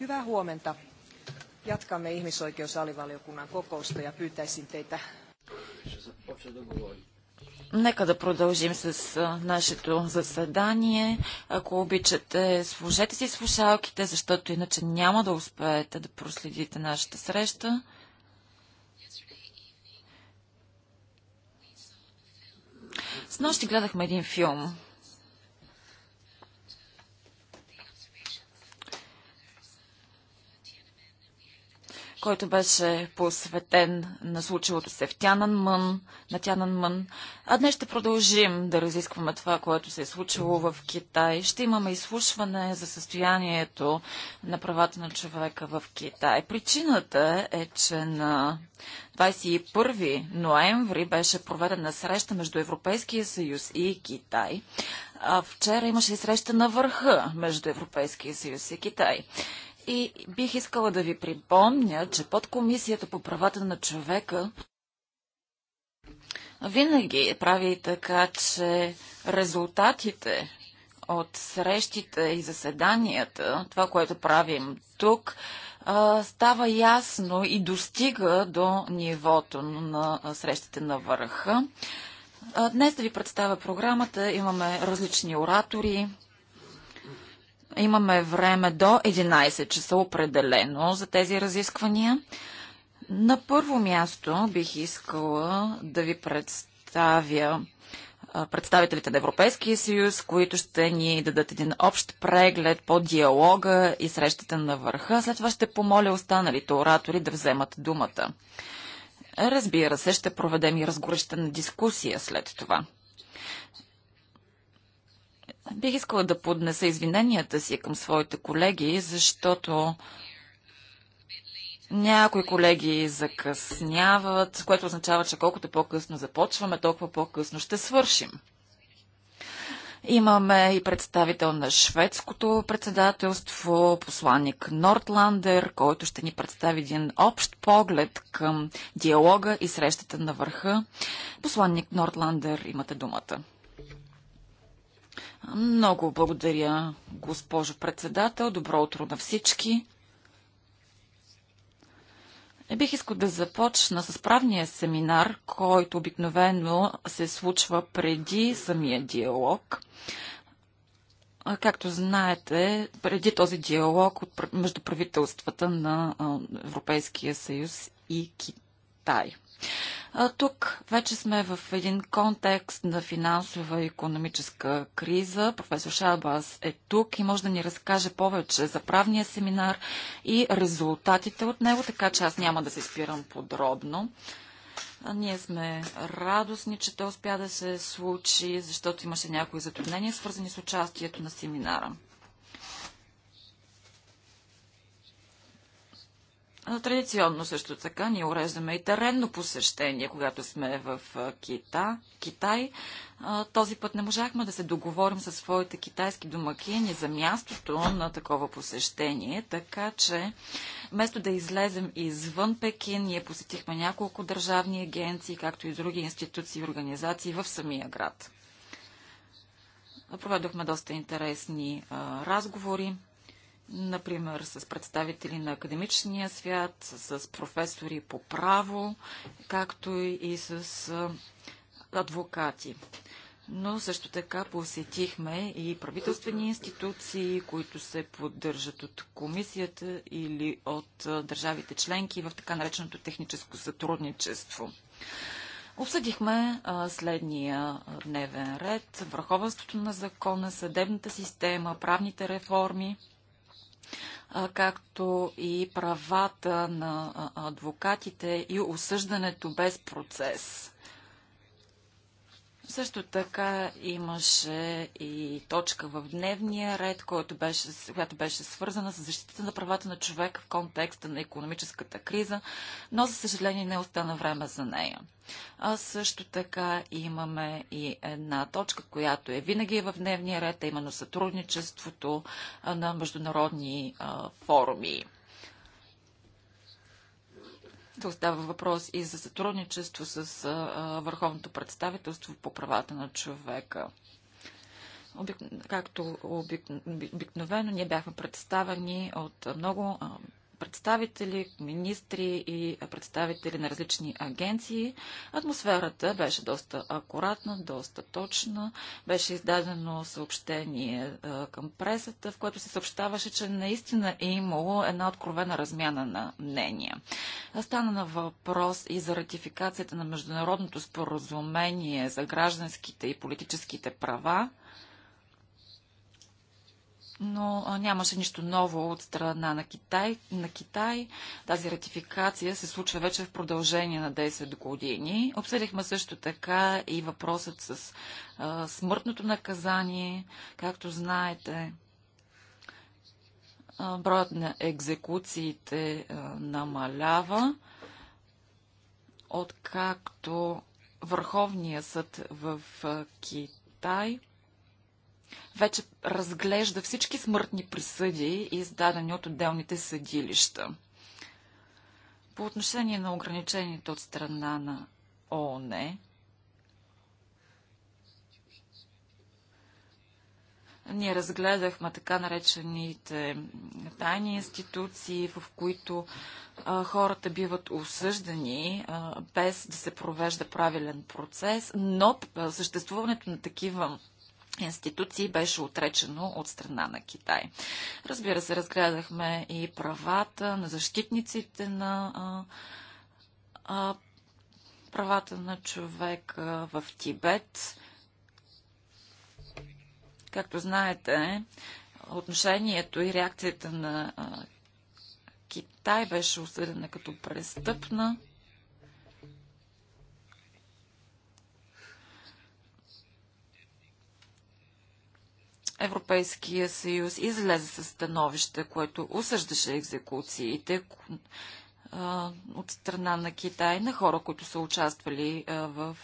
Hyvää huomenta. Jatkamme ihmisoikeusalivaliokunnan kokousta ja pyytäisin teitä. Нека да продължим с нашето заседание. Ако обичате, служете си слушалките, защото иначе няма да успеете да проследите нашата среща. С нощи гледахме един филм. който беше посветен на случилото се в Тянанмън, на Тянанмън. А днес ще продължим да разискваме това, което се е случило в Китай. Ще имаме изслушване за състоянието на правата на човека в Китай. Причината е, че на 21 ноември беше проведена среща между Европейския съюз и Китай. А вчера имаше и среща на върха между Европейския съюз и Китай. И бих искала да ви припомня, че под Комисията по правата на човека винаги прави така, че резултатите от срещите и заседанията, това, което правим тук, става ясно и достига до нивото на срещите на върха. Днес да ви представя програмата. Имаме различни оратори, Имаме време до 11 часа определено за тези разисквания. На първо място бих искала да ви представя представителите на Европейския съюз, които ще ни дадат един общ преглед по диалога и срещата на върха. След това ще помоля останалите оратори да вземат думата. Разбира се, ще проведем и разгорещена дискусия след това. Бих искала да поднеса извиненията си към своите колеги, защото някои колеги закъсняват, което означава, че колкото по-късно започваме, толкова по-късно ще свършим. Имаме и представител на шведското председателство, посланник Нортландер, който ще ни представи един общ поглед към диалога и срещата на върха. Посланник Нортландер, имате думата. Много благодаря, госпожо председател. Добро утро на всички. Е, бих искал да започна с правния семинар, който обикновено се случва преди самия диалог. Както знаете, преди този диалог между правителствата на Европейския съюз и Китай. Тук вече сме в един контекст на финансова и економическа криза. Професор Шабас е тук и може да ни разкаже повече за правния семинар и резултатите от него, така че аз няма да се спирам подробно. А ние сме радостни, че той успя да се случи, защото имаше някои затруднения, свързани с участието на семинара. Традиционно също така ние уреждаме и теренно посещение, когато сме в Кита, Китай. Този път не можахме да се договорим със своите китайски домакини за мястото на такова посещение, така че вместо да излезем извън Пекин, ние посетихме няколко държавни агенции, както и други институции и организации в самия град. Проведохме доста интересни а, разговори например с представители на академичния свят, с професори по право, както и с адвокати. Но също така посетихме и правителствени институции, които се поддържат от комисията или от държавите членки в така нареченото техническо сътрудничество. Обсъдихме следния дневен ред, върховенството на закона, съдебната система, правните реформи както и правата на адвокатите и осъждането без процес. Също така имаше и точка в дневния ред, която беше, която беше свързана с защитата на правата на човека в контекста на економическата криза, но за съжаление не остана време за нея. А също така имаме и една точка, която е винаги в дневния ред, а именно сътрудничеството на международни а, форуми да остава въпрос и за сътрудничество с Върховното представителство по правата на човека. Обик... Както обик... обикновено, ние бяхме представени от много представители, министри и представители на различни агенции. Атмосферата беше доста акуратна, доста точна. Беше издадено съобщение към пресата, в което се съобщаваше, че наистина е имало една откровена размяна на мнения. Стана на въпрос и за ратификацията на Международното споразумение за гражданските и политическите права но нямаше нищо ново от страна на Китай. На Китай тази ратификация се случва вече в продължение на 10 години. Обсъдихме също така и въпросът с а, смъртното наказание. Както знаете, а, броят на екзекуциите а, намалява, откакто Върховния съд в Китай вече разглежда всички смъртни присъди, издадени от отделните съдилища. По отношение на ограничените от страна на ООН, ние разгледахме така наречените тайни институции, в които а, хората биват осъждани а, без да се провежда правилен процес, но съществуването на такива институции беше отречено от страна на Китай. Разбира се, разгледахме и правата на защитниците на а, а, правата на човека в Тибет. Както знаете, отношението и реакцията на а, Китай беше осъдена като престъпна. Европейския съюз излезе със становище, което осъждаше екзекуциите от страна на Китай на хора, които са участвали в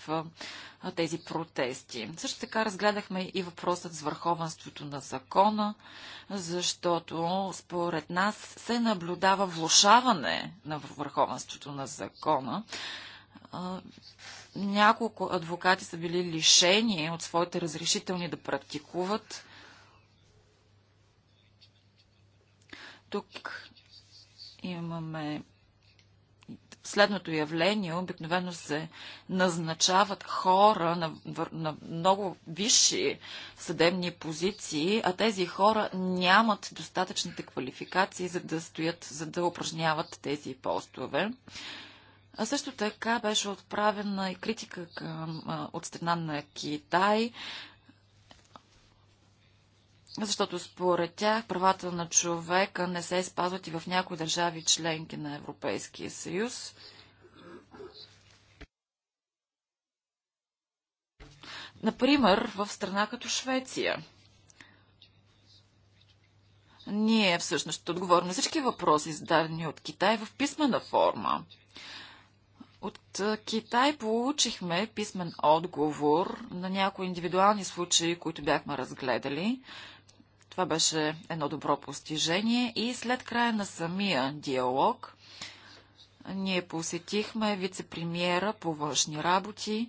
тези протести. Също така разгледахме и въпросът с върховенството на закона, защото според нас се наблюдава влушаване на върховенството на закона. Няколко адвокати са били лишени от своите разрешителни да практикуват Тук имаме следното явление. Обикновено се назначават хора на, на много висши съдебни позиции, а тези хора нямат достатъчните квалификации, за да стоят, за да упражняват тези постове. А също така беше отправена и критика към, от страна на Китай защото според тях правата на човека не се изпазват и в някои държави членки на Европейския съюз. Например, в страна като Швеция. Ние всъщност ще отговорим на всички въпроси, зададени от Китай в писмена форма. От Китай получихме писмен отговор на някои индивидуални случаи, които бяхме разгледали. Това беше едно добро постижение и след края на самия диалог ние посетихме вице по външни работи,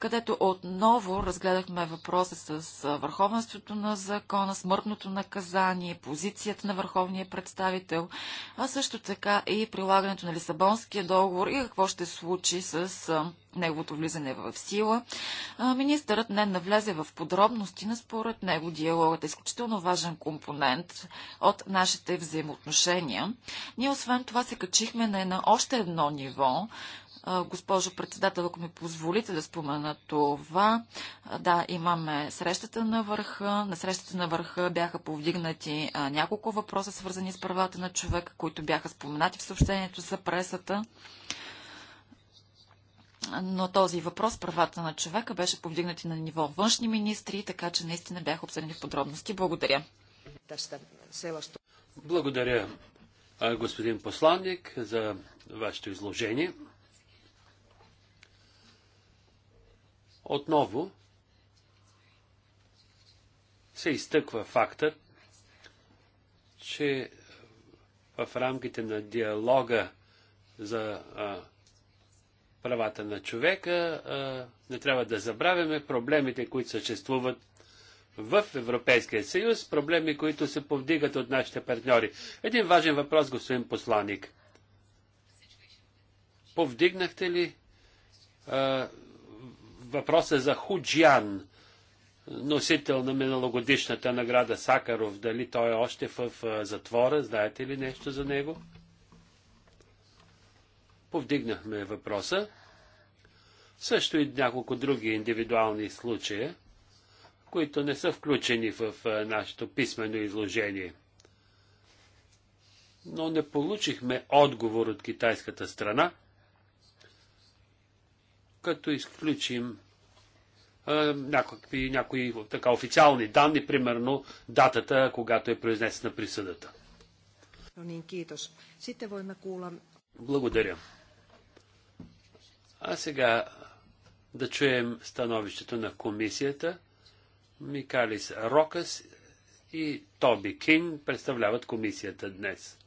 където отново разгледахме въпроса с върховенството на закона, смъртното наказание, позицията на върховния представител, а също така и прилагането на Лисабонския договор и какво ще случи с неговото влизане в сила. Министърът не навлезе в подробности, но според него диалогът е изключително важен компонент от нашите взаимоотношения. Ние освен това се качихме на, на още едно ниво, Госпожо председател, ако ми позволите да спомена това, да, имаме срещата на върха. На срещата на върха бяха повдигнати няколко въпроса, свързани с правата на човек, които бяха споменати в съобщението за пресата. Но този въпрос, правата на човека, беше повдигнати на ниво външни министри, така че наистина бяха обсъдени в подробности. Благодаря. Благодаря, господин посланник, за вашето изложение. отново се изтъква фактът, че в рамките на диалога за а, правата на човека а, не трябва да забравяме проблемите, които съществуват в Европейския съюз, проблеми, които се повдигат от нашите партньори. Един важен въпрос, господин посланник. Повдигнахте ли а, въпроса за Худжян, носител на миналогодишната награда Сакаров. Дали той е още в затвора? Знаете ли нещо за него? Повдигнахме въпроса. Също и няколко други индивидуални случаи, които не са включени в нашето писмено изложение. Но не получихме отговор от китайската страна – като изключим някакви, някои така официални данни, примерно датата, когато е произнесена присъдата. Благодаря. А сега да чуем становището на комисията. Микалис Рокас и Тоби Кинг представляват комисията днес.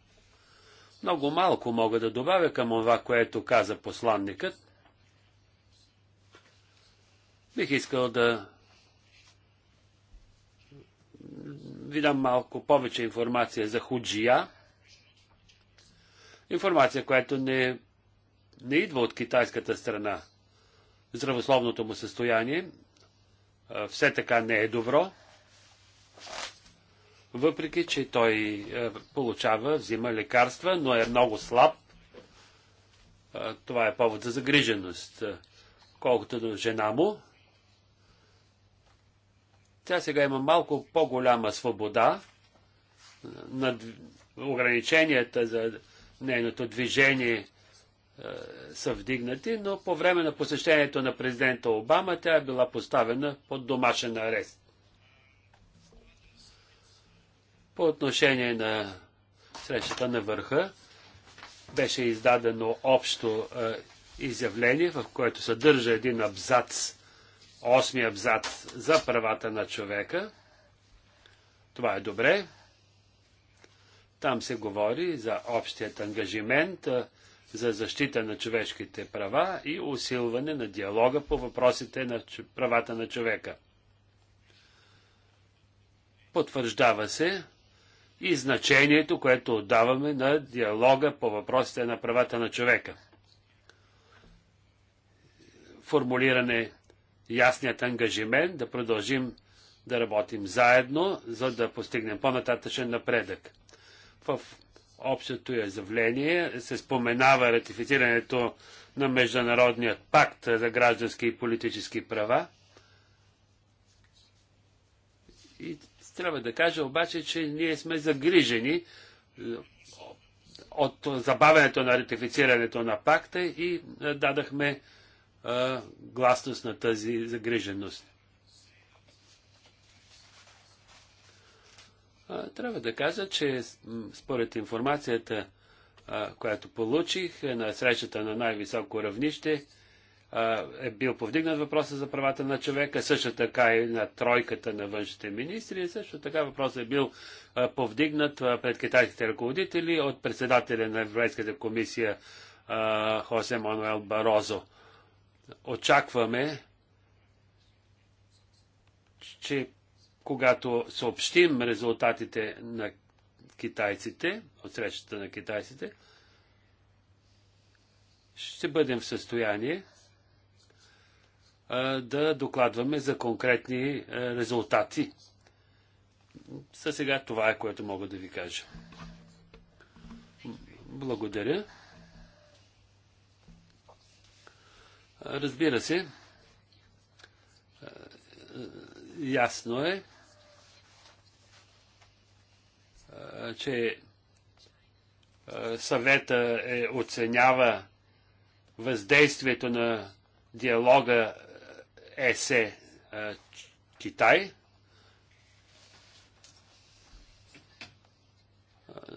Много малко мога да добавя към това, което каза посланникът, Бих искал да ви дам малко повече информация за Худжия. Информация, която не, не идва от китайската страна. Здравословното му състояние все така не е добро, въпреки че той получава, взима лекарства, но е много слаб. Това е повод за загриженост. Колкото до жена му, тя сега има малко по-голяма свобода на ограниченията за нейното движение са вдигнати, но по време на посещението на президента Обама тя е била поставена под домашен арест. По отношение на срещата на върха беше издадено общо изявление, в което съдържа един абзац осмия абзац за правата на човека. Това е добре. Там се говори за общият ангажимент за защита на човешките права и усилване на диалога по въпросите на правата на човека. Потвърждава се и значението, което отдаваме на диалога по въпросите на правата на човека. Формулиране ясният ангажимент да продължим да работим заедно, за да постигнем по-нататъчен напредък. В общото изявление се споменава ратифицирането на Международният пакт за граждански и политически права. И трябва да кажа обаче, че ние сме загрижени е, от забавянето на ратифицирането на пакта и е, дадахме а, гласност на тази загриженост. А, трябва да кажа, че според информацията, а, която получих е, на срещата на най-високо равнище, е бил повдигнат въпроса за правата на човека, също така и на тройката на външните министри, също така въпросът е бил повдигнат пред китайските ръководители от председателя на Европейската комисия Хосе Мануел Барозо очакваме, че когато съобщим резултатите на китайците, от срещата на китайците, ще бъдем в състояние да докладваме за конкретни резултати. За сега това е, което мога да ви кажа. Благодаря. Разбира се, ясно е, че съвета е, оценява въздействието на диалога ЕСЕ Китай,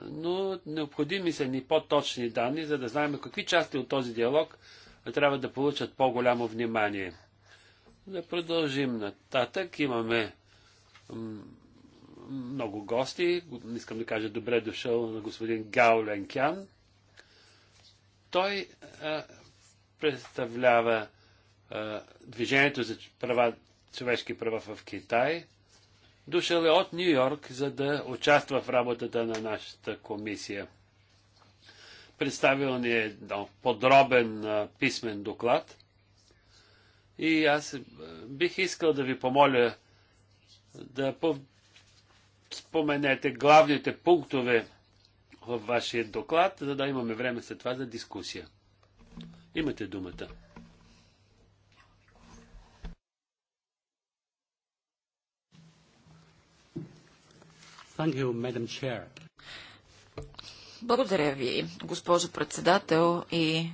но необходими са ни по-точни данни, за да знаем какви части от този диалог трябва да получат по-голямо внимание. Да продължим нататък. Имаме много гости. Искам да кажа добре дошъл на господин Гао Ленкян. Той а, представлява а, Движението за права, човешки права в Китай. Дошъл е от Нью Йорк, за да участва в работата на нашата комисия. Представил ни е едно подробен а, писмен доклад. И аз е, бих искал да ви помоля да по споменете главните пунктове във вашия доклад, за да имаме време след това за дискусия. Имате думата. You, благодаря ви, госпожо председател и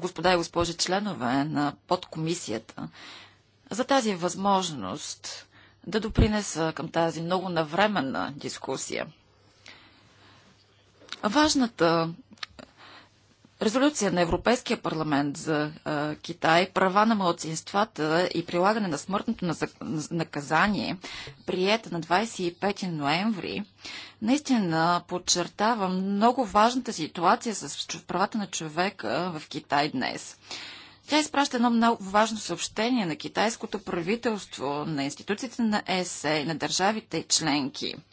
господа и госпожи членове на подкомисията, за тази възможност да допринеса към тази много навременна дискусия. Важната резолюция на Европейския парламент за а, Китай, права на младсинствата и прилагане на смъртното наказание, приета на 25 ноември, наистина подчертава много важната ситуация с правата на човека в Китай днес. Тя изпраща едно много важно съобщение на китайското правителство, на институциите на ЕСЕ и на държавите членки –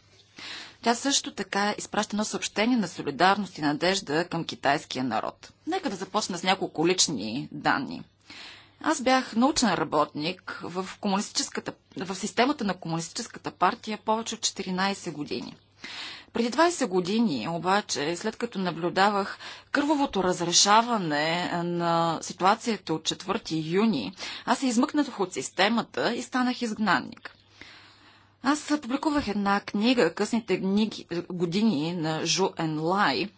тя също така изпраща едно съобщение на солидарност и надежда към китайския народ. Нека да започна с няколко лични данни. Аз бях научен работник в, комунистическата, в системата на Комунистическата партия повече от 14 години. Преди 20 години, обаче, след като наблюдавах кървовото разрешаване на ситуацията от 4 юни, аз се измъкнах от системата и станах изгнанник. Аз публикувах една книга, късните книги, години на Жу Енлай,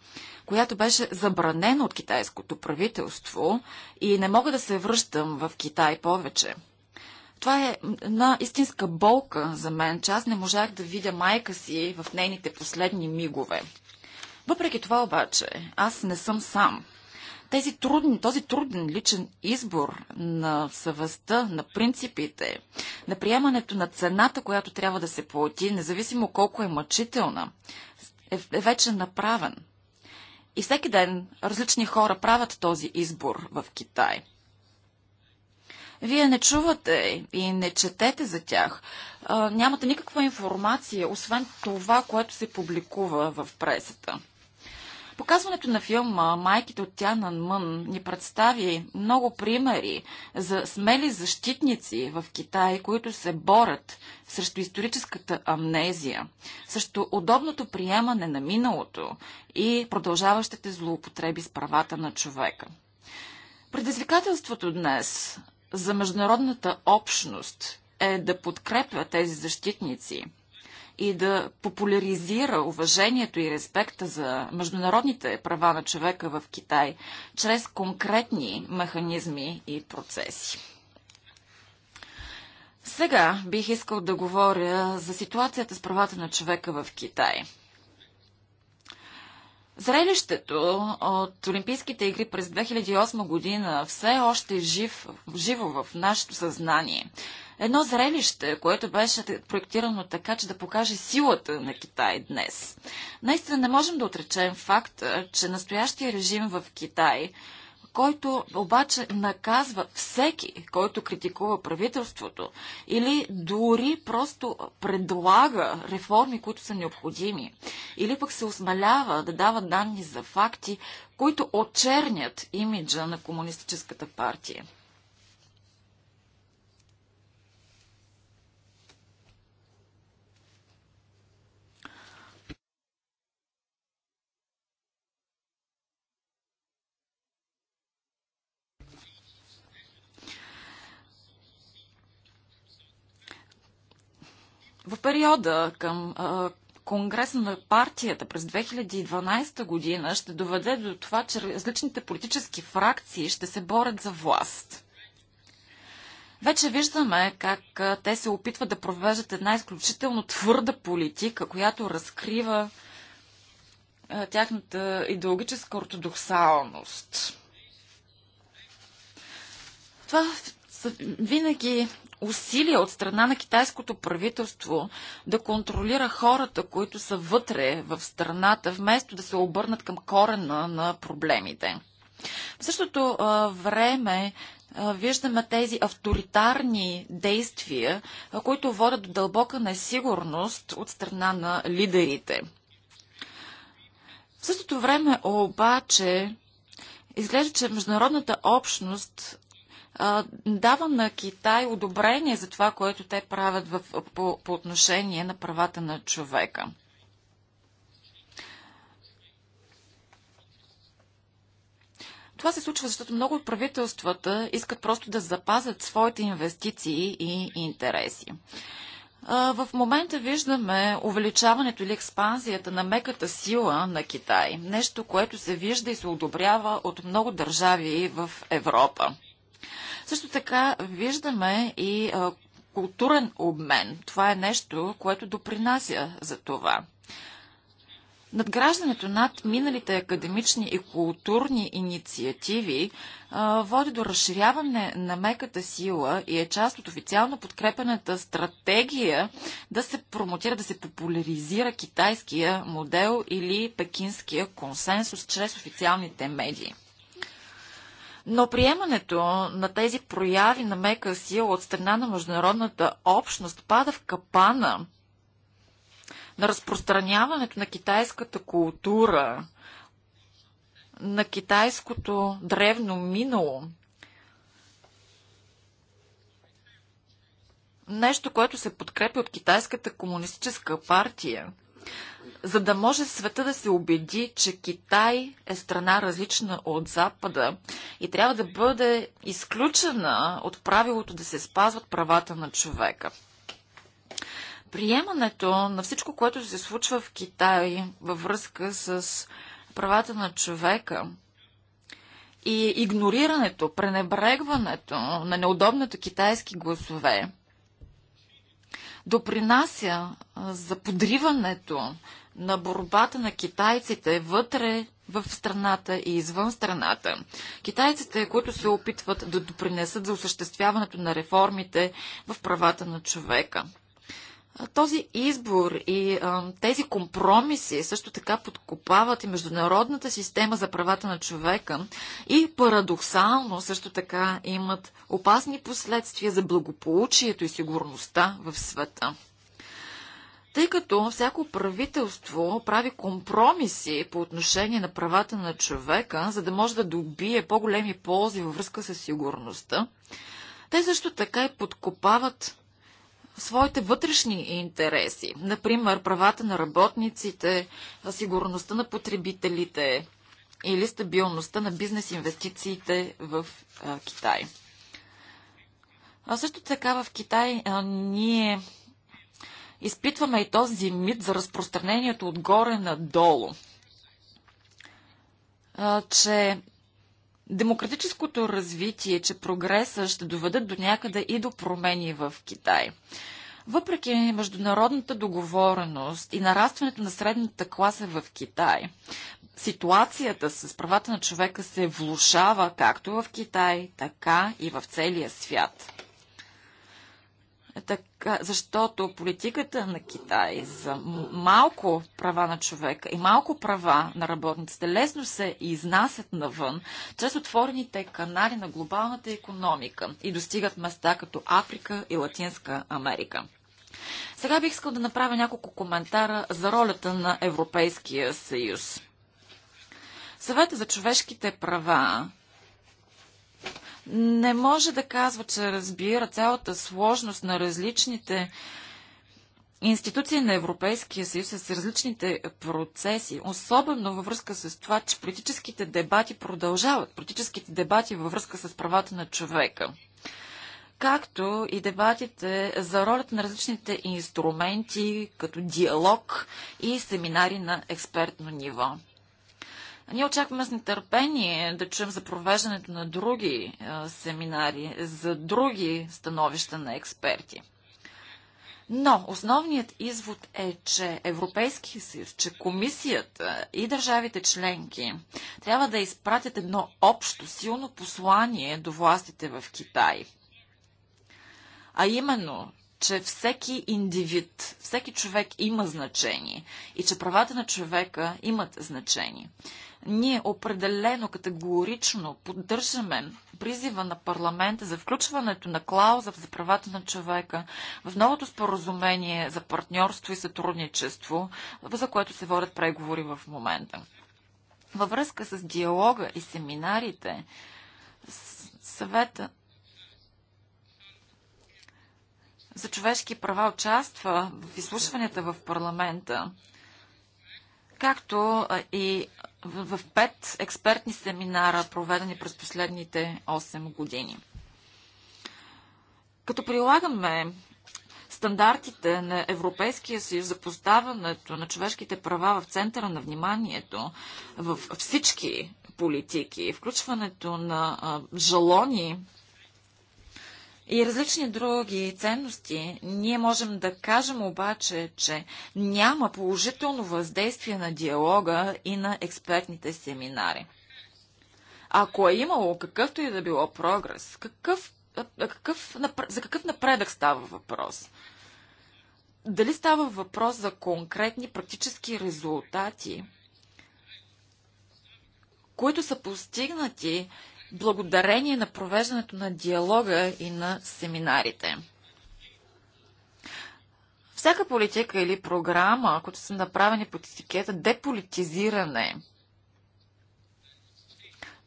която беше забранена от китайското правителство и не мога да се връщам в Китай повече. Това е една истинска болка за мен, че аз не можах да видя майка си в нейните последни мигове. Въпреки това обаче, аз не съм сам тези трудни, този труден личен избор на съвестта, на принципите, на приемането на цената, която трябва да се плати, независимо колко е мъчителна, е, е вече направен. И всеки ден различни хора правят този избор в Китай. Вие не чувате и не четете за тях. А, нямате никаква информация, освен това, което се публикува в пресата. Показването на филма Майките от Тянан Мън ни представи много примери за смели защитници в Китай, които се борят срещу историческата амнезия, срещу удобното приемане на миналото и продължаващите злоупотреби с правата на човека. Предизвикателството днес за международната общност е да подкрепя тези защитници – и да популяризира уважението и респекта за международните права на човека в Китай чрез конкретни механизми и процеси. Сега бих искал да говоря за ситуацията с правата на човека в Китай – Зрелището от Олимпийските игри през 2008 година все още е жив, живо в нашето съзнание. Едно зрелище, което беше проектирано така, че да покаже силата на Китай днес. Наистина не можем да отречем факта, че настоящия режим в Китай – който обаче наказва всеки, който критикува правителството или дори просто предлага реформи, които са необходими, или пък се осмалява да дава данни за факти, които очернят имиджа на Комунистическата партия. в периода към Конгрес на партията през 2012 година ще доведе до това, че различните политически фракции ще се борят за власт. Вече виждаме как те се опитват да провеждат една изключително твърда политика, която разкрива тяхната идеологическа ортодоксалност. Това са винаги усилия от страна на китайското правителство да контролира хората, които са вътре в страната, вместо да се обърнат към корена на проблемите. В същото а, време а, виждаме тези авторитарни действия, а, които водят до дълбока несигурност от страна на лидерите. В същото време обаче изглежда, че международната общност Дава на Китай одобрение за това, което те правят в, по, по отношение на правата на човека. Това се случва, защото много от правителствата искат просто да запазят своите инвестиции и интереси. В момента виждаме увеличаването или експанзията на меката сила на Китай. Нещо, което се вижда и се одобрява от много държави в Европа. Също така виждаме и а, културен обмен. Това е нещо, което допринася за това. Надграждането над миналите академични и културни инициативи а, води до разширяване на меката сила и е част от официално подкрепената стратегия да се промотира, да се популяризира китайския модел или пекинския консенсус чрез официалните медии. Но приемането на тези прояви на мека сила от страна на международната общност пада в капана на разпространяването на китайската култура, на китайското древно минало. Нещо, което се подкрепи от Китайската комунистическа партия – за да може света да се убеди, че Китай е страна различна от Запада и трябва да бъде изключена от правилото да се спазват правата на човека. Приемането на всичко, което се случва в Китай във връзка с правата на човека и игнорирането, пренебрегването на неудобните китайски гласове допринася за подриването на борбата на китайците вътре в страната и извън страната. Китайците, които се опитват да допринесат за осъществяването на реформите в правата на човека. Този избор и а, тези компромиси също така подкопават и международната система за правата на човека и парадоксално също така имат опасни последствия за благополучието и сигурността в света. Тъй като всяко правителство прави компромиси по отношение на правата на човека, за да може да добие по-големи ползи във връзка с сигурността, те също така и подкопават своите вътрешни интереси, например правата на работниците, сигурността на потребителите или стабилността на бизнес инвестициите в а, Китай. А също така в Китай а, ние изпитваме и този мит за разпространението отгоре надолу. Че демократическото развитие, че прогреса ще доведат до някъде и до промени в Китай. Въпреки международната договореност и нарастването на средната класа в Китай, ситуацията с правата на човека се влушава както в Китай, така и в целия свят така, защото политиката на Китай за малко права на човека и малко права на работниците лесно се изнасят навън чрез отворените канали на глобалната економика и достигат места като Африка и Латинска Америка. Сега бих искал да направя няколко коментара за ролята на Европейския съюз. Съвета за човешките права не може да казва, че разбира цялата сложност на различните институции на Европейския съюз с различните процеси, особено във връзка с това, че политическите дебати продължават, политическите дебати във връзка с правата на човека както и дебатите за ролята на различните инструменти, като диалог и семинари на експертно ниво. Ние очакваме с нетърпение да чуем за провеждането на други е, семинари, за други становища на експерти. Но основният извод е, че Европейския съюз, че комисията и държавите членки трябва да изпратят едно общо, силно послание до властите в Китай. А именно, че всеки индивид, всеки човек има значение и че правата на човека имат значение. Ние определено категорично поддържаме призива на парламента за включването на клауза за правата на човека в новото споразумение за партньорство и сътрудничество, за което се водят преговори в момента. Във връзка с диалога и семинарите, съвета за човешки права участва в изслушванията в парламента, както и в, пет експертни семинара, проведени през последните 8 години. Като прилагаме стандартите на Европейския съюз за поставянето на човешките права в центъра на вниманието във всички политики, включването на жалони и различни други ценности, ние можем да кажем обаче, че няма положително въздействие на диалога и на експертните семинари. Ако е имало какъвто и да било прогрес, какъв, какъв, за какъв напредък става въпрос? Дали става въпрос за конкретни практически резултати, които са постигнати благодарение на провеждането на диалога и на семинарите. Всяка политика или програма, които са направени под етикета деполитизиране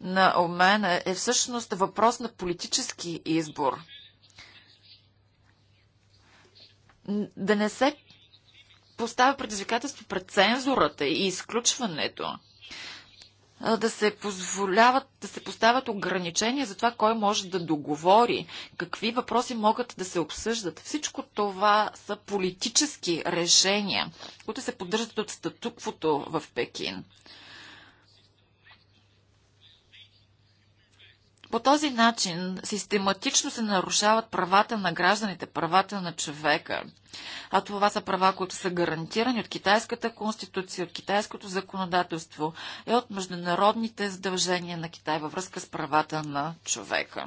на обмена, е всъщност въпрос на политически избор. Да не се поставя предизвикателство пред цензурата и изключването да се позволяват, да се поставят ограничения за това кой може да договори, какви въпроси могат да се обсъждат. Всичко това са политически решения, които се поддържат от статуквото в Пекин. По този начин систематично се нарушават правата на гражданите, правата на човека. А това са права, които са гарантирани от китайската конституция, от китайското законодателство и от международните задължения на Китай във връзка с правата на човека.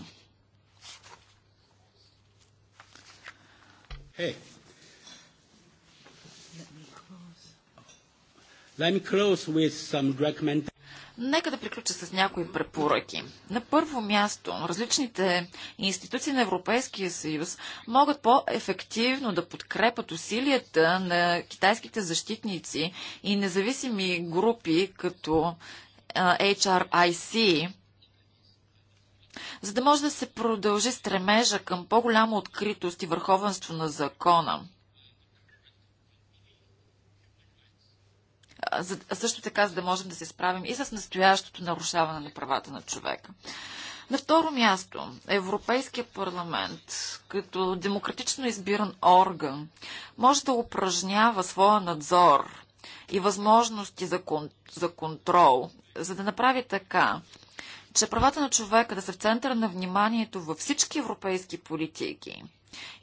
Hey. Let me close with some recommendations. Нека да приключа с някои препоръки. На първо място, различните институции на Европейския съюз могат по-ефективно да подкрепят усилията на китайските защитници и независими групи като HRIC, за да може да се продължи стремежа към по-голяма откритост и върховенство на закона. за, също така, за да можем да се справим и с настоящото нарушаване на правата на човека. На второ място, Европейския парламент, като демократично избиран орган, може да упражнява своя надзор и възможности за, кон, за контрол, за да направи така, че правата на човека да са в центъра на вниманието във всички европейски политики –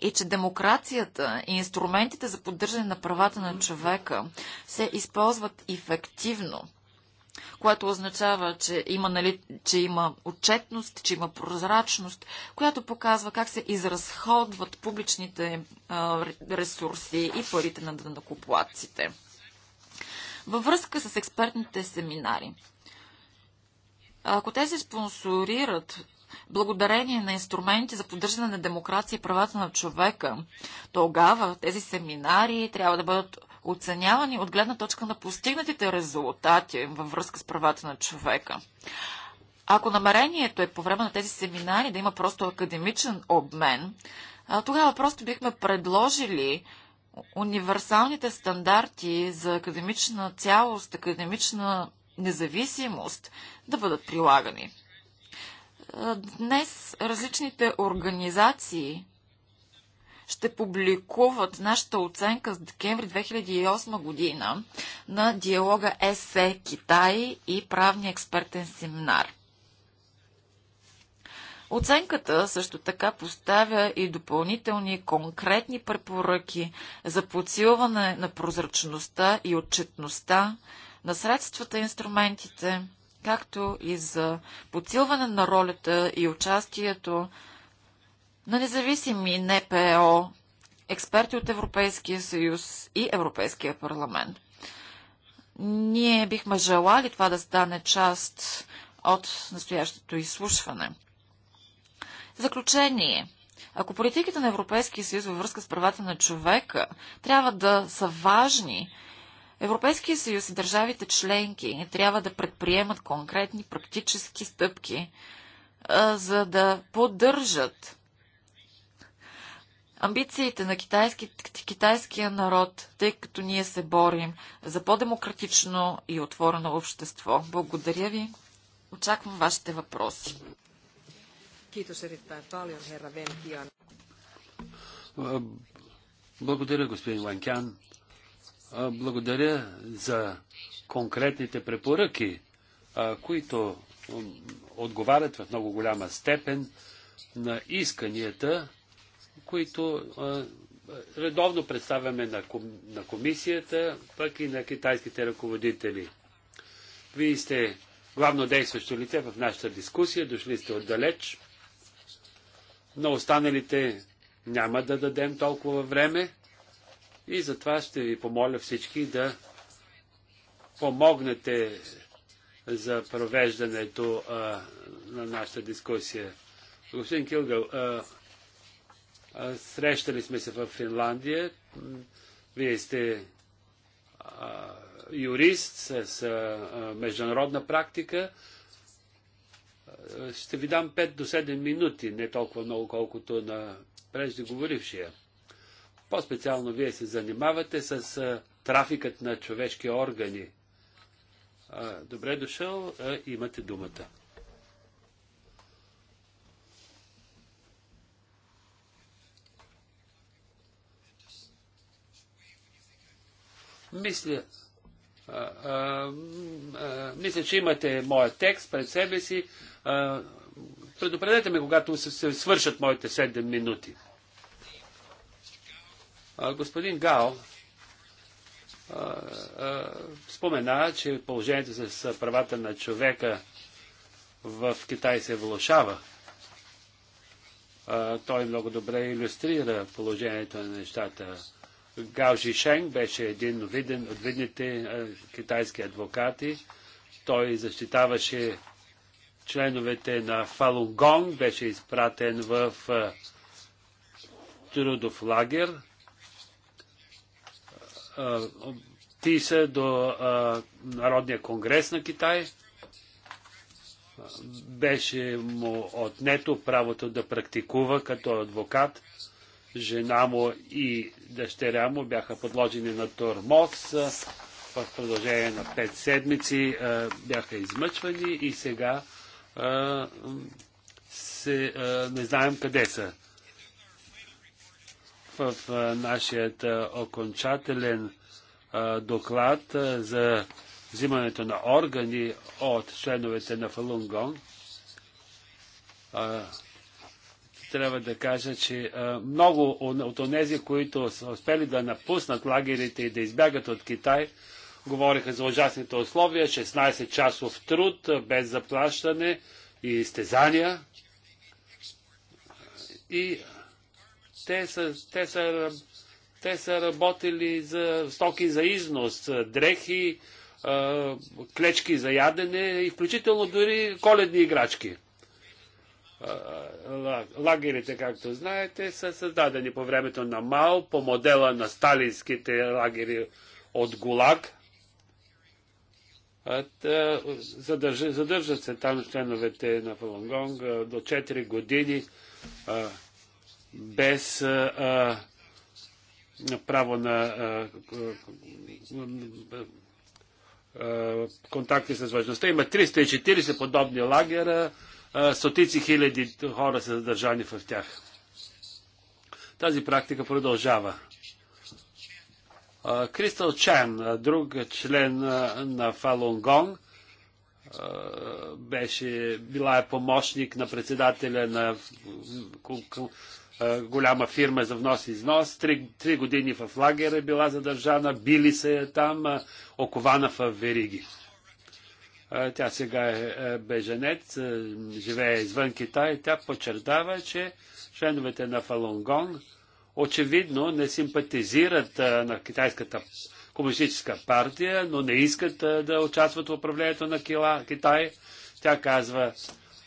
и че демокрацията и инструментите за поддържане на правата на човека се използват ефективно, което означава, че има, нали, че има отчетност, че има прозрачност, която показва как се изразходват публичните а, ресурси и парите на дънакоплаците. Във връзка с експертните семинари, ако те се спонсорират благодарение на инструменти за поддържане на демокрация и правата на човека. Тогава тези семинари трябва да бъдат оценявани от гледна точка на постигнатите резултати във връзка с правата на човека. Ако намерението е по време на тези семинари да има просто академичен обмен, тогава просто бихме предложили универсалните стандарти за академична цялост, академична независимост да бъдат прилагани. Днес различните организации ще публикуват нашата оценка с декември 2008 година на диалога ЕСЕ Китай и правния експертен семинар. Оценката също така поставя и допълнителни конкретни препоръки за подсилване на прозрачността и отчетността на средствата и инструментите, както и за подсилване на ролята и участието на независими НПО, експерти от Европейския съюз и Европейския парламент. Ние бихме желали това да стане част от настоящото изслушване. Заключение. Ако политиките на Европейския съюз във връзка с правата на човека трябва да са важни Европейския съюз и държавите членки трябва да предприемат конкретни практически стъпки, за да поддържат амбициите на китайски, китайския народ, тъй като ние се борим за по-демократично и отворено общество. Благодаря ви. Очаквам вашите въпроси. Благодаря, господин Ланкян. Благодаря за конкретните препоръки, които отговарят в много голяма степен на исканията, които редовно представяме на, комисията, пък и на китайските ръководители. Вие сте главно действащо лице в нашата дискусия, дошли сте отдалеч. но останалите няма да дадем толкова време. И затова ще ви помоля всички да помогнете за провеждането а, на нашата дискусия. Господин Килгъл, а, а, срещали сме се в Финландия. Вие сте а, юрист с а, а, международна практика. Ще ви дам 5 до 7 минути, не толкова много, колкото на преждеговорившия. По-специално вие се занимавате с а, трафикът на човешки органи. А, добре дошъл, а, имате думата. Мисля, а, а, а, мисля, че имате моят текст пред себе си. А, предупредете ме, когато се свършат моите 7 минути. Господин Гал спомена, че положението с правата на човека в Китай се влушава. Той много добре иллюстрира положението на нещата. Гао Шенг беше един виден, от видните китайски адвокати. Той защитаваше членовете на Фалунгонг, беше изпратен в трудов лагер Тиса до Народния конгрес на Китай. Беше му отнето правото да практикува като адвокат. Жена му и дъщеря му бяха подложени на тормоз. В продължение на 5 седмици бяха измъчвани и сега се, не знаем къде са в нашия окончателен доклад за взимането на органи от членовете на Фалунгон, трябва да кажа, че много от тези, които са успели да напуснат лагерите и да избягат от Китай, говориха за ужасните условия, 16 часов труд, без заплащане и изтезания. И те са, те са, те са работили за стоки за износ, дрехи, клечки за ядене и включително дори коледни играчки. Лагерите, както знаете, са създадени по времето на Мао, по модела на сталинските лагери от ГУЛАГ. Задържат се там членовете на Фалангонг до 4 години без а, право на а, а, контакти с външността. Има 340 подобни лагера, а, стотици хиляди хора са задържани в тях. Тази практика продължава. Кристал Чан, друг член на Фалун Гонг, беше, била е помощник на председателя на голяма фирма за внос-износ. и Три, три години в лагер е била задържана, били се е там, окована в вериги. Тя сега е, е беженец, живее извън Китай. Тя подчертава, че членовете на Фалунгонг очевидно не симпатизират на китайската комунистическа партия, но не искат да участват в управлението на Китай. Тя казва,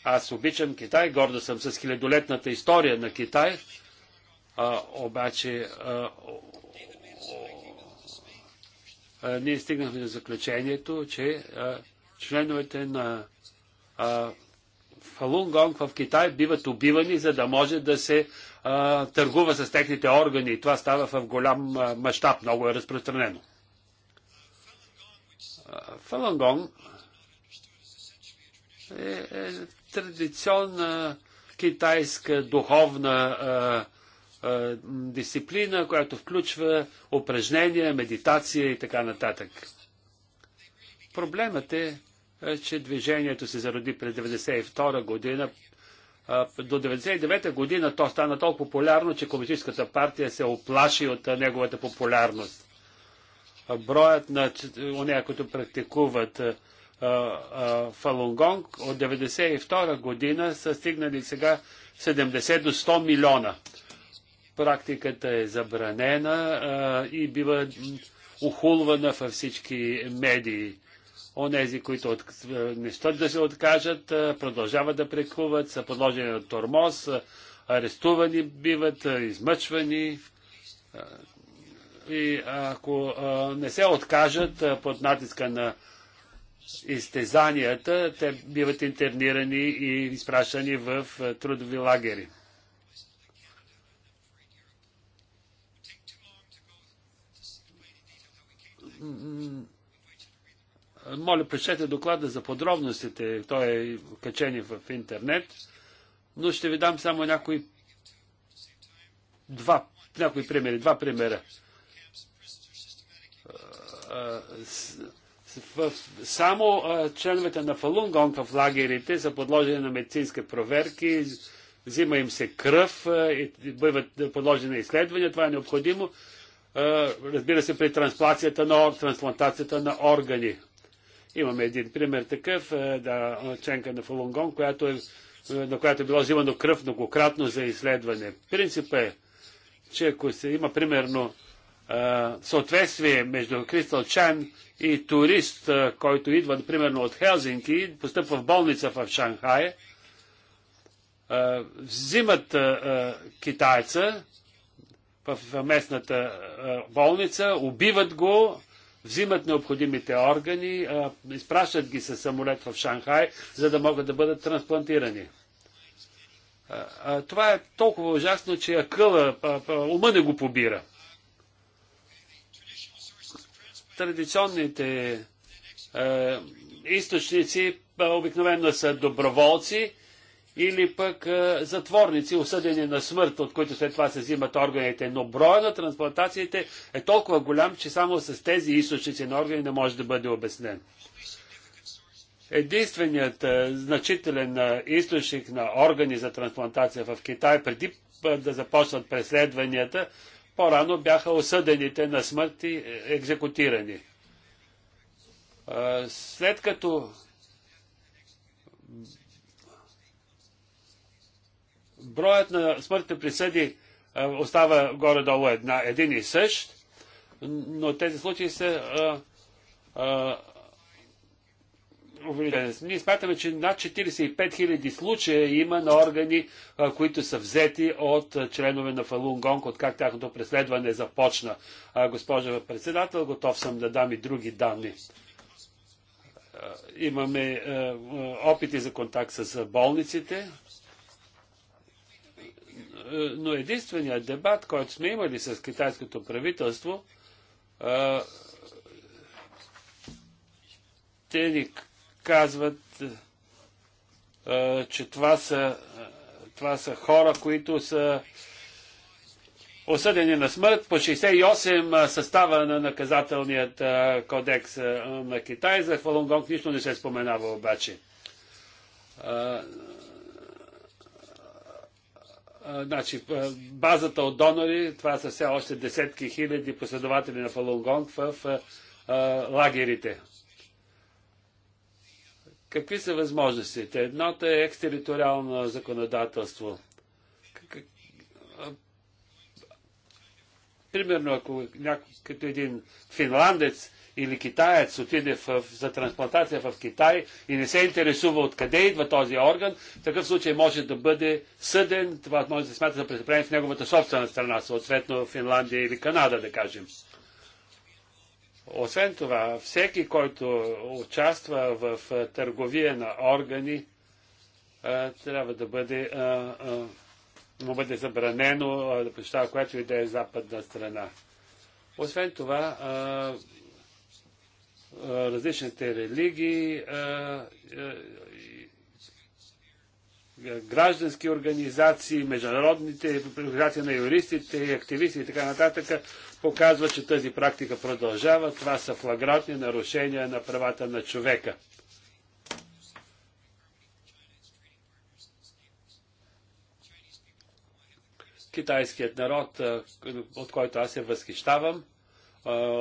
аз обичам Китай, горда съм с хилядолетната история на Китай, а, обаче а, а, ние стигнахме до заключението, че а, членовете на а, Фалунгонг в Китай биват убивани, за да може да се а, търгува с техните органи. и Това става в голям мащаб, много е разпространено. Фалангон е, е традиционна китайска духовна а, а, дисциплина, която включва упражнения, медитация и така нататък. Проблемът е, че движението се зароди през 1992 година. до 1999 година то стана толкова популярно, че Комунистическата партия се оплаши от неговата популярност. Броят на уния, които практикуват Фалунгонг от 1992 година са стигнали сега 70 до 100 милиона. Практиката е забранена а, и бива ухулвана във всички медии. Онези, които от, не щат да се откажат, продължават да прекуват, са подложени на тормоз, арестувани биват, измъчвани. И ако не се откажат под натиска на изтезанията, те биват интернирани и изпращани в е, трудови лагери. Моля, прочете доклада за подробностите. Той е качен в интернет, но ще ви дам само някои два, някои примери, два примера е, само членовете на Фалунгонг в лагерите са подложени на медицински проверки, взима им се кръв и биват подложени на изследвания. Това е необходимо. Разбира се, при трансплантацията на, трансплантацията на органи. Имаме един пример такъв, да, членка на Фалунгон, която е, на която е било взимано кръв многократно за изследване. Принципът е, че ако се има примерно съответствие между Кристал Чан и турист, който идва, примерно, от Хелзинки, постъпва в болница в Шанхай, взимат китайца в местната болница, убиват го, взимат необходимите органи, изпращат ги със самолет в Шанхай, за да могат да бъдат трансплантирани. Това е толкова ужасно, че акъла, ума не го побира. традиционните е, източници е, обикновено са доброволци или пък е, затворници, осъдени на смърт, от които след това се взимат органите. Но броя на трансплантациите е толкова голям, че само с тези източници на органи не може да бъде обяснен. Единственият е, значителен е, източник на органи за трансплантация в Китай преди е, да започнат преследванията по-рано бяха осъдените на смърт и е, екзекутирани. След като броят на смъртните присъди остава горе-долу един и същ, но тези случаи се а, а, увеличен. Ние смятаме, че над 45 000 случая има на органи, които са взети от членове на Фалун Гонг, от как тяхното преследване започна. госпожа председател, готов съм да дам и други данни. Имаме опити за контакт с болниците, но единственият дебат, който сме имали с китайското правителство, те ни казват, че това са, това са хора, които са осъдени на смърт по 68 състава на наказателният кодекс на Китай. За Фалунгонг нищо не се споменава обаче. Значи, базата от донори, това са все още десетки хиляди последователи на Фалунгонг в лагерите. Какви са възможностите? Едното е екстериториално законодателство. Примерно, ако някой, като един финландец или китаец отиде в, за трансплантация в Китай и не се интересува откъде идва този орган, в такъв случай може да бъде съден, това може да се смята за престъпление в неговата собствена страна, съответно Финландия или Канада, да кажем. Освен това, всеки, който участва в търговия на органи, трябва да бъде, му бъде забранено да посещава която и да е западна страна. Освен това, различните религии, граждански организации, международните организации на юристите, активисти и така нататък показва, че тази практика продължава. Това са флагратни нарушения на правата на човека. Китайският народ, от който аз се възхищавам,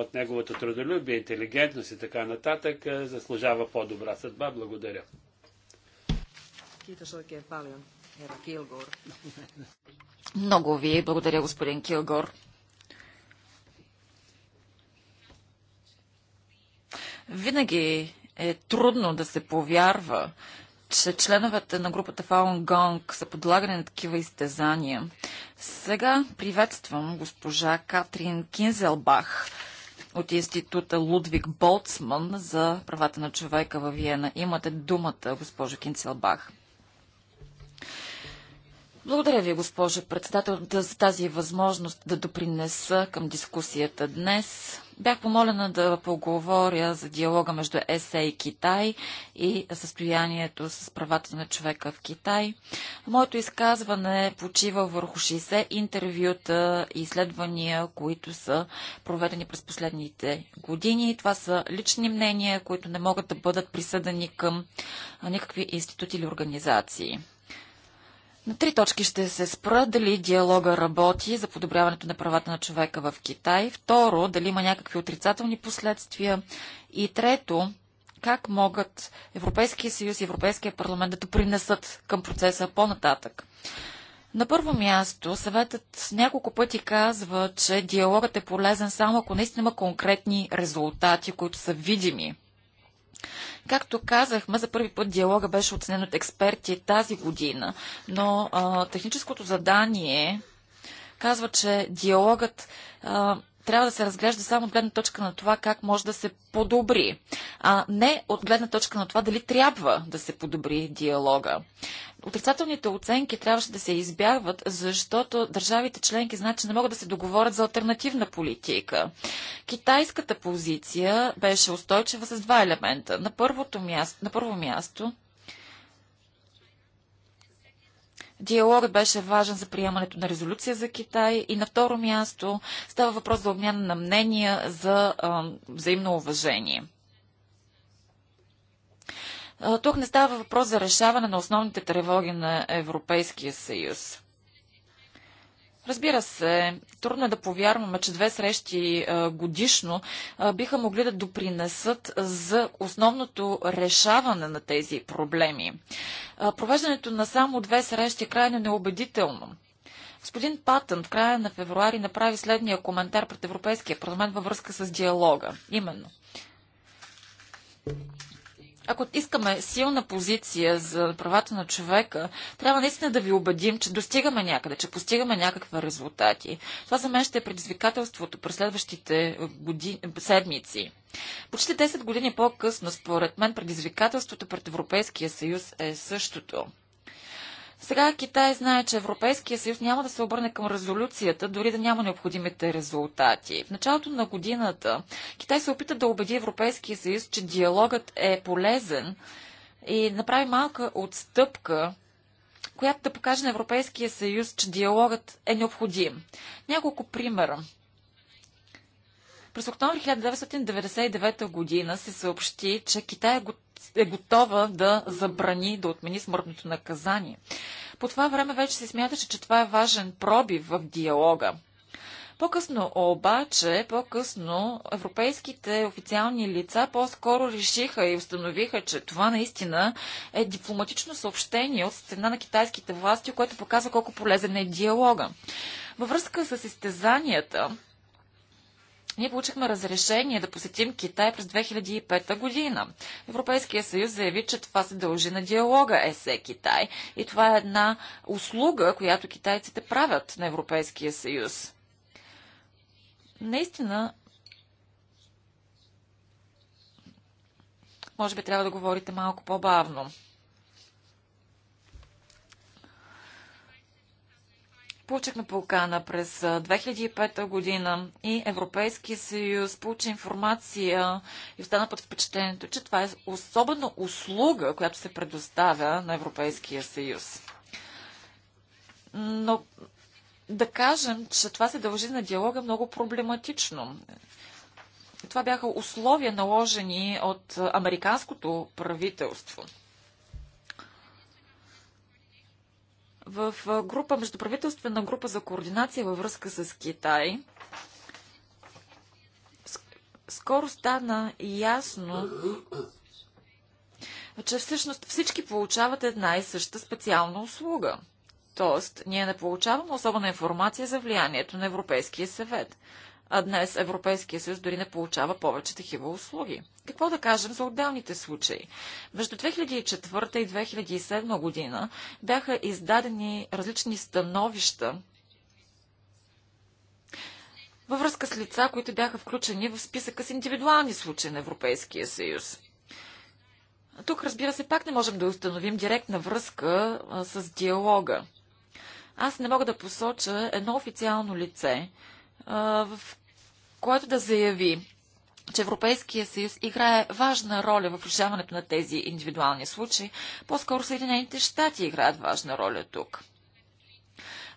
от неговото трудолюбие, интелигентност и така нататък, заслужава по-добра съдба. Благодаря. Много ви благодаря, господин Килгор. Винаги е трудно да се повярва, че членовете на групата Фаун Гонг са подлагани на такива изтезания. Сега приветствам госпожа Катрин Кинзелбах от института Лудвиг Болцман за правата на човека във Виена. Имате думата, госпожо Кинцелбах. Благодаря ви, госпожо председател, за тази възможност да допринеса към дискусията днес. Бях помолена да поговоря за диалога между ЕСЕ и Китай и състоянието с правата на човека в Китай. Моето изказване почива върху 60 интервюта и изследвания, които са проведени през последните години. Това са лични мнения, които не могат да бъдат присъдани към никакви институти или организации. На три точки ще се спра дали диалога работи за подобряването на правата на човека в Китай. Второ, дали има някакви отрицателни последствия. И трето, как могат Европейския съюз и Европейския парламент да допринесат към процеса по-нататък. На първо място, съветът няколко пъти казва, че диалогът е полезен само ако наистина има конкретни резултати, които са видими. Както казахме, за първи път диалога беше оценен от експерти тази година, но а, техническото задание казва, че диалогът а, трябва да се разглежда само от гледна точка на това как може да се подобри, а не от гледна точка на това дали трябва да се подобри диалога. Отрицателните оценки трябваше да се избягват, защото държавите членки знаят, че не могат да се договорят за альтернативна политика. Китайската позиция беше устойчива с два елемента. На, място, на първо място Диалогът беше важен за приемането на резолюция за Китай и на второ място става въпрос за обмяна на мнения за а, взаимно уважение. Тук не става въпрос за решаване на основните тревоги на Европейския съюз. Разбира се, трудно е да повярваме, че две срещи годишно биха могли да допринесат за основното решаване на тези проблеми. Провеждането на само две срещи е крайно неубедително. Господин Патън в края на февруари направи следния коментар пред Европейския парламент във връзка с диалога. Именно ако искаме силна позиция за правата на човека, трябва наистина да ви убедим, че достигаме някъде, че постигаме някакви резултати. Това за мен ще е предизвикателството през следващите години, седмици. Почти 10 години по-късно, според мен, предизвикателството пред Европейския съюз е същото. Сега Китай знае, че Европейския съюз няма да се обърне към резолюцията, дори да няма необходимите резултати. В началото на годината Китай се опита да убеди Европейския съюз, че диалогът е полезен и направи малка отстъпка която да покаже на Европейския съюз, че диалогът е необходим. Няколко примера. През октомври 1999 година се съобщи, че Китай е готов е готова да забрани, да отмени смъртното наказание. По това време вече се смяташе, че това е важен пробив в диалога. По-късно обаче, по-късно европейските официални лица по-скоро решиха и установиха, че това наистина е дипломатично съобщение от страна на китайските власти, което показва колко полезен е диалога. Във връзка с изтезанията, ние получихме разрешение да посетим Китай през 2005 година. Европейския съюз заяви, че това се дължи на диалога ЕСЕ-Китай и това е една услуга, която китайците правят на Европейския съюз. Наистина, може би трябва да говорите малко по-бавно. Получихме покана през 2005 година и Европейския съюз получи информация и остана под впечатлението, че това е особена услуга, която се предоставя на Европейския съюз. Но да кажем, че това се дължи на диалога много проблематично. Това бяха условия наложени от американското правителство – в група, междуправителствена група за координация във връзка с Китай, скоро стана ясно, че всъщност всички получават една и съща специална услуга. Тоест, ние не получаваме особена информация за влиянието на Европейския съвет а днес Европейския съюз дори не получава повече такива услуги. Какво да кажем за отделните случаи? Между 2004 и 2007 година бяха издадени различни становища във връзка с лица, които бяха включени в списъка с индивидуални случаи на Европейския съюз. Тук, разбира се, пак не можем да установим директна връзка а, с диалога. Аз не мога да посоча едно официално лице, а, в което да заяви, че Европейския съюз играе важна роля в решаването на тези индивидуални случаи, по-скоро Съединените щати играят важна роля тук.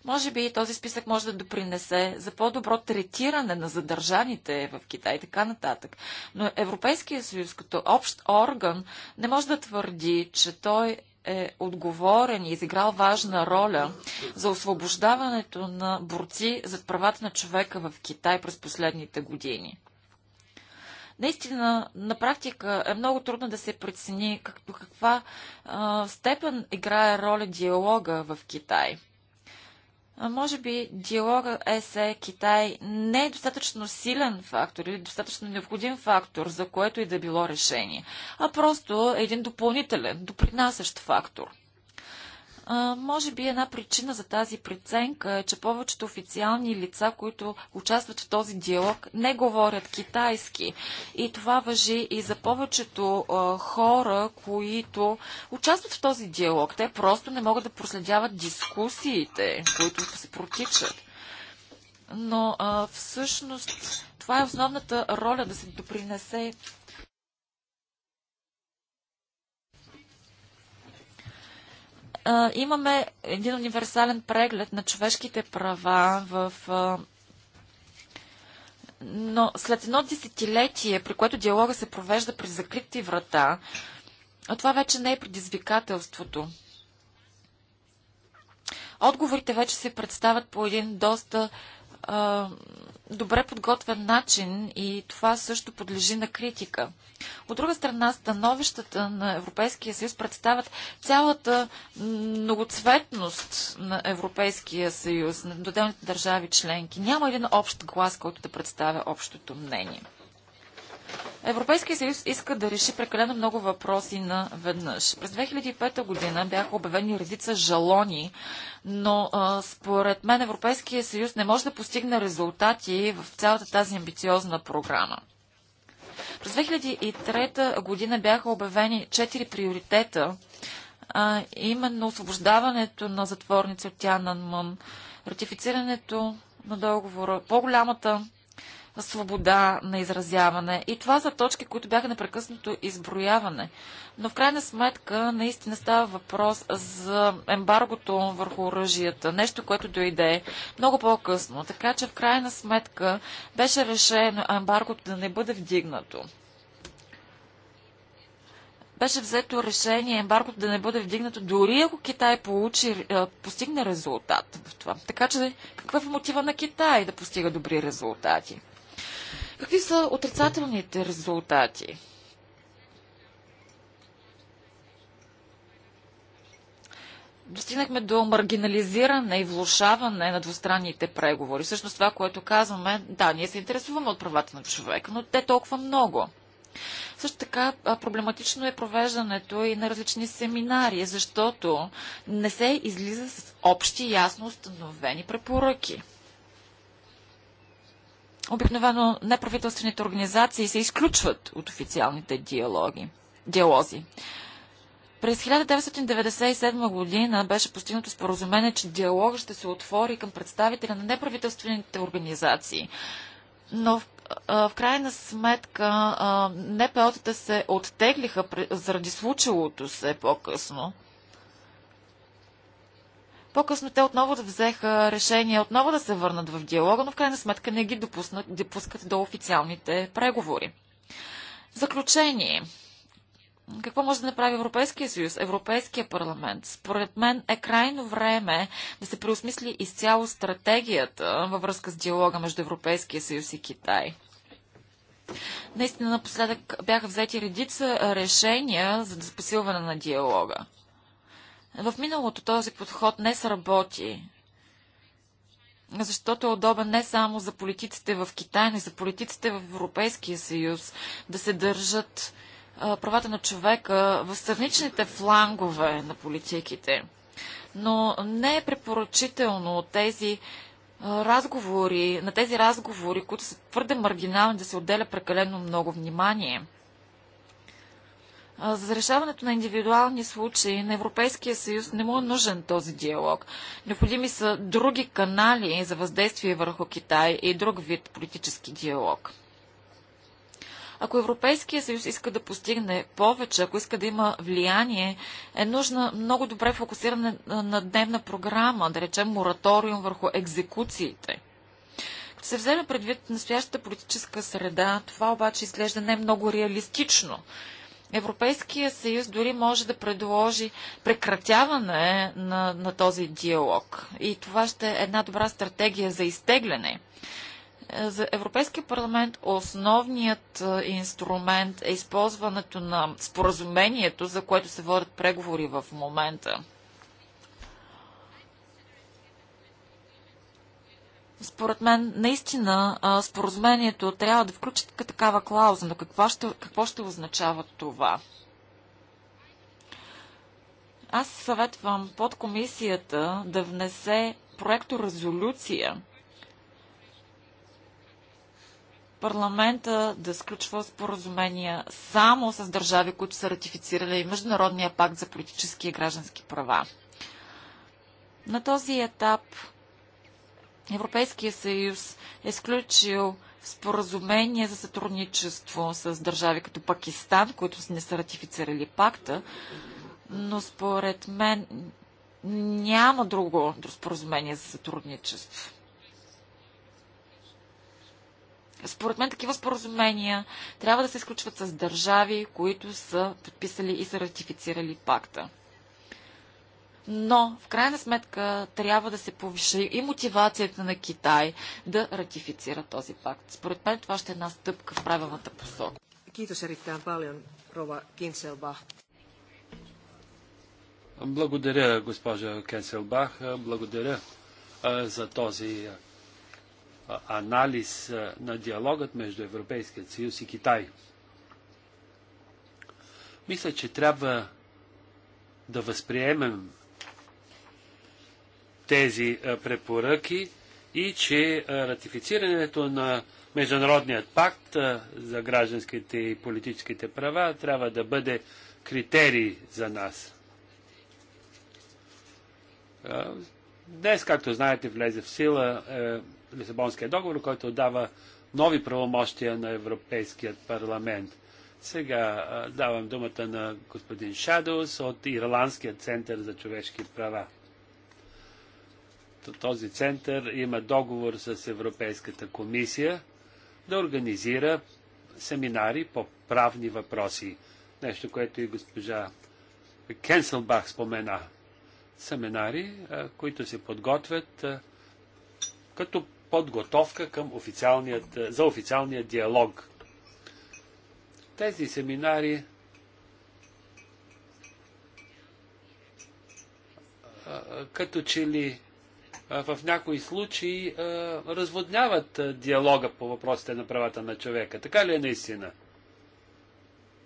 Може би този списък може да допринесе за по-добро третиране на задържаните в Китай и така нататък. Но Европейския съюз като общ орган не може да твърди, че той е отговорен и е изиграл важна роля за освобождаването на борци за правата на човека в Китай през последните години. Наистина, на практика е много трудно да се прецени каква степен играе роля диалога в Китай – може би диалога ЕСЕ е Китай не е достатъчно силен фактор или достатъчно необходим фактор, за което и да било решение, а просто един допълнителен, допринасящ фактор може би една причина за тази преценка е, че повечето официални лица, които участват в този диалог, не говорят китайски. И това въжи и за повечето а, хора, които участват в този диалог. Те просто не могат да проследяват дискусиите, които се протичат. Но а, всъщност това е основната роля да се допринесе а, имаме един универсален преглед на човешките права в. А, но след едно десетилетие, при което диалога се провежда при закрити врата, а това вече не е предизвикателството. Отговорите вече се представят по един доста а, добре подготвен начин и това също подлежи на критика. От друга страна, становищата на Европейския съюз представят цялата многоцветност на Европейския съюз, на отделните държави членки. Няма един общ глас, който да представя общото мнение. Европейския съюз иска да реши прекалено много въпроси наведнъж. През 2005 година бяха обявени редица жалони, но а, според мен Европейския съюз не може да постигне резултати в цялата тази амбициозна програма. През 2003 година бяха обявени четири приоритета, а, именно освобождаването на затворници от Тянанмън, ратифицирането на договора, по-голямата свобода на изразяване. И това са точки, които бяха непрекъснато изброяване. Но в крайна сметка наистина става въпрос за ембаргото върху оръжията. Нещо, което дойде много по-късно. Така че в крайна сметка беше решено ембаргото да не бъде вдигнато беше взето решение ембаргото да не бъде вдигнато, дори ако Китай получи, е, постигне резултат в това. Така че какъв е мотива на Китай да постига добри резултати? Какви са отрицателните резултати? достигнахме до маргинализиране и влушаване на двустранните преговори. Всъщност това, което казваме, да, ние се интересуваме от правата на човека, но те толкова много. Също така проблематично е провеждането и на различни семинари, защото не се излиза с общи ясно установени препоръки обикновено неправителствените организации се изключват от официалните диалоги, диалози. През 1997 година беше постигнато споразумение, че диалог ще се отвори към представители на неправителствените организации. Но в, в крайна сметка НПО-тата се оттеглиха заради случилото се по-късно. По-късно те отново да взеха решение отново да се върнат в диалога, но в крайна сметка не ги допуснат, допускат до официалните преговори. Заключение. Какво може да направи Европейския съюз, Европейския парламент? Според мен е крайно време да се преосмисли изцяло стратегията във връзка с диалога между Европейския съюз и Китай. Наистина напоследък бяха взети редица решения за да посилване на диалога. В миналото този подход не сработи, защото е удобен не само за политиците в Китай, но и за политиците в Европейския съюз да се държат правата на човека в страничните флангове на политиките. Но не е препоръчително тези разговори, на тези разговори, които са твърде маргинални, да се отделя прекалено много внимание. За решаването на индивидуални случаи на Европейския съюз не му е нужен този диалог. Необходими са други канали за въздействие върху Китай и друг вид политически диалог. Ако Европейския съюз иска да постигне повече, ако иска да има влияние, е нужна много добре фокусиране на дневна програма, да речем мораториум върху екзекуциите. Като се вземе предвид настоящата политическа среда, това обаче изглежда не много реалистично. Европейския съюз дори може да предложи прекратяване на, на този диалог. И това ще е една добра стратегия за изтегляне. Е, за Европейския парламент основният е, инструмент е използването на споразумението, за което се водят преговори в момента. Според мен, наистина, споразумението трябва да включи такава клауза, но какво ще, какво ще означава това? Аз съветвам под комисията да внесе проекто резолюция парламента да сключва споразумения само с държави, които са ратифицирали и Международния пакт за политически и граждански права. На този етап Европейския съюз е сключил споразумение за сътрудничество с държави като Пакистан, които не са ратифицирали пакта, но според мен няма друго споразумение за сътрудничество. Според мен такива споразумения трябва да се изключват с държави, които са подписали и са ратифицирали пакта но в крайна сметка трябва да се повиши и мотивацията на Китай да ратифицира този пакт. Според мен това ще е една стъпка в правилната посока. Благодаря, госпожа Кенселбах. Благодаря за този анализ на диалогът между Европейския съюз и Китай. Мисля, че трябва да възприемем тези препоръки и че ратифицирането на Международният пакт за гражданските и политическите права трябва да бъде критерий за нас. Днес, както знаете, влезе в сила е, Лисабонския договор, който дава нови правомощия на Европейският парламент. Сега давам думата на господин Шадос от Ирландския център за човешки права този център има договор с Европейската комисия да организира семинари по правни въпроси. Нещо, което и госпожа Кенселбах спомена. Семинари, които се подготвят като подготовка към официалният, за официалния диалог. Тези семинари като че ли в някои случаи разводняват диалога по въпросите на правата на човека. Така ли е наистина?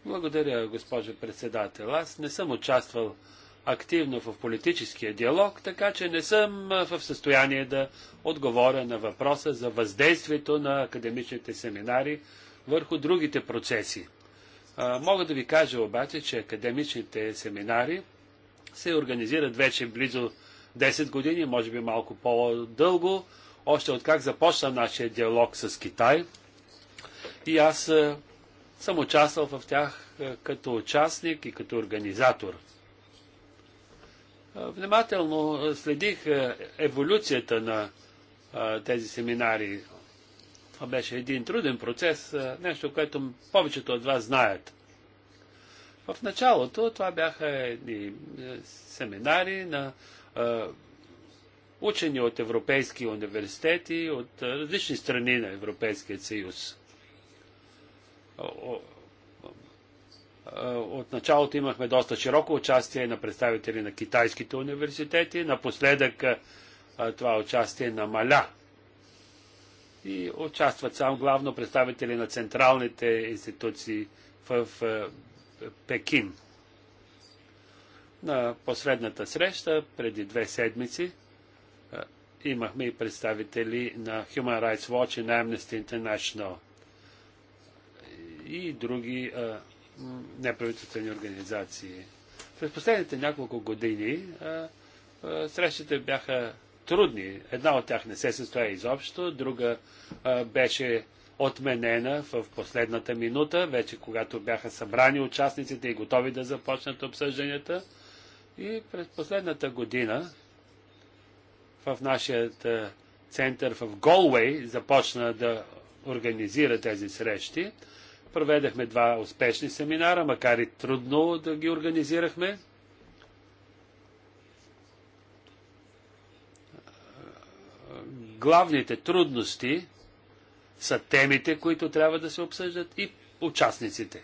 Благодаря, госпожо председател. Аз не съм участвал активно в политическия диалог, така че не съм в състояние да отговоря на въпроса за въздействието на академичните семинари върху другите процеси. Мога да ви кажа обаче, че академичните семинари се организират вече близо 10 години, може би малко по-дълго, още от как започна нашия диалог с Китай. И аз е, съм участвал в тях е, като участник и като организатор. Е, внимателно следих еволюцията на тези семинари. Това беше един труден процес, нещо, което повечето от вас знаят. В началото това бяха едни семинари на учени от европейски университети, от различни страни на Европейския съюз. От началото имахме доста широко участие на представители на китайските университети, напоследък това участие намаля. И участват само главно представители на централните институции в Пекин. На последната среща, преди две седмици, имахме и представители на Human Rights Watch и на Amnesty International и други неправителствени организации. През последните няколко години срещите бяха трудни. Една от тях не се състоя изобщо, друга беше отменена в последната минута, вече когато бяха събрани участниците и готови да започнат обсъжданията. И през последната година в нашия е, център в Голвей започна да организира тези срещи. Проведахме два успешни семинара, макар и трудно да ги организирахме. Главните трудности са темите, които трябва да се обсъждат и участниците.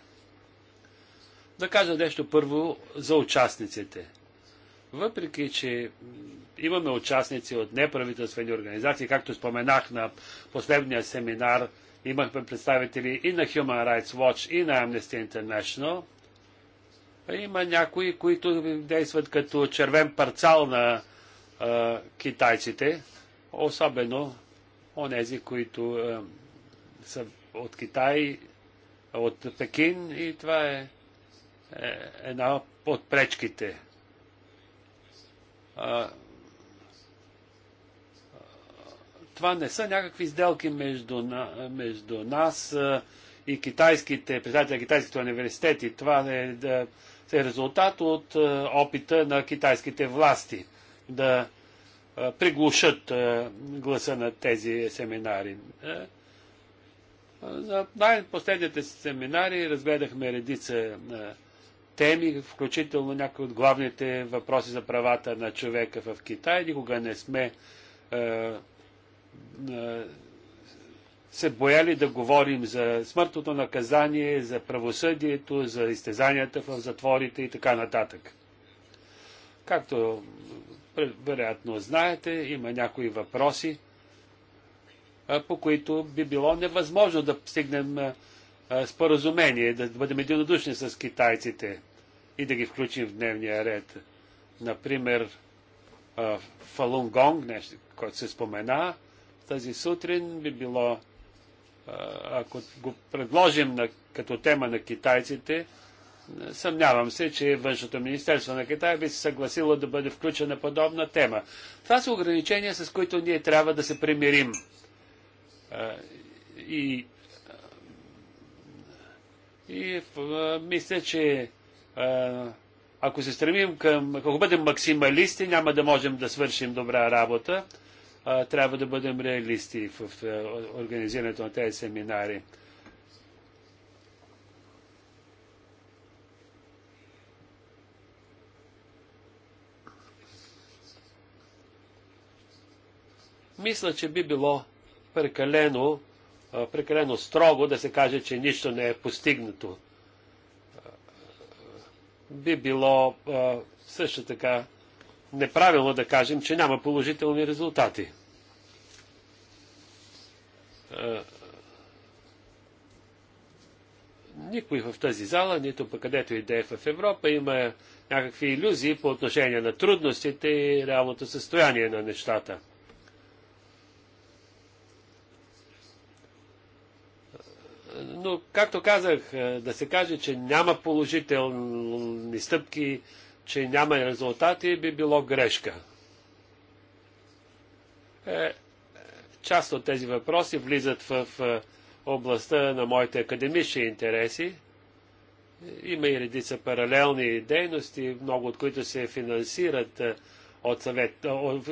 Да кажа нещо първо за участниците. Въпреки, че имаме участници от неправителствени организации, както споменах на последния семинар, имахме представители и на Human Rights Watch, и на Amnesty International, има някои, които действат като червен парцал на а, китайците, особено онези, които а, са от Китай, от Пекин и това е, е една от пречките това не са някакви сделки между, между нас и китайските, председатели на китайските университети. Това е, да, е резултат от опита на китайските власти да приглушат гласа на тези семинари. Е, за най-последните семинари разгледахме редица теми, включително някои от главните въпроси за правата на човека в Китай. Никога не сме е, е, се бояли да говорим за смъртното наказание, за правосъдието, за изтезанията в затворите и така нататък. Както е, вероятно знаете, има някои въпроси, е, по които би било невъзможно да стигнем е, споразумение, да бъдем единодушни с китайците и да ги включим в дневния ред. Например, Фалунгонг, нещо, което се спомена тази сутрин, би било, ако го предложим на, като тема на китайците, съмнявам се, че Външното министерство на Китай би се съгласило да бъде включена подобна тема. Това са ограничения, с които ние трябва да се примирим. И и а, мисля, че а, ако се стремим към, ако бъдем максималисти, няма да можем да свършим добра работа. А, трябва да бъдем реалисти в, в, в организирането на тези семинари. Мисля, че би било прекалено прекалено строго да се каже, че нищо не е постигнато. Би било също така неправилно да кажем, че няма положителни резултати. Никой в тази зала, нито пък където и да е в Европа, има някакви иллюзии по отношение на трудностите и реалното състояние на нещата. но както казах, е, да се каже, че няма положителни стъпки, че няма резултати, би било грешка. Е, е, част от тези въпроси влизат в е, областта на моите академични интереси. Има и редица паралелни дейности, много от които се финансират от, съвет,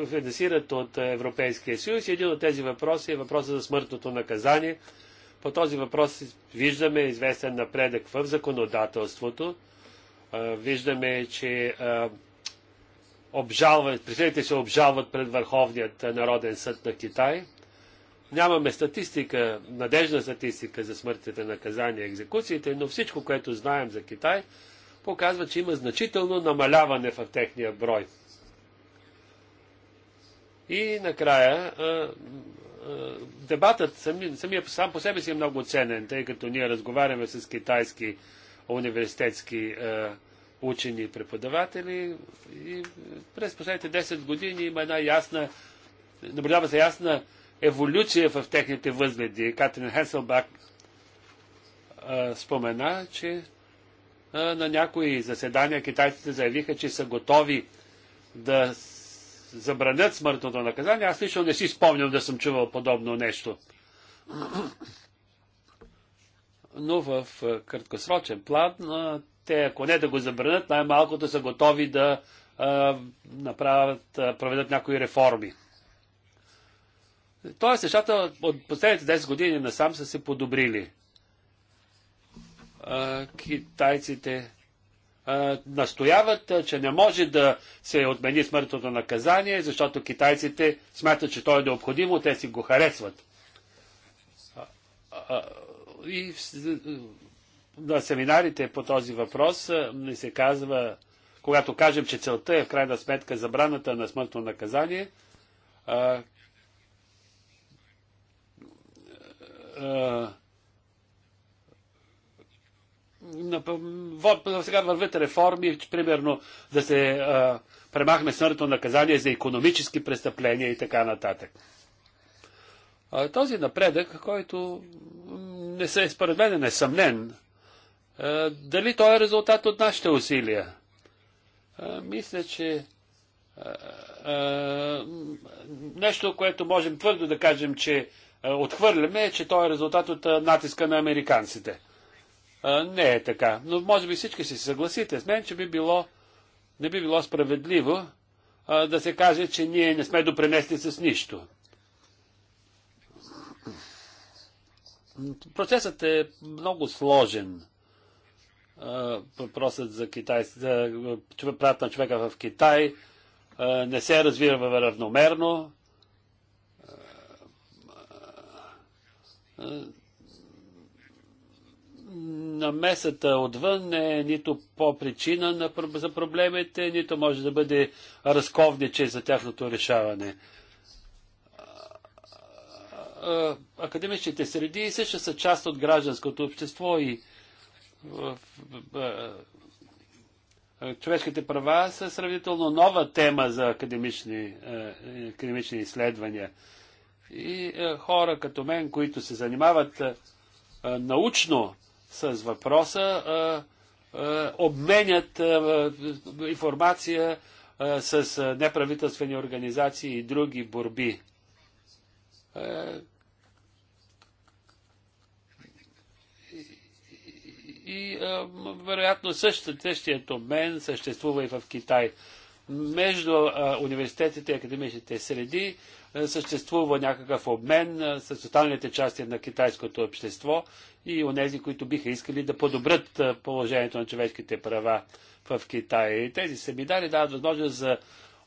финансират от Европейския съюз. Един от тези въпроси е въпроса за смъртното наказание – по този въпрос виждаме известен напредък в законодателството. Виждаме, че обжалват, присъдите се обжалват пред Върховният народен съд на Китай. Нямаме статистика, надежна статистика за смъртните наказания и екзекуциите, но всичко, което знаем за Китай, показва, че има значително намаляване в техния брой. И накрая е, дебатът самия сам по себе си е много ценен, тъй като ние разговаряме с китайски университетски е, учени и преподаватели и през последните 10 години има една ясна, наблюдава се ясна еволюция в техните възгледи. Катрин Хенселбак е, спомена, че е, на някои заседания китайците заявиха, че са готови да забранят смъртното наказание, аз лично не си спомням да съм чувал подобно нещо. Но в е, краткосрочен план, е, те ако не да го забранят, най-малкото са готови да е, направят, проведат някои реформи. Тоест, нещата от последните 10 години насам са се подобрили. Китайците настояват, че не може да се отмени смъртното наказание, защото китайците смятат, че то е необходимо, те си го харесват. И на семинарите по този въпрос ми се казва, когато кажем, че целта е в крайна сметка забраната на смъртно наказание, а, а, сега вървят реформи, примерно да се а, премахне смъртно наказание за економически престъпления и така нататък. А, този напредък, който не се, според мен е несъмнен, а, дали той е резултат от нашите усилия? А, мисля, че нещо, което можем твърдо да кажем, че отхвърляме, е, че той е резултат от натиска на американците а, не е така. Но може би всички ще се съгласите с мен, че би било, не би било справедливо а, да се каже, че ние не сме допренесли с нищо. Процесът е много сложен. въпросът за, Китай, за правата на човека в Китай не се развива равномерно намесата отвън не е нито по причина на, за проблемите, нито може да бъде разковниче за тяхното решаване. Академичните среди също са част от гражданското общество и човешките права са сравнително нова тема за академични, академични изследвания. И хора като мен, които се занимават научно с въпроса а, а, обменят а, информация а, с неправителствени организации и други борби. И, и а, вероятно същият обмен съществува и в Китай между университетите и академичните среди съществува някакъв обмен с останалите части на китайското общество и нези, които биха искали да подобрят положението на човешките права в Китай. И тези семинари дават възможност за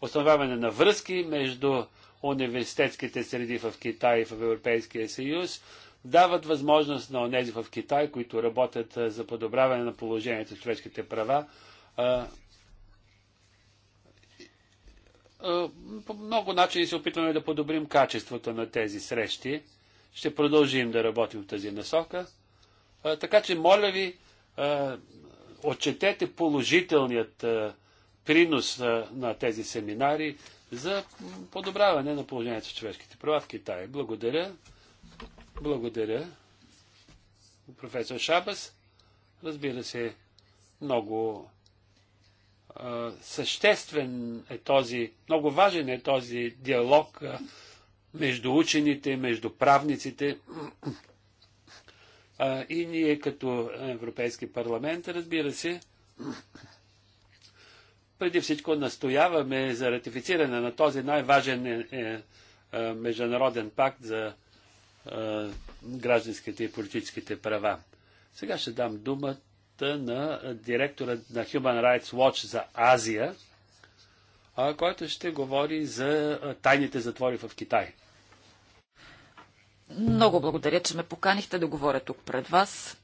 установяване на връзки между университетските среди в Китай и в Европейския съюз, дават възможност на онези в Китай, които работят за подобряване на положението на човешките права, е, по много начини се опитваме да подобрим качеството на тези срещи. Ще продължим да работим в тази насока. Е, така че, моля ви, е, отчетете положителният принос на тези семинари за подобряване на положението в човешките права в Китай. Благодаря. Благодаря. Професор Шабас. Разбира се, много съществен е този, много важен е този диалог между учените, между правниците. И ние като Европейски парламент, разбира се, преди всичко настояваме за ратифициране на този най-важен е, е, международен пакт за гражданските и политическите права. Сега ще дам думата доклада на директора на Human Rights Watch за Азия, който ще говори за тайните затвори в Китай. Много благодаря, че ме поканихте да говоря тук пред вас.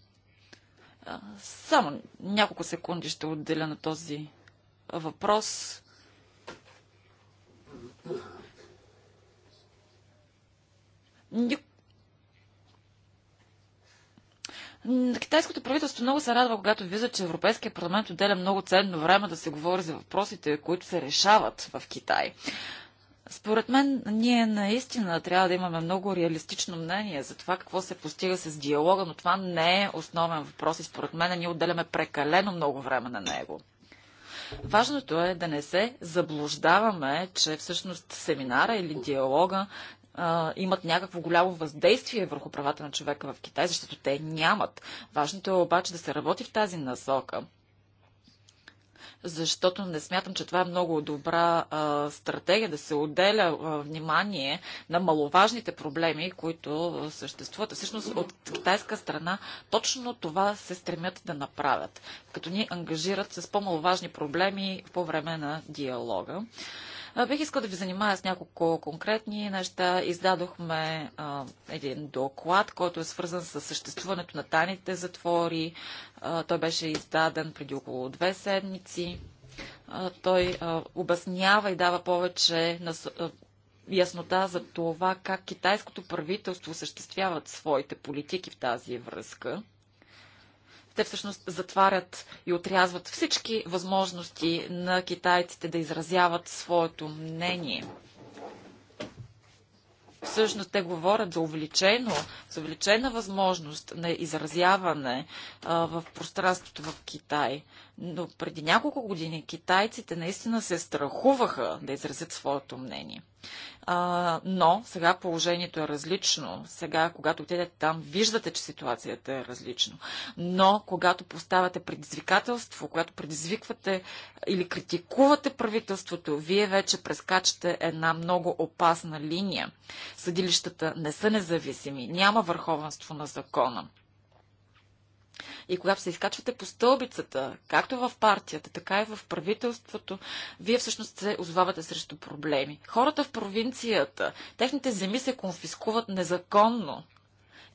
Само няколко секунди ще отделя на този въпрос. Никой Китайското правителство много се радва, когато вижда, че Европейския парламент отделя много ценно време да се говори за въпросите, които се решават в Китай. Според мен, ние наистина трябва да имаме много реалистично мнение за това какво се постига с диалога, но това не е основен въпрос и според мен ние отделяме прекалено много време на него. Важното е да не се заблуждаваме, че всъщност семинара или диалога а, имат някакво голямо въздействие върху правата на човека в Китай, защото те нямат. Важното е обаче да се работи в тази насока защото не смятам, че това е много добра а, стратегия да се отделя а, внимание на маловажните проблеми, които а, съществуват. Всъщност от китайска страна точно това се стремят да направят, като ни ангажират с по-маловажни проблеми по време на диалога. Бих искал да ви занимая с няколко конкретни неща. Издадохме а, един доклад, който е свързан с съществуването на тайните затвори. А, той беше издаден преди около две седмици. А, той обяснява и дава повече на яснота за това как китайското правителство съществяват своите политики в тази връзка те всъщност затварят и отрязват всички възможности на китайците да изразяват своето мнение. Всъщност те говорят за увеличено, за увеличена възможност на изразяване а, в пространството в Китай. Но преди няколко години китайците наистина се страхуваха да изразят своето мнение. А, но сега положението е различно. Сега, когато отидете там, виждате, че ситуацията е различно. Но когато поставяте предизвикателство, когато предизвиквате или критикувате правителството, вие вече прескачате една много опасна линия. Съдилищата не са независими, няма върховенство на закона. И когато се изкачвате по стълбицата, както в партията, така и в правителството, вие всъщност се озовавате срещу проблеми. Хората в провинцията, техните земи се конфискуват незаконно.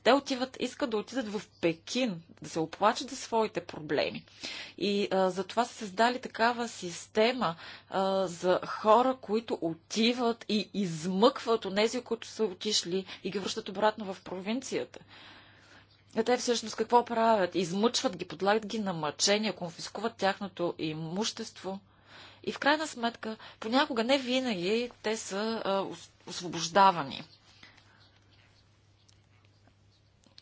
Те отиват, искат да отидат в Пекин, да се оплачат за своите проблеми. И а, затова са създали такава система а, за хора, които отиват и измъкват от тези, които са отишли и ги връщат обратно в провинцията. А е, те всъщност какво правят? Измъчват ги, подлагат ги на мъчения, конфискуват тяхното имущество. И в крайна сметка, понякога, не винаги, те са а, освобождавани.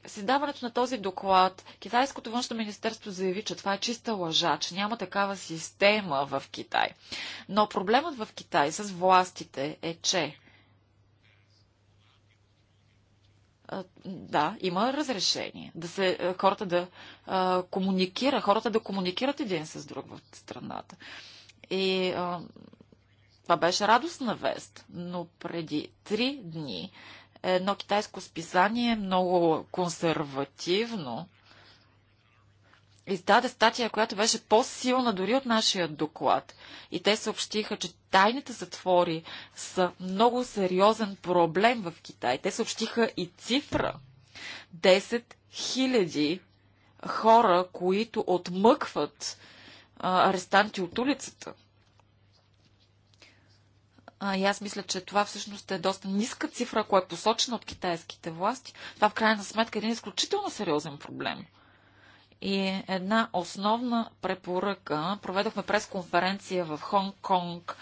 С издаването на този доклад, Китайското външно министерство заяви, че това е чиста лъжа, че няма такава система в Китай. Но проблемът в Китай с властите е, че да, има разрешение. Да се, хората да а, комуникира, хората да комуникират един с друг в страната. И а, това беше радостна вест, но преди три дни едно китайско списание, много консервативно, издаде статия, която беше по-силна дори от нашия доклад. И те съобщиха, че тайните затвори са много сериозен проблем в Китай. Те съобщиха и цифра. 10 000 хора, които отмъкват а, арестанти от улицата. А, и аз мисля, че това всъщност е доста ниска цифра, ако е посочена от китайските власти. Това в крайна сметка е един изключително сериозен проблем и една основна препоръка. Проведохме пресконференция в Хонг-Конг,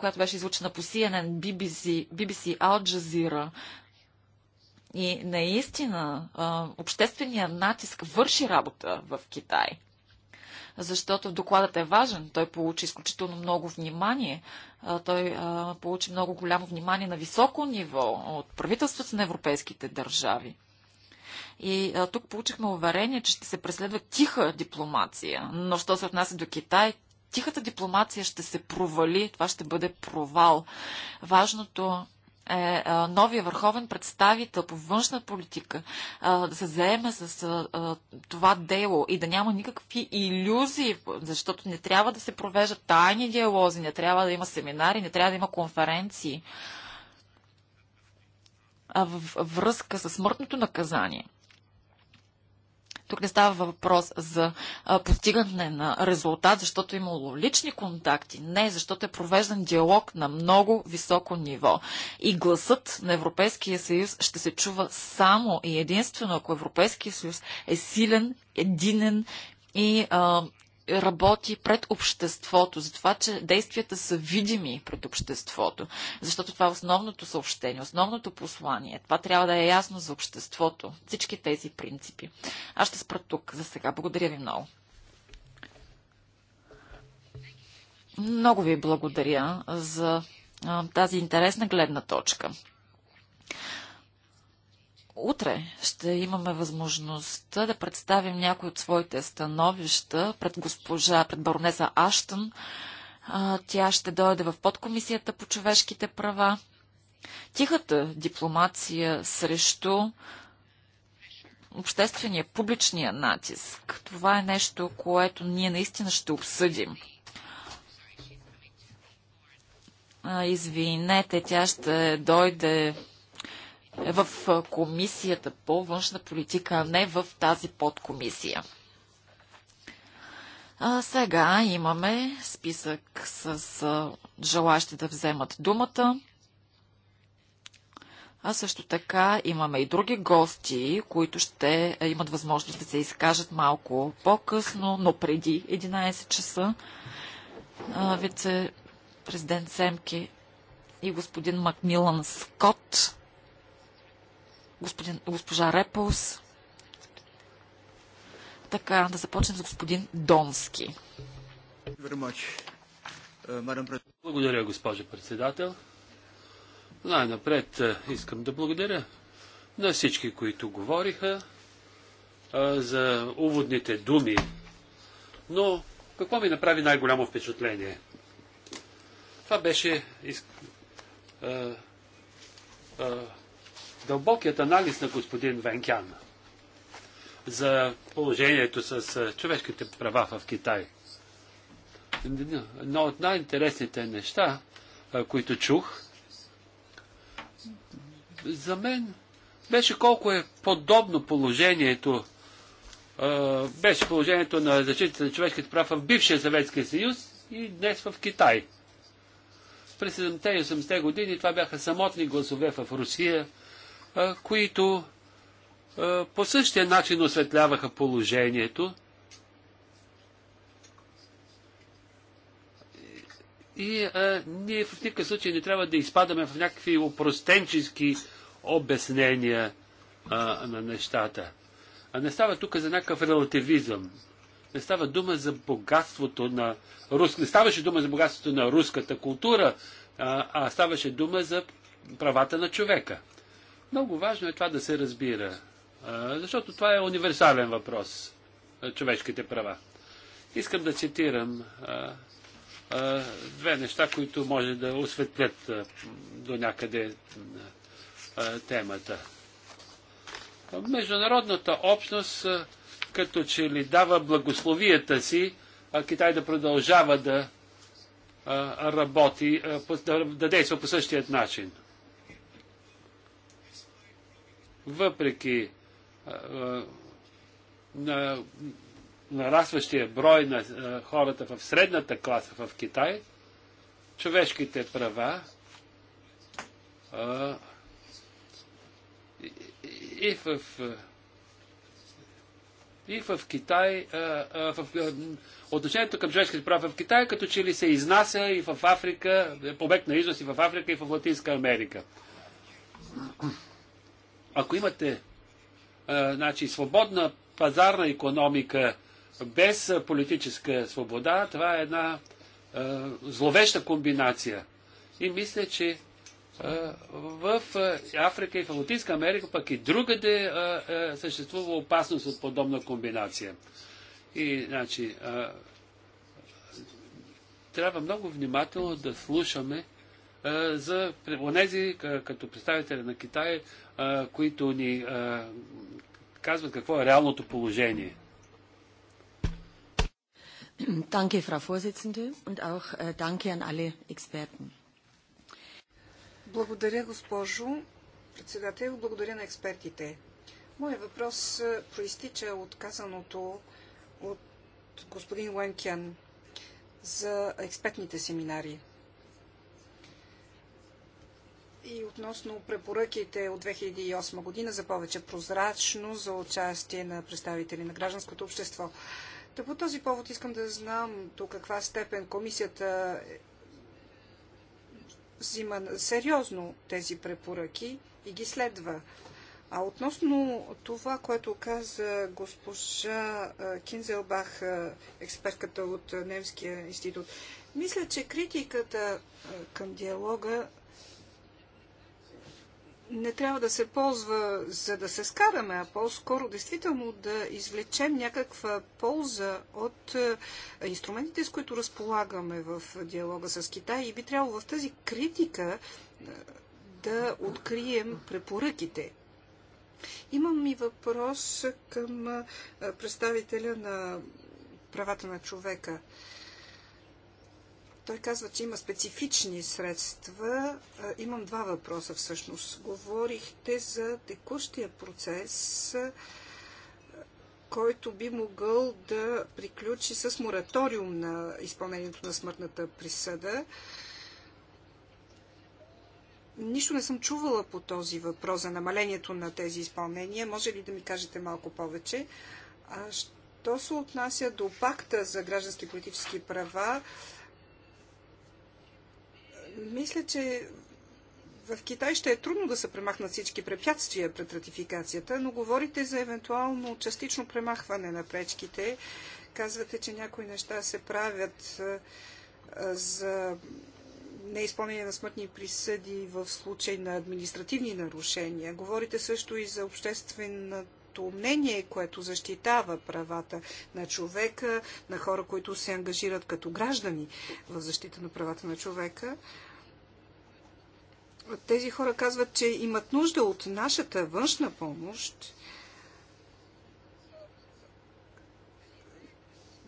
която беше излучена по CNN, BBC, BBC Al Jazeera. И наистина общественият натиск върши работа в Китай. Защото докладът е важен. Той получи изключително много внимание. Той получи много голямо внимание на високо ниво от правителството на европейските държави. И а, тук получихме уверение, че ще се преследва тиха дипломация. Но що се отнася до Китай, тихата дипломация ще се провали. Това ще бъде провал. Важното е новия върховен представител по външна политика да се заеме с това дело и да няма никакви иллюзии, защото не трябва да се провеждат тайни диалози, не трябва да има семинари, не трябва да има конференции в връзка с смъртното наказание. Тук не става въпрос за постигане на резултат, защото е имало лични контакти. Не, защото е провеждан диалог на много високо ниво. И гласът на Европейския съюз ще се чува само и единствено, ако Европейския съюз е силен, единен и а, работи пред обществото, за това, че действията са видими пред обществото, защото това е основното съобщение, основното послание. Това трябва да е ясно за обществото, всички тези принципи. Аз ще спра тук за сега. Благодаря ви много. Много ви благодаря за тази интересна гледна точка. Утре ще имаме възможността да представим някои от своите становища пред госпожа, пред баронеса Аштън. Тя ще дойде в подкомисията по човешките права. Тихата дипломация срещу обществения, публичния натиск. Това е нещо, което ние наистина ще обсъдим. Извинете, тя ще дойде в комисията по външна политика, а не в тази подкомисия. А сега имаме списък с желащи да вземат думата. А също така имаме и други гости, които ще имат възможност да се изкажат малко по-късно, но преди 11 часа. Вице-президент Семки и господин Макмилан Скотт господин, госпожа Реполс. Така, да започнем с господин Донски. Благодаря, госпожо председател. Най-напред е, искам да благодаря на всички, които говориха а, е, за уводните думи. Но какво ми направи най-голямо впечатление? Това беше а, а, е, дълбокият анализ на господин Венкян за положението с човешките права в Китай. Но от най-интересните неща, които чух, за мен беше колко е подобно положението беше положението на защитите на човешките права в бившия Съветски съюз и днес в Китай. През 70-80-те години това бяха самотни гласове в Русия, които по същия начин осветляваха положението. И а, ние в никакъв случай не трябва да изпадаме в някакви опростенчески обяснения а, на нещата. А не става тук за някакъв релативизъм. Не става дума за богатството на рус... Не ставаше дума за богатството на руската култура, а, а ставаше дума за правата на човека. Много важно е това да се разбира, защото това е универсален въпрос човешките права. Искам да цитирам две неща, които може да осветлят до някъде темата. Международната общност като че ли дава благословията си Китай да продължава да работи, да действа по същия начин въпреки на нарастващия брой на хората в средната класа в Китай, човешките права и, в и в Китай, в, отношението към човешките права в Китай, като че ли се изнася и в Африка, е, побег на износ и в Африка, и в Латинска Америка. Ако имате а, значи, свободна пазарна економика без политическа свобода, това е една а, зловеща комбинация. И мисля, че в Африка и в Латинска Америка, пък и другаде съществува опасност от подобна комбинация. И, значи, а, трябва много внимателно да слушаме а, за онези, като представители на Китай, които ни казват какво е реалното положение. Danke, Frau Vorsitzende, und auch äh, danke an alle Experten. Благодаря, госпожо председател. Благодаря на експертите. Моят въпрос е, проистича от казаното от господин Ленкян за експертните семинари и относно препоръките от 2008 година за повече прозрачно за участие на представители на гражданското общество. Та по този повод искам да знам до каква степен комисията взима сериозно тези препоръки и ги следва. А относно това, което каза госпожа Кинзелбах, експертката от Немския институт, мисля, че критиката към диалога не трябва да се ползва за да се скараме, а по-скоро действително да извлечем някаква полза от е, инструментите, с които разполагаме в диалога с Китай и би трябвало в тази критика е, да открием препоръките. Имам и въпрос към е, представителя на правата на човека. Той казва, че има специфични средства. Имам два въпроса всъщност. Говорихте за текущия процес, който би могъл да приключи с мораториум на изпълнението на смъртната присъда. Нищо не съм чувала по този въпрос за намалението на тези изпълнения. Може ли да ми кажете малко повече? А, що се отнася до пакта за граждански и политически права, мисля, че в Китай ще е трудно да се премахнат всички препятствия пред ратификацията, но говорите за евентуално частично премахване на пречките. Казвате, че някои неща се правят за неизпълнение на смъртни присъди в случай на административни нарушения. Говорите също и за общественото мнение, което защитава правата на човека, на хора, които се ангажират като граждани в защита на правата на човека. Тези хора казват, че имат нужда от нашата външна помощ.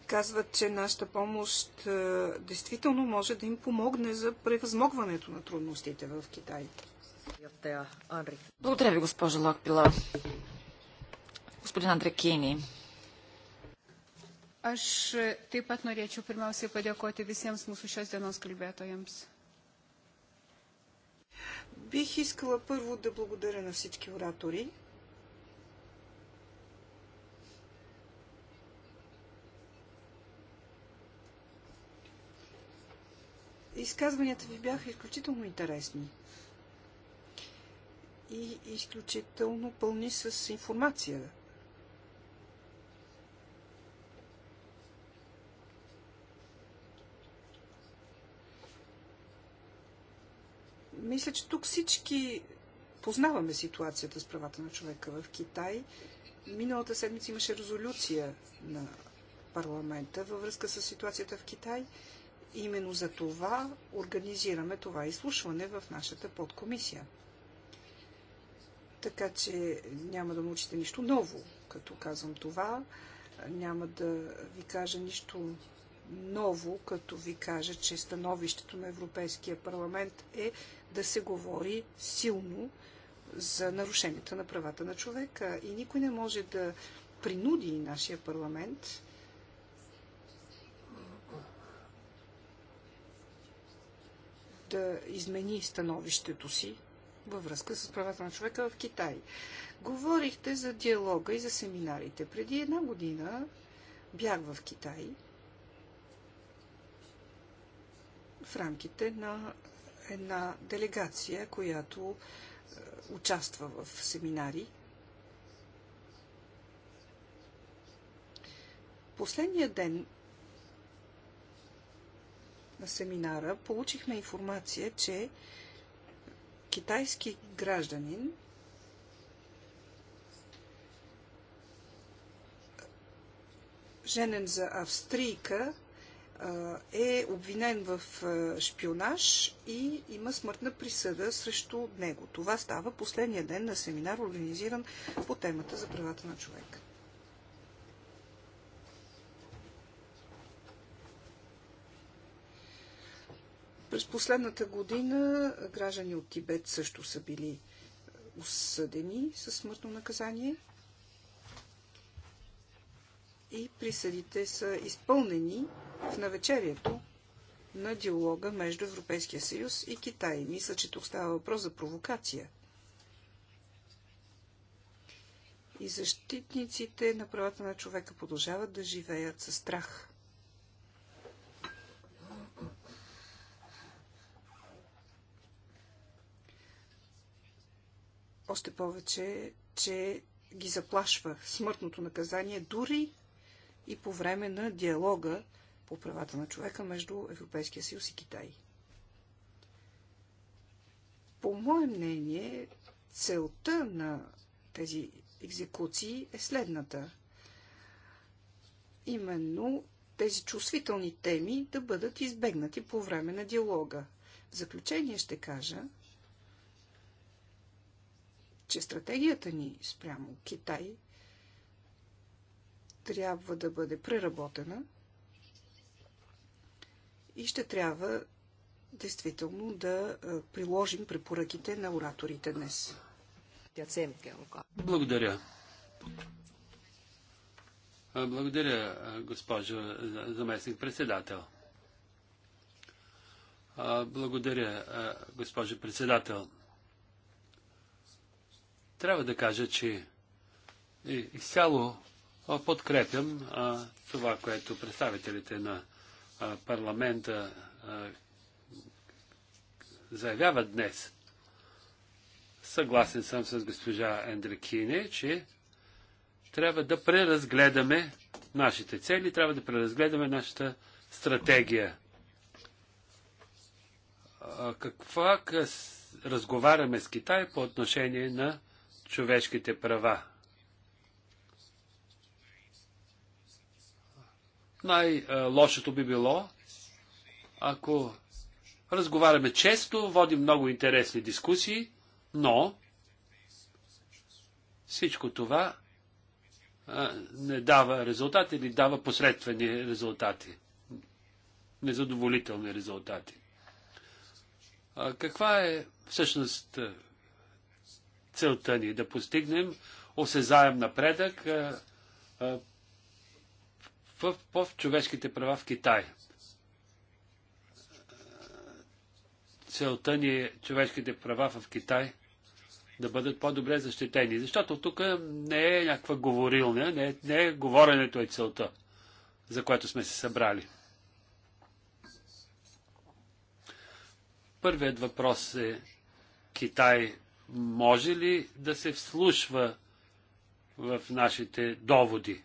Казват, че нашата помощ е, действително може да им помогне за превъзмогването на трудностите в Китай. Благодаря ви, госпожа Локпила. Господин Андрекини. Aš taip pat norėčiau pirmiausiai с visiems с šios ребята, ямс. Бих искала първо да благодаря на всички оратори. Изказванията ви бяха изключително интересни и изключително пълни с информация Мисля, че тук всички познаваме ситуацията с правата на човека в Китай. Миналата седмица имаше резолюция на парламента във връзка с ситуацията в Китай. Именно за това организираме това изслушване в нашата подкомисия. Така че няма да научите нищо ново, като казвам това. Няма да ви кажа нищо ново, като ви кажа, че становището на Европейския парламент е да се говори силно за нарушенията на правата на човека. И никой не може да принуди нашия парламент да измени становището си във връзка с правата на човека в Китай. Говорихте за диалога и за семинарите. Преди една година бях в Китай в рамките на една делегация, която е, участва в семинари. Последния ден на семинара получихме информация, че китайски гражданин женен за австрийка, е обвинен в е, шпионаж и има смъртна присъда срещу него. Това става последния ден на семинар, организиран по темата за правата на човека. През последната година граждани от Тибет също са били осъдени със смъртно наказание – и присъдите са изпълнени в навечерието на диалога между Европейския съюз и Китай. Мисля, че тук става въпрос за провокация. И защитниците на правата на човека продължават да живеят със страх. Още повече, че ги заплашва смъртното наказание, дори и по време на диалога по правата на човека между Европейския съюз и Китай. По мое мнение, целта на тези екзекуции е следната. Именно тези чувствителни теми да бъдат избегнати по време на диалога. В заключение ще кажа, че стратегията ни спрямо Китай трябва да бъде преработена и ще трябва действително да приложим препоръките на ораторите днес. Благодаря. Благодаря, госпожо заместник председател. Благодаря, госпожо председател. Трябва да кажа, че изцяло подкрепям а, това, което представителите на а, парламента а, заявяват днес. Съгласен съм с госпожа Ендрекине, че трябва да преразгледаме нашите цели, трябва да преразгледаме нашата стратегия. Каква къс... разговаряме с Китай по отношение на човешките права? Най-лошото би било, ако разговаряме често, водим много интересни дискусии, но всичко това не дава резултати или дава посредствени резултати, незадоволителни резултати. А, каква е всъщност целта ни да постигнем осезаем напредък в, повчовешките човешките права в Китай. Целта ни е човешките права в Китай да бъдат по-добре защитени. Защото тук не е някаква говорилня, не е, не е говоренето е целта, за което сме се събрали. Първият въпрос е Китай може ли да се вслушва в нашите доводи?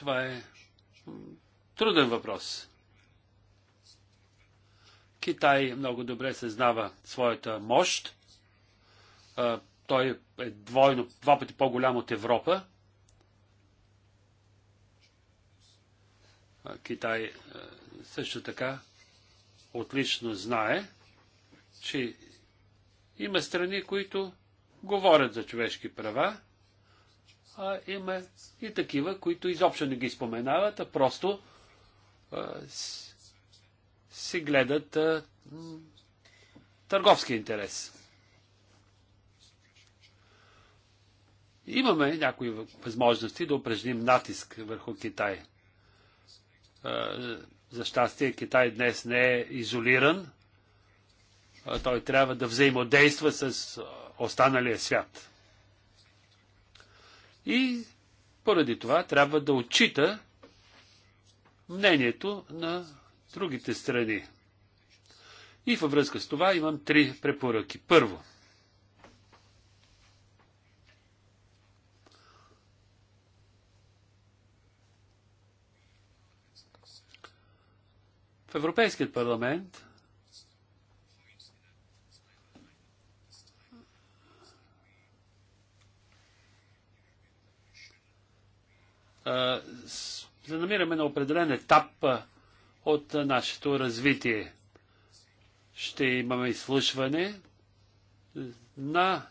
Това е труден въпрос. Китай много добре съзнава своята мощ. Той е двойно, два пъти по-голям от Европа. Китай също така отлично знае, че има страни, които говорят за човешки права, а има и такива, които изобщо не ги споменават, а просто а, си гледат а, търговски интерес. Имаме някои възможности да упражним натиск върху Китай. за щастие Китай днес не е изолиран. той трябва да взаимодейства с останалия свят. И поради това трябва да отчита мнението на другите страни. И във връзка с това имам три препоръки. Първо, в Европейският парламент се намираме на определен етап от нашето развитие. Ще имаме изслушване на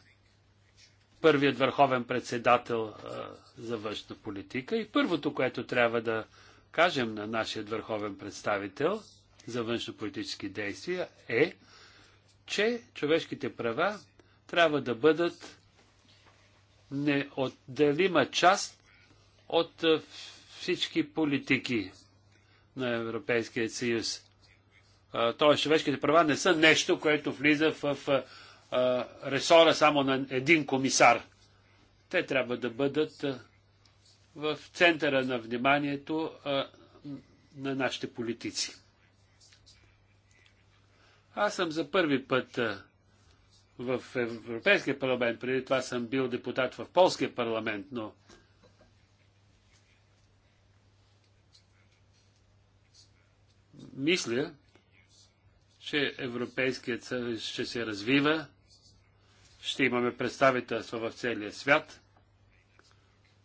първият върховен председател за външна политика и първото, което трябва да кажем на нашия върховен представител за политически действия е, че човешките права трябва да бъдат неотделима част от е, всички политики на Европейския съюз. Тоест, човешките права не са нещо, което влиза в е, ресора само на един комисар. Те трябва да бъдат е, в центъра на вниманието на нашите политици. Аз съм за първи път в Европейския парламент, преди това съм бил депутат в Полския парламент, но мисля, че Европейският съюз ще се развива, ще имаме представителство в целия свят,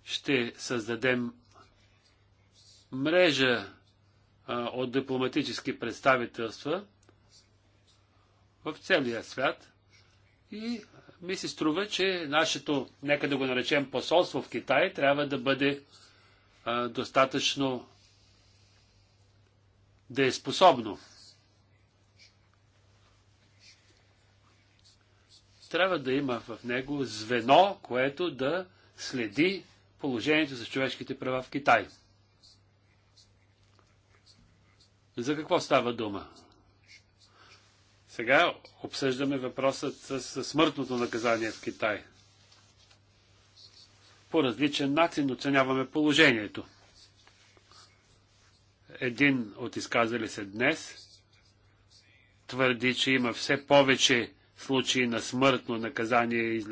ще създадем мрежа а, от дипломатически представителства в целия свят и ми се струва, че нашето, нека да го наречем посолство в Китай, трябва да бъде а, достатъчно дееспособно. Трябва да има в него звено, което да следи положението за човешките права в Китай. За какво става дума? Сега обсъждаме въпросът с смъртното наказание в Китай. По различен начин оценяваме положението един от изказали се днес твърди, че има все повече случаи на смъртно наказание,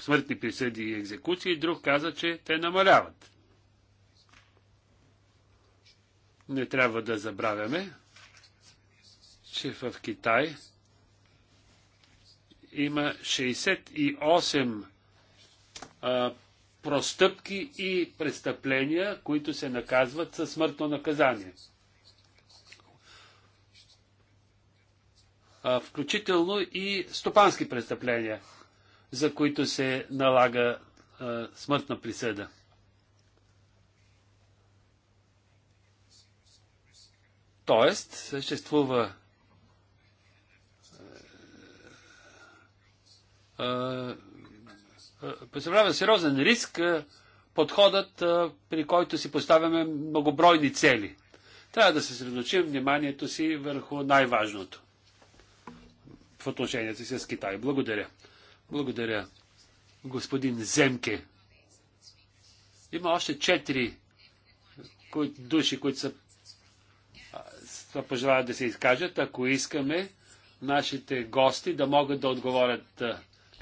смъртни присъди и екзекуции, друг каза, че те намаляват. Не трябва да забравяме, че в Китай има 68 а, простъпки и престъпления, които се наказват със смъртно наказание. Включително и стопански престъпления, за които се налага а, смъртна присъда. Тоест, съществува а, е, представлява сериозен риск е, подходът, е, при който си поставяме многобройни цели. Трябва да се средочим вниманието си върху най-важното в отношенията си с Китай. Благодаря. Благодаря, господин Земке. Има още четири души, които са, са пожелават да се изкажат, ако искаме нашите гости да могат да отговорят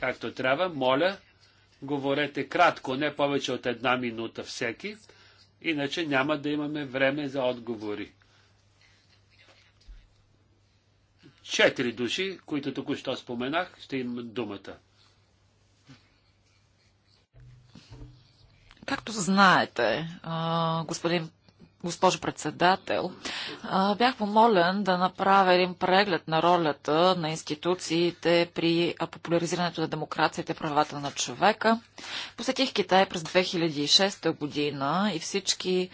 както трябва. Моля, говорете кратко, не повече от една минута всеки, иначе няма да имаме време за отговори. Четири души, които току-що споменах, ще имат думата. Както знаете, господин госпожо председател, бях помолен да направя един преглед на ролята на институциите при популяризирането на демокрацията и правата на човека. Посетих Китай през 2006 година и всички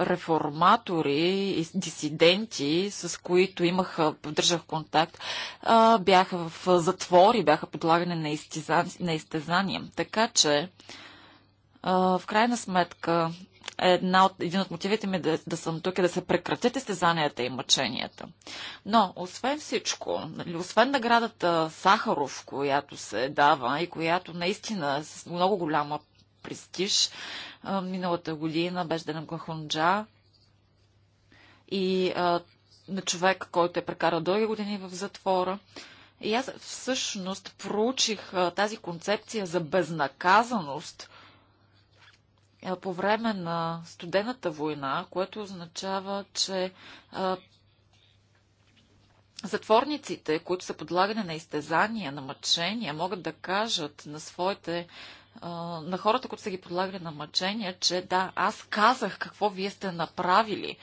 реформатори и дисиденти, с които имах, поддържах контакт, бяха в затвори, бяха подлагани на, изтезан... на изтезания. Така че, в крайна сметка, една от, един от мотивите ми е да, да съм тук е да се прекратят изтезанията и мъченията. Но, освен всичко, нали, освен наградата Сахаров, която се дава и която наистина с много голяма престиж, миналата година беше Денем Кахунджа и а, на човек, който е прекарал дълги години в затвора. И аз всъщност проучих а, тази концепция за безнаказаност е, по време на студената война, което означава, че затворниците, които са подлагани на изтезания, на мъчения, могат да кажат на своите на хората, които са ги подлагали на мъчения, че да, аз казах какво вие сте направили.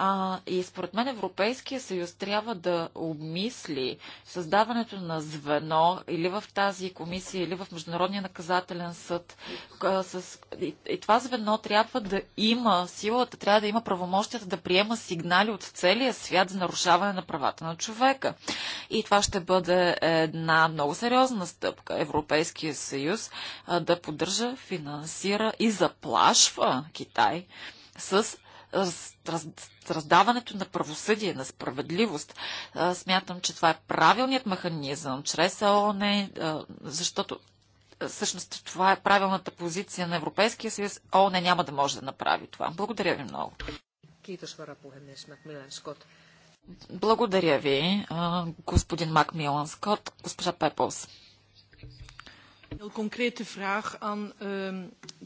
А, и според мен Европейския съюз трябва да обмисли създаването на звено или в тази комисия, или в Международния наказателен съд. А, с, и, и това звено трябва да има силата, трябва да има правомощията да приема сигнали от целия свят за нарушаване на правата на човека. И това ще бъде една много сериозна стъпка. Европейския съюз а, да поддържа, финансира и заплашва Китай с раз, раз, раздаването на правосъдие, на справедливост. А, Смятам, че това е правилният механизъм чрез ООН, а, защото всъщност това е правилната позиция на Европейския съюз. ООН няма да може да направи това. Благодаря ви много. Благодаря ви, господин Макмилан Скот, госпожа Пеплс. Heel concrete vraag aan ehm,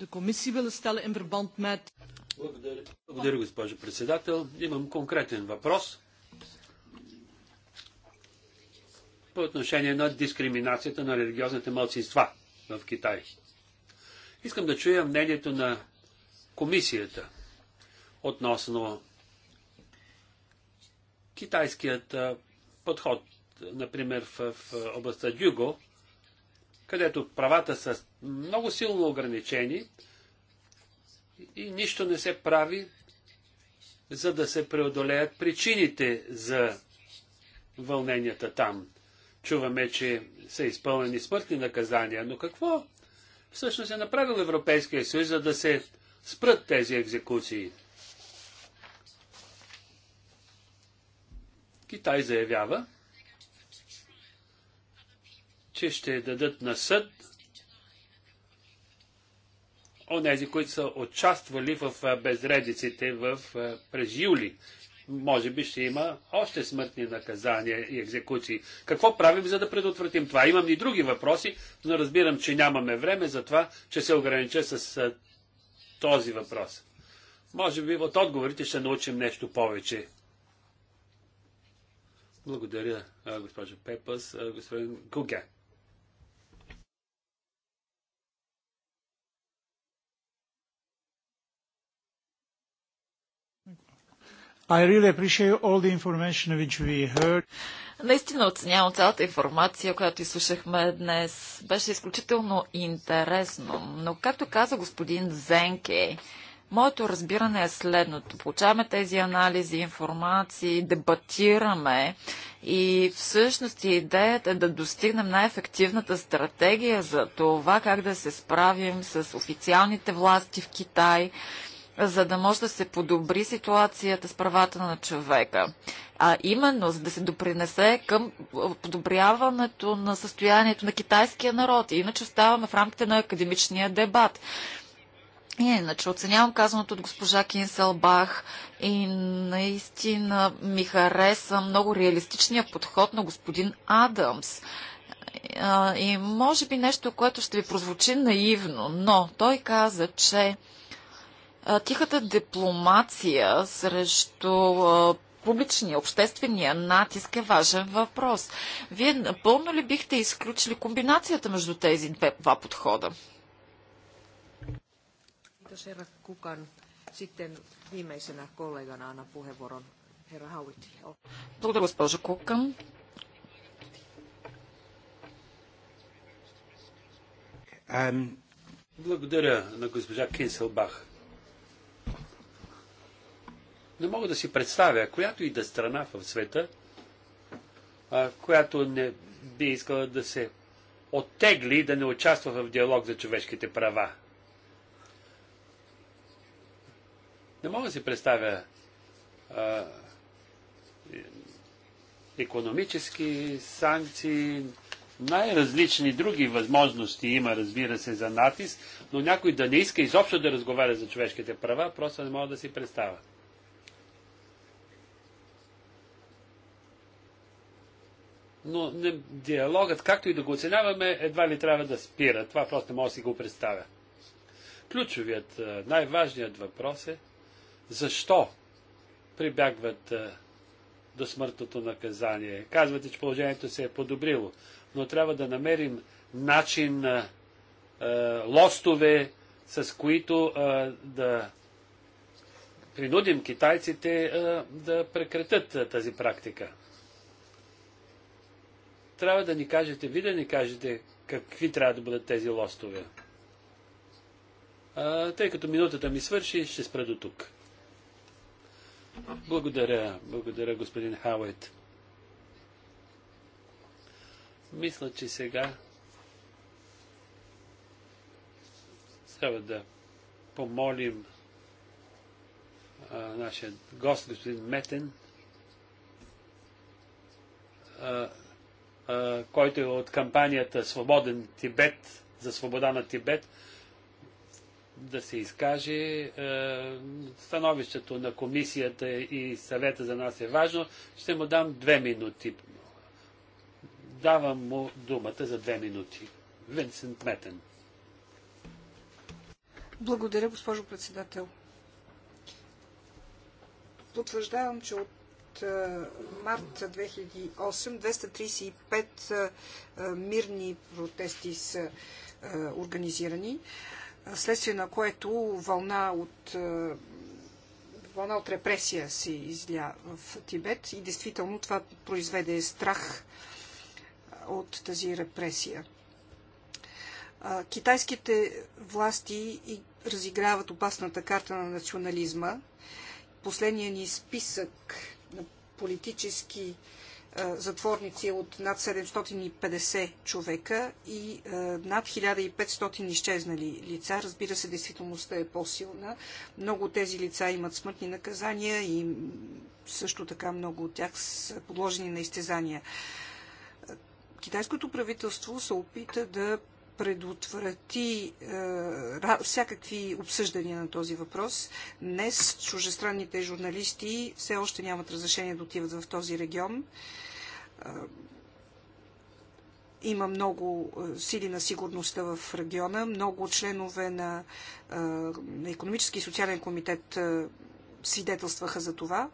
de commissie willen stellen in verband met. Благодаря. Благодаря, госпожо председател. Имам конкретен въпрос по отношение на дискриминацията на религиозните мълцинства в Китай. Искам да чуя мнението на комисията относно китайският подход, например в, в областта Дюго, където правата са много силно ограничени, и нищо не се прави, за да се преодолеят причините за вълненията там. Чуваме, че са изпълнени смъртни наказания, но какво всъщност е направил Европейския съюз, за да се спрат тези екзекуции? Китай заявява, че ще дадат на съд онези, които са участвали в безредиците в, през юли. Може би ще има още смъртни наказания и екзекуции. Какво правим, за да предотвратим това? Имам и други въпроси, но разбирам, че нямаме време за това, че се огранича с този въпрос. Може би от отговорите ще научим нещо повече. Благодаря, госпожо Пепас, господин Куге. I really appreciate all the information which we heard. Наистина оценявам цялата информация, която изслушахме днес. Беше изключително интересно. Но, както каза господин Зенке, моето разбиране е следното. Получаваме тези анализи, информации, дебатираме и всъщност идеята е да достигнем най-ефективната стратегия за това как да се справим с официалните власти в Китай, за да може да се подобри ситуацията с правата на човека. А именно, за да се допринесе към подобряването на състоянието на китайския народ. Иначе оставаме в рамките на академичния дебат. И иначе оценявам казаното от госпожа Кинселбах и наистина ми хареса много реалистичния подход на господин Адамс. И може би нещо, което ще ви прозвучи наивно, но той каза, че тихата дипломация срещу публичния, обществения натиск е важен въпрос. Вие напълно ли бихте изключили комбинацията между тези два подхода? Благодаря, госпожа Кукан. Благодаря на госпожа Кинселбах не мога да си представя, която и да страна в света, а, която не би искала да се оттегли и да не участва в диалог за човешките права. Не мога да си представя а, економически санкции, най-различни други възможности има, разбира се, за натиск, но някой да не иска изобщо да разговаря за човешките права, просто не мога да си представя. но не, диалогът, както и да го оценяваме, едва ли трябва да спира. Това просто не мога да си го представя. Ключовият, е, най-важният въпрос е защо прибягват е, до смъртното наказание. Казвате, че положението се е подобрило, но трябва да намерим начин, е, лостове, с които да принудим китайците да прекратят тази практика трябва да ни кажете, ви да ни кажете какви трябва да бъдат тези лостове. А, тъй като минутата ми свърши, ще спра до тук. Благодаря, благодаря господин Хаует. Мисля, че сега трябва да помолим а, нашия гост, господин Метен, а, който е от кампанията Свободен Тибет, за свобода на Тибет, да се изкаже. становището на комисията и съвета за нас е важно. Ще му дам две минути. Давам му думата за две минути. Винсент Метен. Благодаря, госпожо председател. Потвърждавам, че от от е, март 2008 235 е, е, мирни протести са организирани, следствие на което вълна от вълна от репресия се изля в Тибет и действително това произведе страх от тази репресия. Китайските власти разиграват опасната карта на национализма. Последният ни списък политически затворници от над 750 човека и над 1500 изчезнали лица. Разбира се, действителността е по-силна. Много от тези лица имат смъртни наказания и също така много от тях са подложени на изтезания. Китайското правителство се опита да предотврати е, всякакви обсъждания на този въпрос. Днес чужестранните журналисти все още нямат разрешение да отиват в този регион. Е, има много е, сили на сигурността в региона. Много членове на, е, на економически и социален комитет свидетелстваха за това.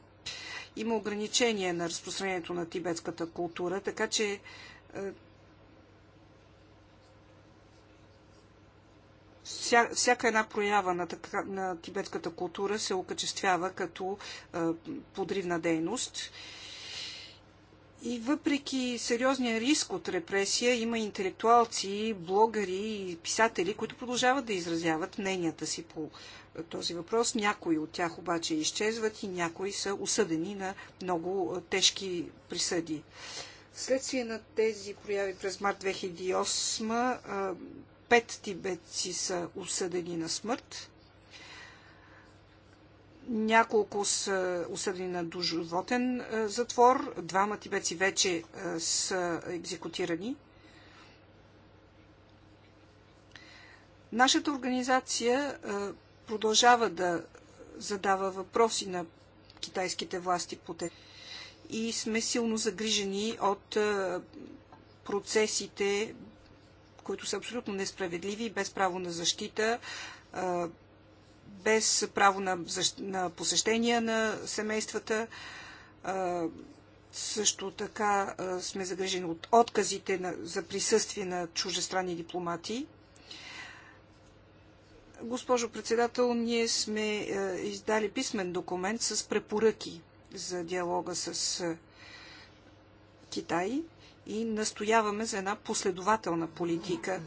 Има ограничение на разпространението на тибетската култура, така че вся, всяка една проява на, така, на тибетската култура се окачествява като е, подривна дейност. И въпреки сериозния риск от репресия, има интелектуалци, блогъри и писатели, които продължават да изразяват мненията си по този въпрос. Някои от тях обаче изчезват и някои са осъдени на много тежки присъди. Вследствие на тези прояви през март 2008 пет тибетци са осъдени на смърт. Няколко са осъдени на доживотен е, затвор. Двама тибетци вече е, са екзекутирани. Нашата организация е, продължава да задава въпроси на китайските власти по те. И сме силно загрижени от процесите които са абсолютно несправедливи, без право на защита, без право на, на посещения на семействата. Също така сме загрежени от отказите на, за присъствие на чужестранни дипломати. Госпожо председател, ние сме издали писмен документ с препоръки за диалога с Китай и настояваме за една последователна политика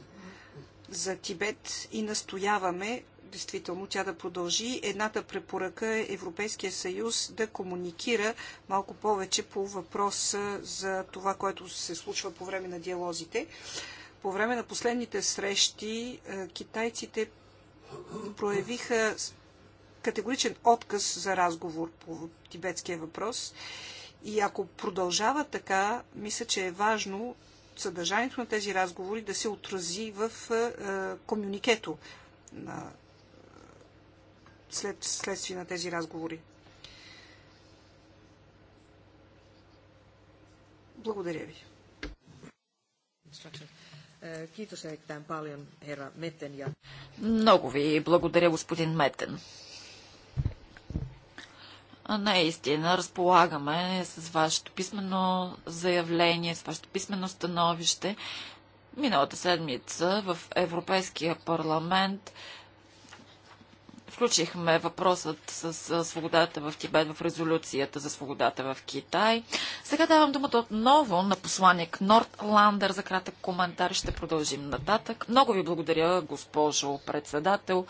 за Тибет и настояваме действително тя да продължи. Едната препоръка е Европейския съюз да комуникира малко повече по въпроса за това, което се случва по време на диалозите. По време на последните срещи е, китайците проявиха категоричен отказ за разговор по тибетския въпрос и ако продължава така, мисля, че е важно съдържанието на тези разговори да се отрази в е, е, комюникето на след, следствие на тези разговори. Благодаря ви. Много ви благодаря, господин Метен наистина разполагаме с вашето писмено заявление, с вашето писмено становище. Миналата седмица в Европейския парламент Включихме въпросът с свободата в Тибет в резолюцията за свободата в Китай. Сега давам думата отново на посланник Нордландър за кратък коментар. Ще продължим нататък. Много ви благодаря, госпожо председател.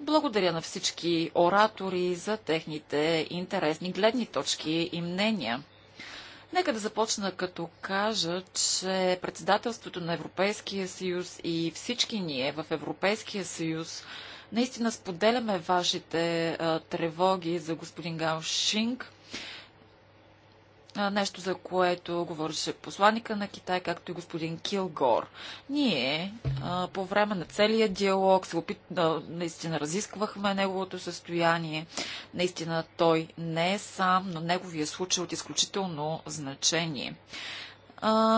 Благодаря на всички оратори за техните интересни гледни точки и мнения. Нека да започна като кажа, че председателството на Европейския съюз и всички ние в Европейския съюз Наистина споделяме вашите а, тревоги за господин Гал Шинг. А, нещо, за което говореше посланника на Китай, както и господин Килгор. Ние а, по време на целия диалог се опит... а, наистина разисквахме неговото състояние. Наистина той не е сам, но неговия случай е от изключително значение.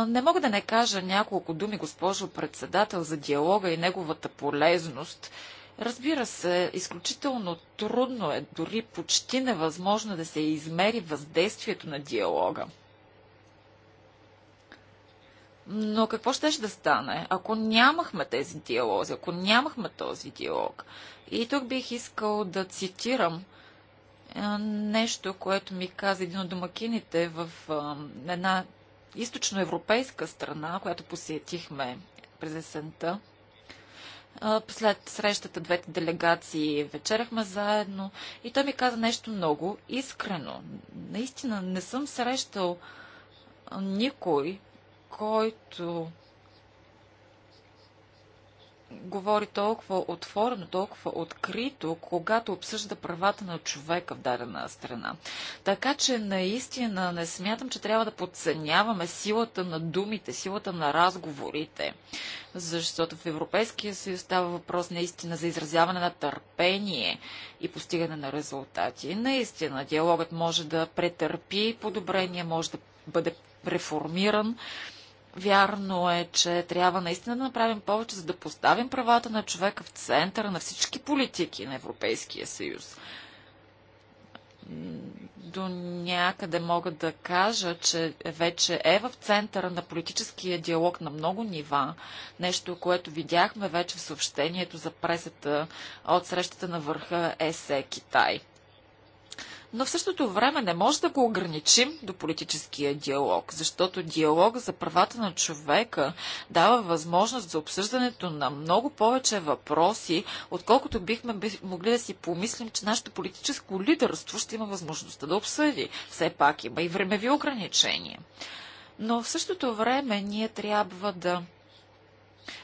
Не мога да не кажа няколко думи, госпожо председател, за диалога и неговата полезност. Разбира се, изключително трудно е, дори почти невъзможно да се измери въздействието на диалога. Но какво ще да стане, ако нямахме тези диалози, ако нямахме този диалог? И тук бих искал да цитирам нещо, което ми каза един от домакините в една източноевропейска страна, която посетихме през есента – след срещата двете делегации вечерахме заедно и той ми каза нещо много искрено. Наистина не съм срещал никой, който говори толкова отворено, толкова открито, когато обсъжда правата на човека в дадена страна. Така че наистина не смятам, че трябва да подценяваме силата на думите, силата на разговорите, защото в Европейския съюз става въпрос наистина за изразяване на търпение и постигане на резултати. Наистина диалогът може да претърпи подобрение, може да бъде реформиран Вярно е, че трябва наистина да направим повече, за да поставим правата на човека в центъра на всички политики на Европейския съюз. До някъде мога да кажа, че вече е в центъра на политическия диалог на много нива. Нещо, което видяхме вече в съобщението за пресата от срещата на върха ЕСЕ Китай – но в същото време не може да го ограничим до политическия диалог, защото диалог за правата на човека дава възможност за обсъждането на много повече въпроси, отколкото бихме могли да си помислим, че нашето политическо лидерство ще има възможността да обсъди. Все пак има и времеви ограничения. Но в същото време ние трябва да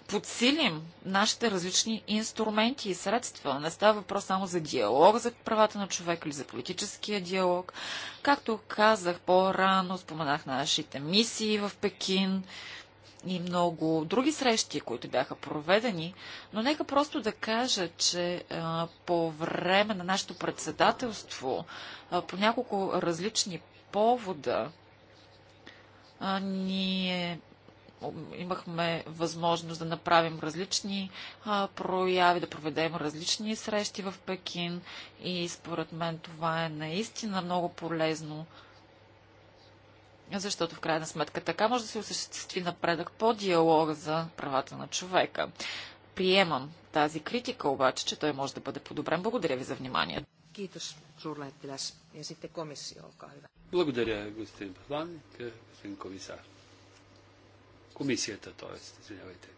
подсилим нашите различни инструменти и средства. Не става въпрос само за диалог за правата на човека или за политическия диалог. Както казах по-рано, споменах нашите мисии в Пекин и много други срещи, които бяха проведени, но нека просто да кажа, че а, по време на нашето председателство, а, по няколко различни повода, а, ние имахме възможност да направим различни а, прояви, да проведем различни срещи в Пекин и според мен това е наистина много полезно, защото в крайна сметка така може да се осъществи напредък по диалога за правата на човека. Приемам тази критика обаче, че той може да бъде подобрен. Благодаря ви за вниманието. Благодаря, господин Павлан, господин комисар комисията, т.е. извинявайте.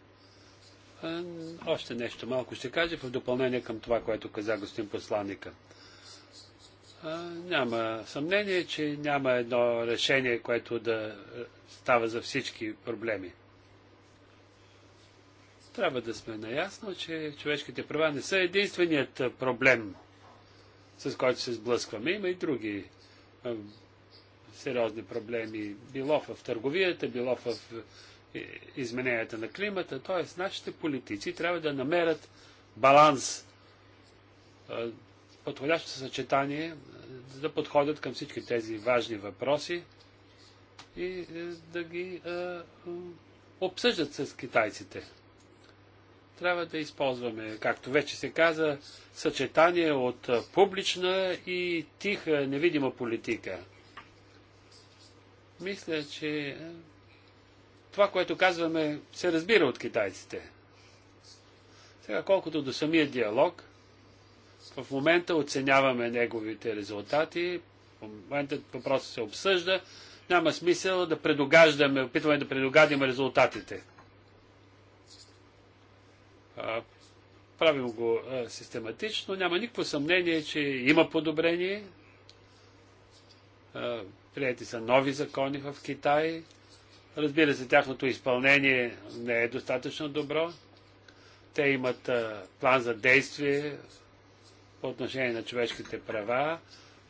Още нещо малко ще кажа в допълнение към това, което каза господин посланника. Няма съмнение, че няма едно решение, което да става за всички проблеми. Трябва да сме наясно, че човешките права не са единственият проблем, с който се сблъскваме. Има и други сериозни проблеми. Било в търговията, било в е, измененията на климата, т.е. нашите политици трябва да намерят баланс, е, подходящо съчетание, за е, да подходят към всички тези важни въпроси и да ги обсъждат с китайците. Трябва да използваме, както вече се каза, съчетание от публична и тиха, невидима политика. Мисля, че това, което казваме, се разбира от китайците. Сега, колкото до самия диалог, в момента оценяваме неговите резултати, в момента въпросът се обсъжда, няма смисъл да предогаждаме, опитваме да предогадим резултатите. Правим го систематично, няма никакво съмнение, че има подобрение. Прияти са нови закони в Китай, Разбира се, тяхното изпълнение не е достатъчно добро. Те имат план за действие по отношение на човешките права.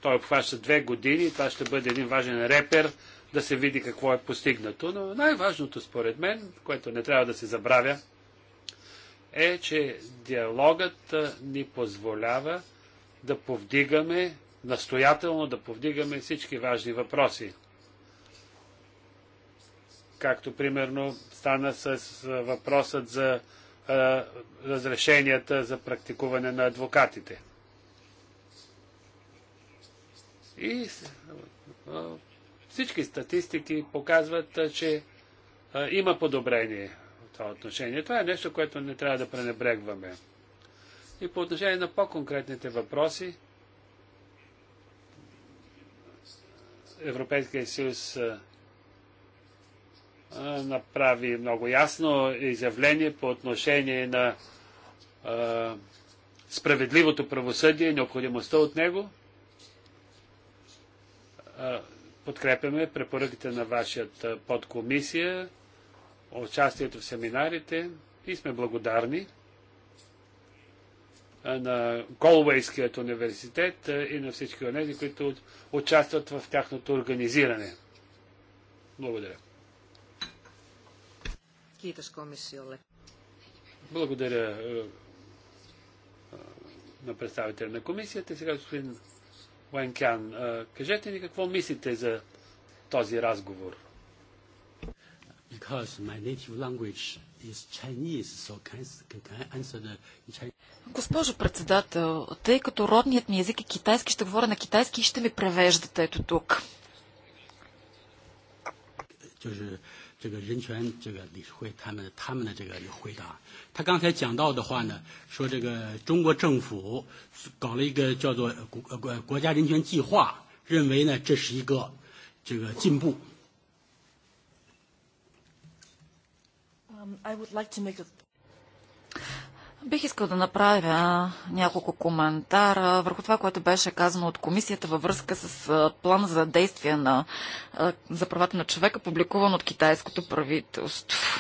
Той обхваща две години. Това ще бъде един важен репер да се види какво е постигнато. Но най-важното според мен, което не трябва да се забравя, е, че диалогът ни позволява да повдигаме, настоятелно да повдигаме всички важни въпроси както примерно стана с въпросът за а, разрешенията за практикуване на адвокатите. И а, всички статистики показват, а, че има подобрение в това отношение. Това е нещо, което не трябва да пренебрегваме. И по отношение на по-конкретните въпроси, Европейския съюз направи много ясно изявление по отношение на а, справедливото правосъдие и необходимостта от него. А, подкрепяме препоръките на вашата подкомисия, участието в семинарите и сме благодарни на Колвейският университет и на всички онези, които участват в тяхното организиране. Благодаря. Kiitos komissiolle. Благодаря е, е, на представителя на комисията. Сега, господин Уенкян, е, кажете ни какво мислите за този разговор? Госпожо председател, тъй като родният ми език е китайски, ще говоря на китайски и ще ми превеждате ето тук. 就是这个人权这个理事会他们他们的这个回答。他刚才讲到的话呢，说这个中国政府搞了一个叫做国国国家人权计划，认为呢这是一个这个进步。Um, I would like to make a Бих искал да направя няколко коментара върху това, което беше казано от комисията във връзка с план за действие на, за правата на човека, публикуван от китайското правителство.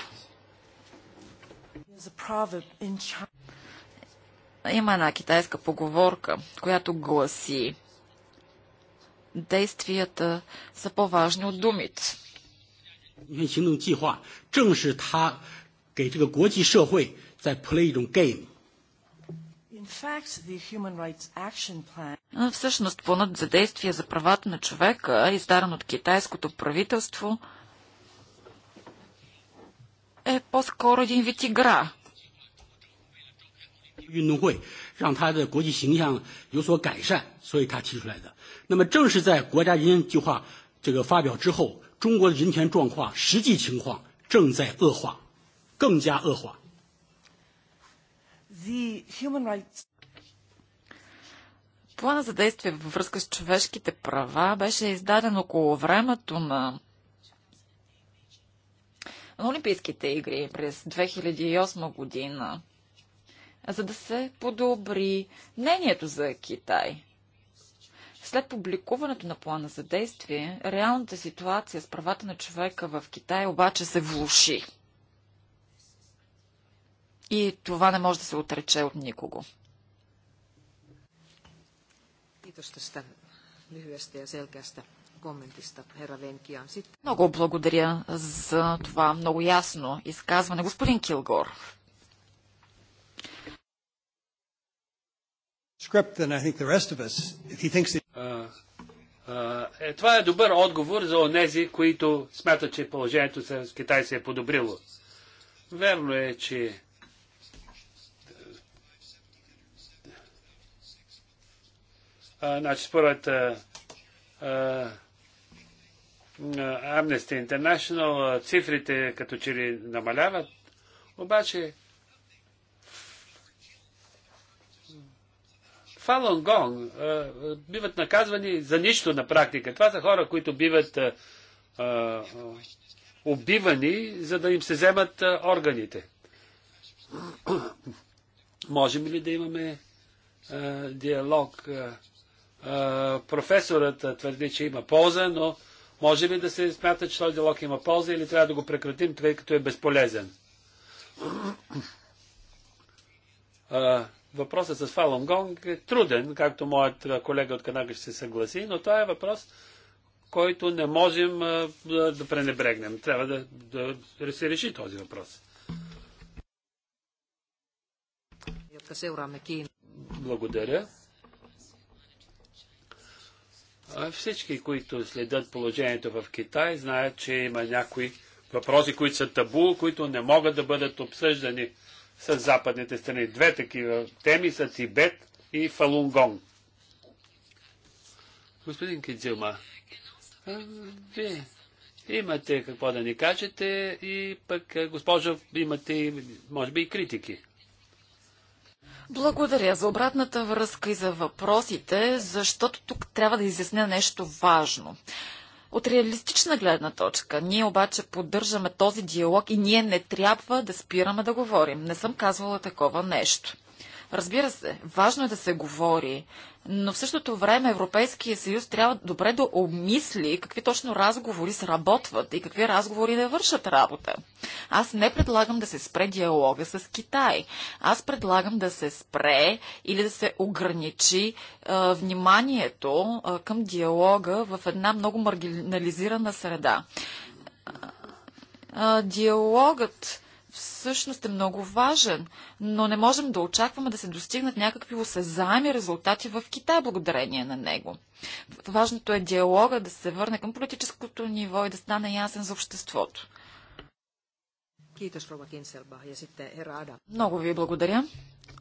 Има една китайска поговорка, която гласи действията са по-важни от думите. 行动计划正是他给这个国际社会在 play 一种 game。Всъщност, Всъщност, планът за действие за правата на човека, издаран от китайското правителство, е по-скоро един вид игра. Юнион The human rights... Плана за действие във връзка с човешките права беше издаден около времето на на Олимпийските игри през 2008 година, за да се подобри мнението за Китай. След публикуването на плана за действие, реалната ситуация с правата на човека в Китай обаче се влуши. И това не може да се отрече от никого. Много благодаря за това много ясно изказване. Господин Килгор. Е, това е добър отговор за онези, които смятат, че положението с Китай се е подобрило. Верно е, че значи, според а, а, Amnesty International цифрите като че ли намаляват, обаче Фалон Гонг биват наказвани за нищо на практика. Това са хора, които биват а, убивани, за да им се вземат а, органите. Можем ли да имаме а, диалог? А, професорът твърди, че има полза, но може ли да се смята, че този диалог има полза или трябва да го прекратим, тъй като е безполезен? Въпросът с Фалун Гонг е труден, както моят колега от Канага ще се съгласи, но това е въпрос, който не можем да пренебрегнем. Трябва да, да, да се реши този въпрос. Благодаря. Всички, които следят положението в Китай, знаят, че има някои въпроси, които са табу, които не могат да бъдат обсъждани с западните страни. Две такива теми са Тибет и Фалунгонг. Господин Кидзилма, вие имате какво да ни кажете и пък, госпожо, имате, може би, и критики. Благодаря за обратната връзка и за въпросите, защото тук трябва да изясня нещо важно. От реалистична гледна точка, ние обаче поддържаме този диалог и ние не трябва да спираме да говорим. Не съм казвала такова нещо. Разбира се, важно е да се говори, но в същото време Европейския съюз трябва добре да обмисли какви точно разговори се работват и какви разговори не вършат работа. Аз не предлагам да се спре диалога с Китай. Аз предлагам да се спре или да се ограничи а, е, вниманието а, е, към диалога в една много маргинализирана среда. А, е, а, диалогът всъщност е много важен, но не можем да очакваме да се достигнат някакви осезаеми резултати в Китай благодарение на него. Важното е диалога да се върне към политическото ниво и да стане ясен за обществото. Много ви благодаря.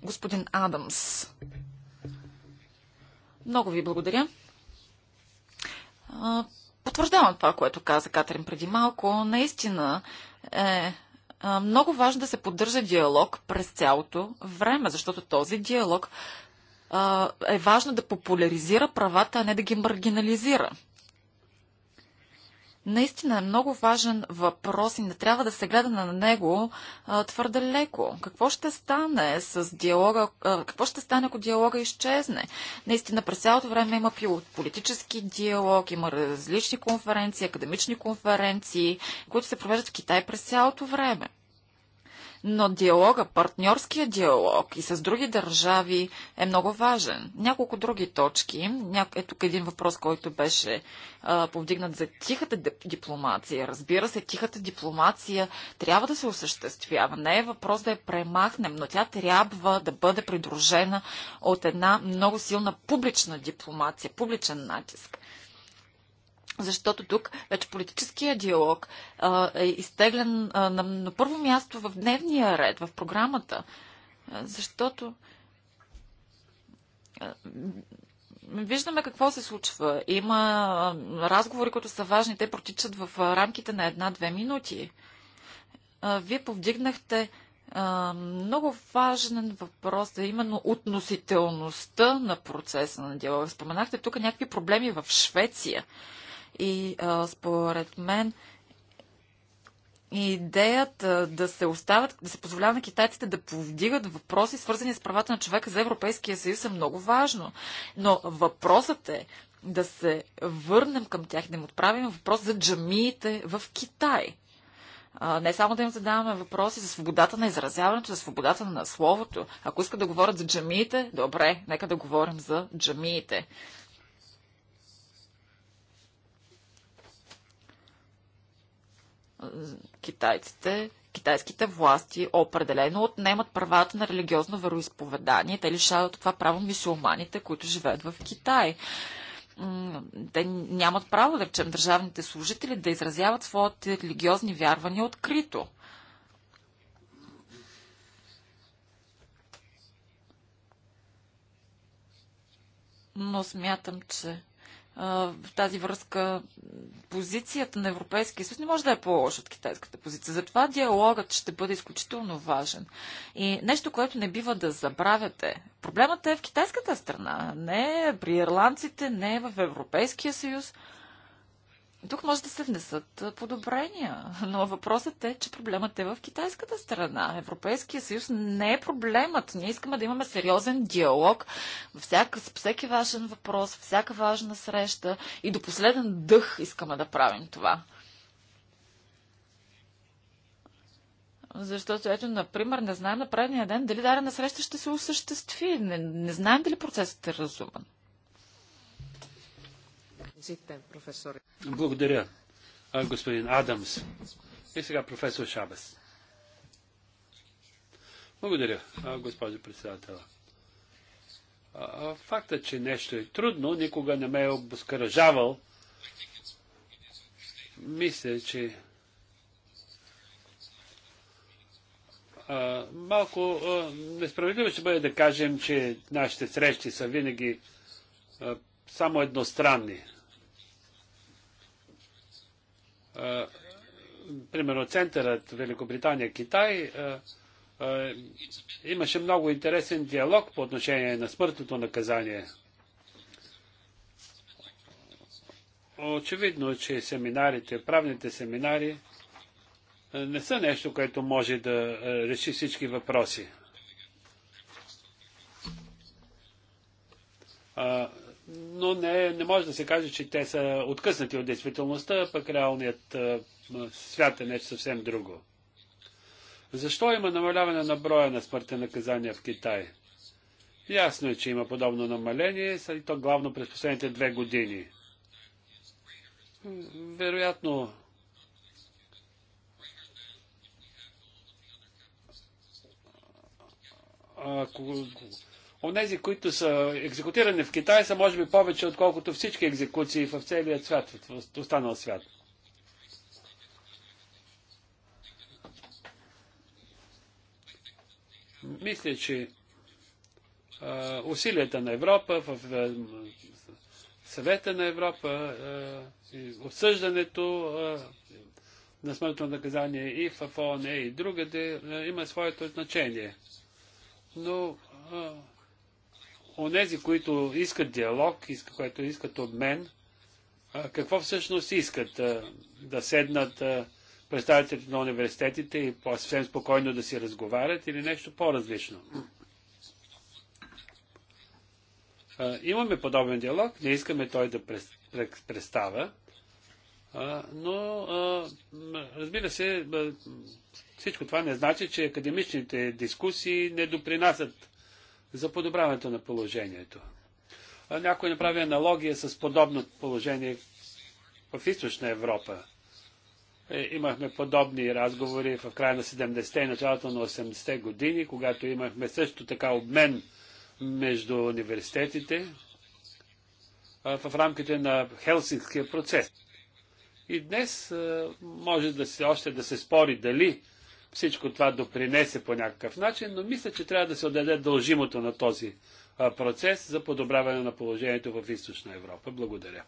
Господин Адамс. Много ви благодаря. Потвърждавам това, което каза Катерин преди малко. Наистина е много важно да се поддържа диалог през цялото време, защото този диалог е важно да популяризира правата, а не да ги маргинализира наистина е много важен въпрос и не трябва да се гледа на него а, твърде леко. Какво ще стане с диалога? А, какво ще стане, ако диалога изчезне? Наистина през цялото време има политически диалог, има различни конференции, академични конференции, които се провеждат в Китай през цялото време. Но диалога, партньорския диалог и с други държави е много важен. Няколко други точки. Е тук един въпрос, който беше повдигнат за тихата дипломация. Разбира се, тихата дипломация трябва да се осъществява. Не е въпрос да я премахнем, но тя трябва да бъде придружена от една много силна публична дипломация, публичен натиск защото тук вече политическия диалог а, е изтеглен а, на, на първо място в дневния ред, в програмата, а, защото а, виждаме какво се случва. Има разговори, които са важни, те протичат в рамките на една-две минути. А, вие повдигнахте а, много важен въпрос а именно относителността на процеса на диалога. Споменахте тук някакви проблеми в Швеция. И а, според мен идеята да се остават, да се позволява на китайците да повдигат въпроси, свързани с правата на човека за Европейския съюз е много важно. Но въпросът е да се върнем към тях, да им отправим въпрос за джамиите в Китай. не само да им задаваме въпроси за свободата на изразяването, за свободата на словото. Ако искат да говорят за джамиите, добре, нека да говорим за джамиите. китайците, китайските власти определено отнемат правата на религиозно вероисповедание. Те лишават от това право мисулманите, които живеят в Китай. Те нямат право, да речем, държавните служители да изразяват своите религиозни вярвания открито. Но смятам, че в тази връзка позицията на Европейския съюз не може да е по-лоша от китайската позиция. Затова диалогът ще бъде изключително важен. И нещо, което не бива да забравяте. Проблемът е в китайската страна, не е при ирландците, не е в Европейския съюз. Тук може да се внесат подобрения, но въпросът е, че проблемът е в китайската страна. Европейския съюз не е проблемът. Ние искаме да имаме сериозен диалог всяка, всеки важен въпрос, всяка важна среща и до последен дъх искаме да правим това. Защото, ето, например, не знаем на предния ден дали дарена среща ще се осъществи. Не, не знаем дали процесът е разумен. Благодаря, господин Адамс. И сега професор Шабас. Благодаря, госпожо председател. Факта, че нещо е трудно, никога не ме е обоскаражавал. Мисля, че малко несправедливо ще бъде да кажем, че нашите срещи са винаги само едностранни примерно центърът Великобритания-Китай имаше много интересен диалог по отношение на смъртното наказание. Очевидно, че семинарите, правните семинари не са нещо, което може да реши всички въпроси но не, не може да се каже, че те са откъснати от действителността, пък реалният свят е нещо съвсем друго. Защо има намаляване на броя на смъртни наказания в Китай? Ясно е, че има подобно намаление, и то главно през последните две години. Вероятно, ако Онези, които са екзекутирани в Китай, са може би повече, отколкото всички екзекуции в целия свят, в останал свят. Мисля, че усилията на Европа, в, съвета на Европа, осъждането и обсъждането на смъртно наказание и в ООН е, и другаде има своето значение. Но онези, които искат диалог, които искат от мен, какво всъщност искат? Да седнат представителите на университетите и съвсем спокойно да си разговарят или нещо по-различно? Имаме подобен диалог, не искаме той да представя, но разбира се, всичко това не значи, че академичните дискусии не допринасят за подобряването на положението. Някой направи аналогия с подобно положение в източна Европа. Е, имахме подобни разговори в края на 70-те и началото на 80-те години, когато имахме също така обмен между университетите в рамките на Хелсинския процес. И днес може да се, още да се спори дали всичко това допринесе по някакъв начин, но мисля, че трябва да се отдаде дължимото на този процес за подобряване на положението в Източна Европа. Благодаря.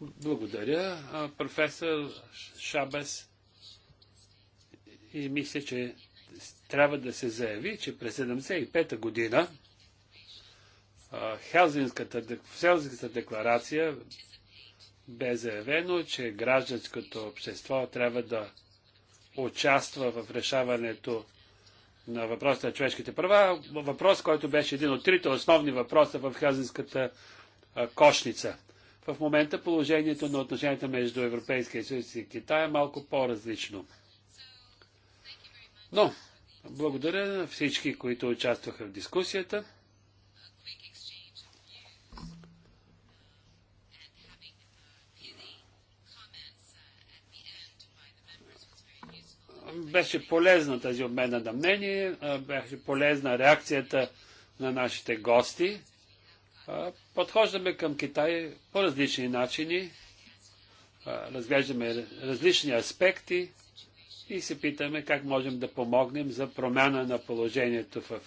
Благодаря, професор Шабес. И мисля, че трябва да се заяви, че през 75-та година Хелзинската, Хелзинската декларация бе заявено, че гражданското общество трябва да участва в решаването на въпроса на човешките права. Въпрос, който беше един от трите основни въпроса в Хазинската кошница. В момента положението на отношенията между Европейския съюз и Китай е малко по-различно. Но, благодаря на всички, които участваха в дискусията. Беше полезна тази обмена на мнение, беше полезна реакцията на нашите гости. Подхождаме към Китай по различни начини, разглеждаме различни аспекти и се питаме как можем да помогнем за промяна на положението в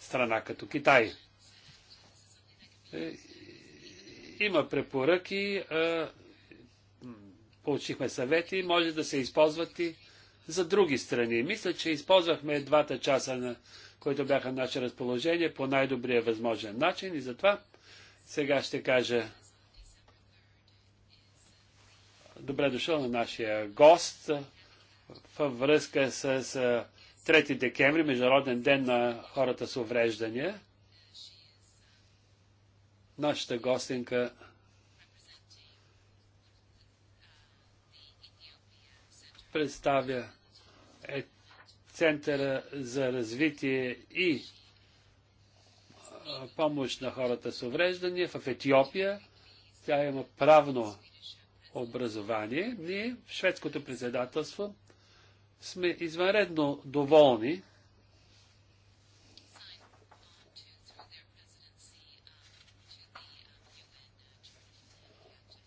страна като Китай. Е, има препоръки, получихме съвети, може да се използват и за други страни. Мисля, че използвахме двата часа, на, които бяха на наше разположение, по най-добрия възможен начин и затова сега ще кажа добре дошъл на нашия гост във връзка с 3 декември, Международен ден на хората с увреждания. Нашата гостинка представя е Центъра за развитие и помощ на хората с увреждания в Етиопия. Тя има правно образование. Ние в шведското председателство сме извънредно доволни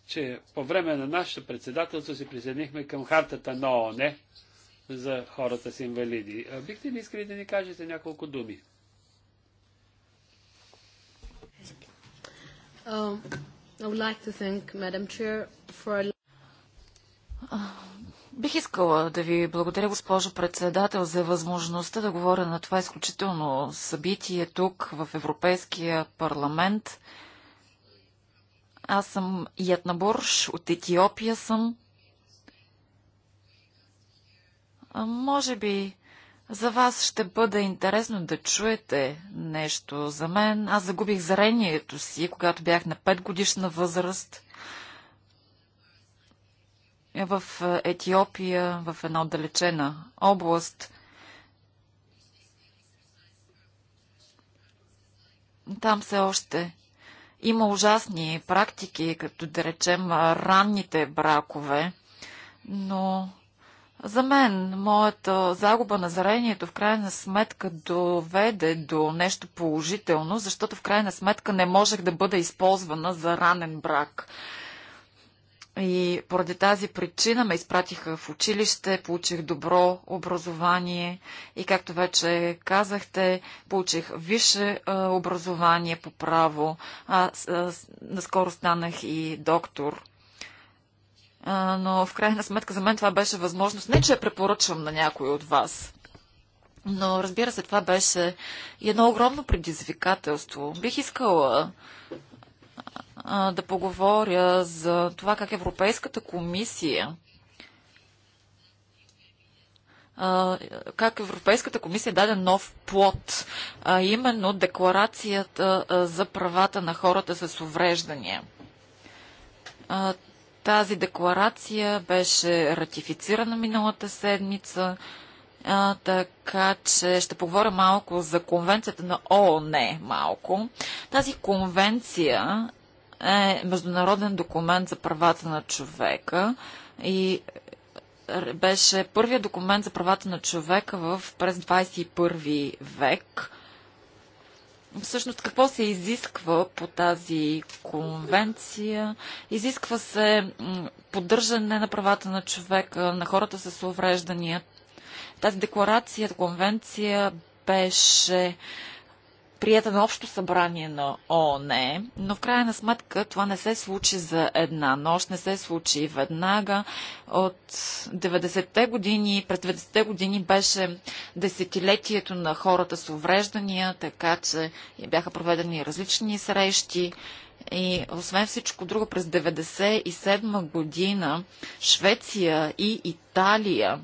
че по време на нашето председателство се присъединихме към хартата на ООН за хората с инвалиди. Бихте ли искали да ни кажете няколко думи? Um, like thank, Chair, for... бих искала да ви благодаря, госпожо председател, за възможността да говоря на това изключително събитие тук в Европейския парламент. Uh, аз съм Бурш от Етиопия съм. А може би за вас ще бъде интересно да чуете нещо за мен. Аз загубих зрението си, когато бях на 5 годишна възраст. В Етиопия, в една отдалечена област. Там все още има ужасни практики, като да речем ранните бракове, но за мен моята загуба на зрението в крайна сметка доведе до нещо положително, защото в крайна сметка не можех да бъда използвана за ранен брак. И поради тази причина ме изпратиха в училище, получих добро образование и, както вече казахте, получих висше образование по право. А, наскоро станах и доктор. А, но в крайна сметка за мен това беше възможност. Не, че я препоръчвам на някой от вас. Но разбира се, това беше едно огромно предизвикателство. Бих искала да поговоря за това как Европейската комисия как Европейската комисия даде нов плод, а именно декларацията за правата на хората с увреждания. Тази декларация беше ратифицирана миналата седмица, така че ще поговоря малко за конвенцията на ООН малко. Тази конвенция е международен документ за правата на човека и беше първият документ за правата на човека в през 21 век. Всъщност какво се изисква по тази конвенция? Изисква се поддържане на правата на човека, на хората с увреждания. Тази декларация, конвенция беше прията на общо събрание на ООН, но в крайна сметка това не се случи за една нощ, не се случи веднага. От 90-те години, през 90-те години беше десетилетието на хората с увреждания, така че бяха проведени различни срещи. И освен всичко друго, през 1997 година Швеция и Италия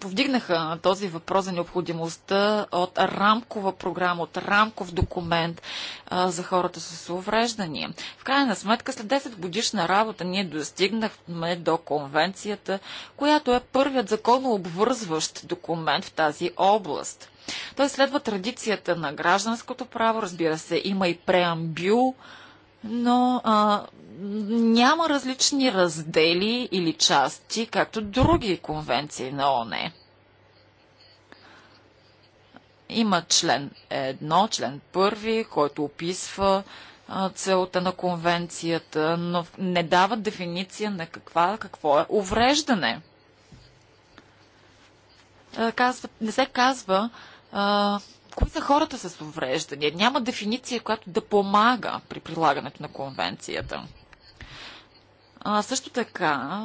повдигнаха този въпрос за необходимостта от рамкова програма, от рамков документ а, за хората с увреждания. В крайна сметка, след 10 годишна работа ние достигнахме до конвенцията, която е първият законообвързващ документ в тази област. Той следва традицията на гражданското право, разбира се, има и преамбюл, но а, няма различни раздели или части, както други конвенции на ОНЕ. Има член 1, член 1, който описва целта на конвенцията, но не дава дефиниция на каква, какво е увреждане. казва, не се казва а, кои са хората с увреждания. Няма дефиниция, която да помага при прилагането на конвенцията. А, също така,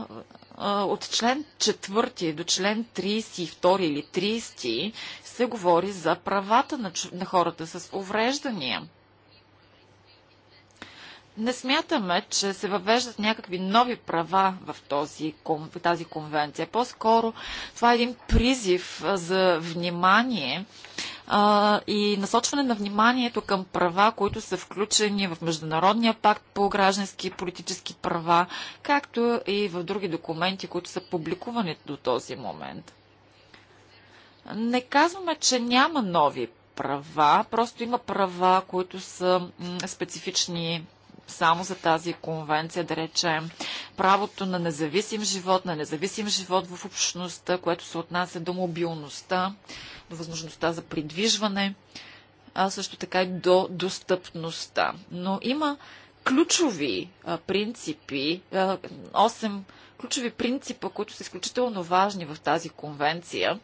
от член 4 до член 32 или 30 се говори за правата на, на хората с увреждания. Не смятаме, че се въвеждат някакви нови права в този, в тази конвенция. По-скоро това е един призив за внимание и насочване на вниманието към права, които са включени в Международния пакт по граждански и политически права, както и в други документи, които са публикувани до този момент. Не казваме, че няма нови права, просто има права, които са специфични само за тази конвенция, да речем правото на независим живот, на независим живот в общността, което се отнася до мобилността, до възможността за придвижване, а също така и до достъпността. Но има ключови а, принципи, а, 8 ключови принципа, които са изключително важни в тази конвенция.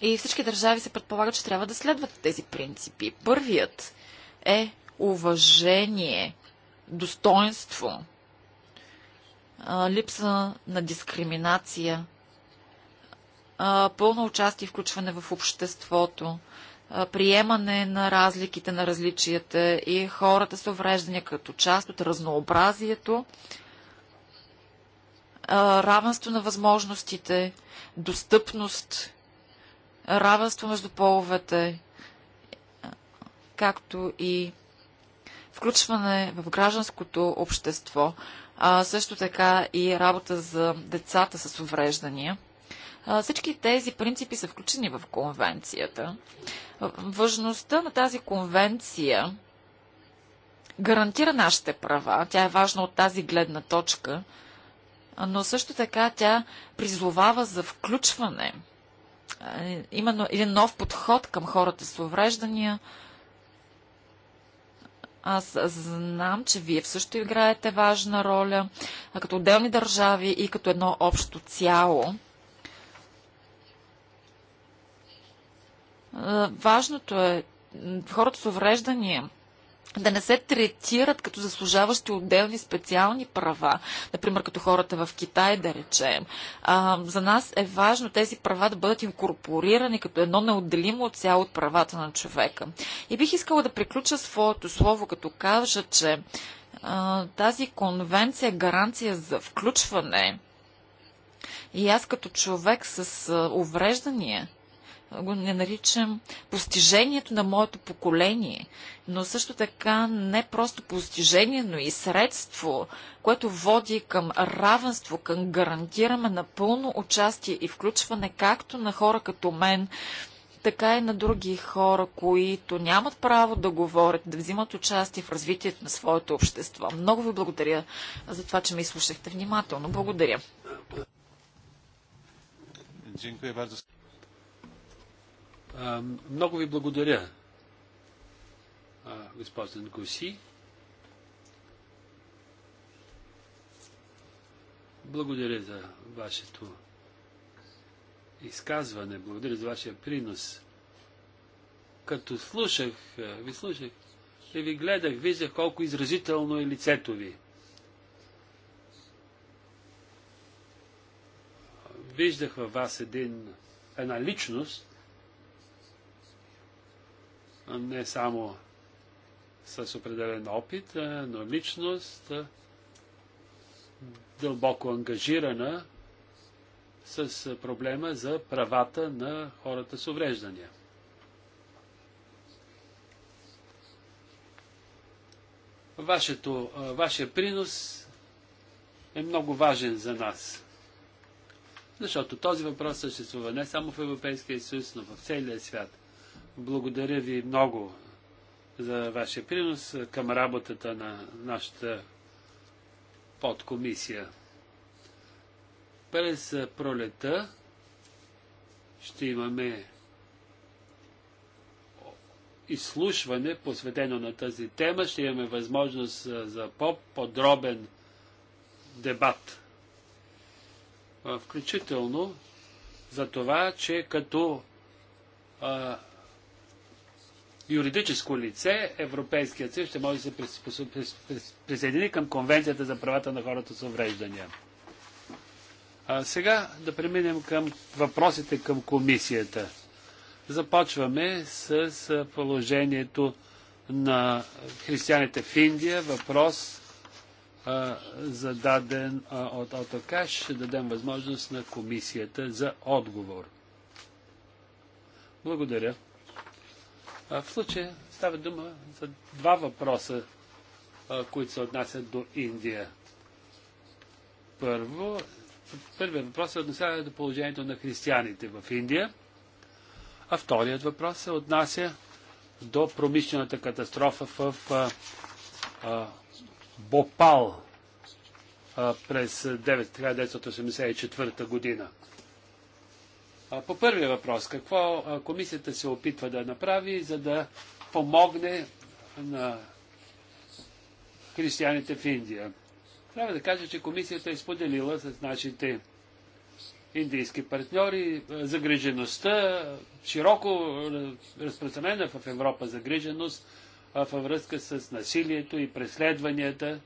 И всички държави се предполагат, че трябва да следват тези принципи. Първият е уважение, достоинство, липса на дискриминация, пълно участие и включване в обществото, приемане на разликите, на различията и хората с увреждания като част от разнообразието, равенство на възможностите, достъпност, равенство между половете, както и включване в гражданското общество, а също така и работа за децата с увреждания. Всички тези принципи са включени в конвенцията. Важността на тази конвенция гарантира нашите права. Тя е важна от тази гледна точка, но също така тя призовава за включване. Именно един нов подход към хората с увреждания – аз знам, че вие също играете важна роля като отделни държави и като едно общо цяло. Важното е хората с увреждания да не се третират като заслужаващи отделни специални права, например като хората в Китай, да речем. А, за нас е важно тези права да бъдат инкорпорирани като едно неотделимо от цяло от правата на човека. И бих искала да приключа своето слово, като кажа, че а, тази конвенция е гаранция за включване. И аз като човек с увреждания го не наричам постижението на моето поколение, но също така не просто постижение, но и средство, което води към равенство, към гарантираме пълно участие и включване както на хора като мен, така и на други хора, които нямат право да говорят, да взимат участие в развитието на своето общество. Много ви благодаря за това, че ме изслушахте внимателно. Благодаря. Много ви благодаря, господин Гуси. Благодаря за вашето изказване, благодаря за вашия принос. Като слушах, ви слушах и ви гледах, виждах колко изразително е лицето ви. Виждах във вас един, една личност, не само с определен опит, но личност, дълбоко ангажирана с проблема за правата на хората с увреждания. Вашето, вашия принос е много важен за нас. Защото този въпрос съществува не само в Европейския съюз, но в целия свят – благодаря ви много за вашия принос към работата на нашата подкомисия. През пролета ще имаме изслушване, посветено на тази тема. Ще имаме възможност за по-подробен дебат. Включително за това, че като а, юридическо лице Европейският съюз ще може да се присъедини към Конвенцията за правата на хората с увреждания. А сега да преминем към въпросите към комисията. Започваме с положението на християните в Индия. Въпрос а, зададен а, от Атакаш. Ще дадем възможност на комисията за отговор. Благодаря. В случая става дума за два въпроса, които се отнасят до Индия. Първо, първият въпрос се отнася до положението на християните в Индия, а вторият въпрос се отнася до промишлената катастрофа в Бопал през 1984 година. По първия въпрос, какво комисията се опитва да направи, за да помогне на християните в Индия? Трябва да кажа, че комисията е споделила с нашите индийски партньори загрижеността, широко разпространена в Европа загриженост във връзка с насилието и преследванията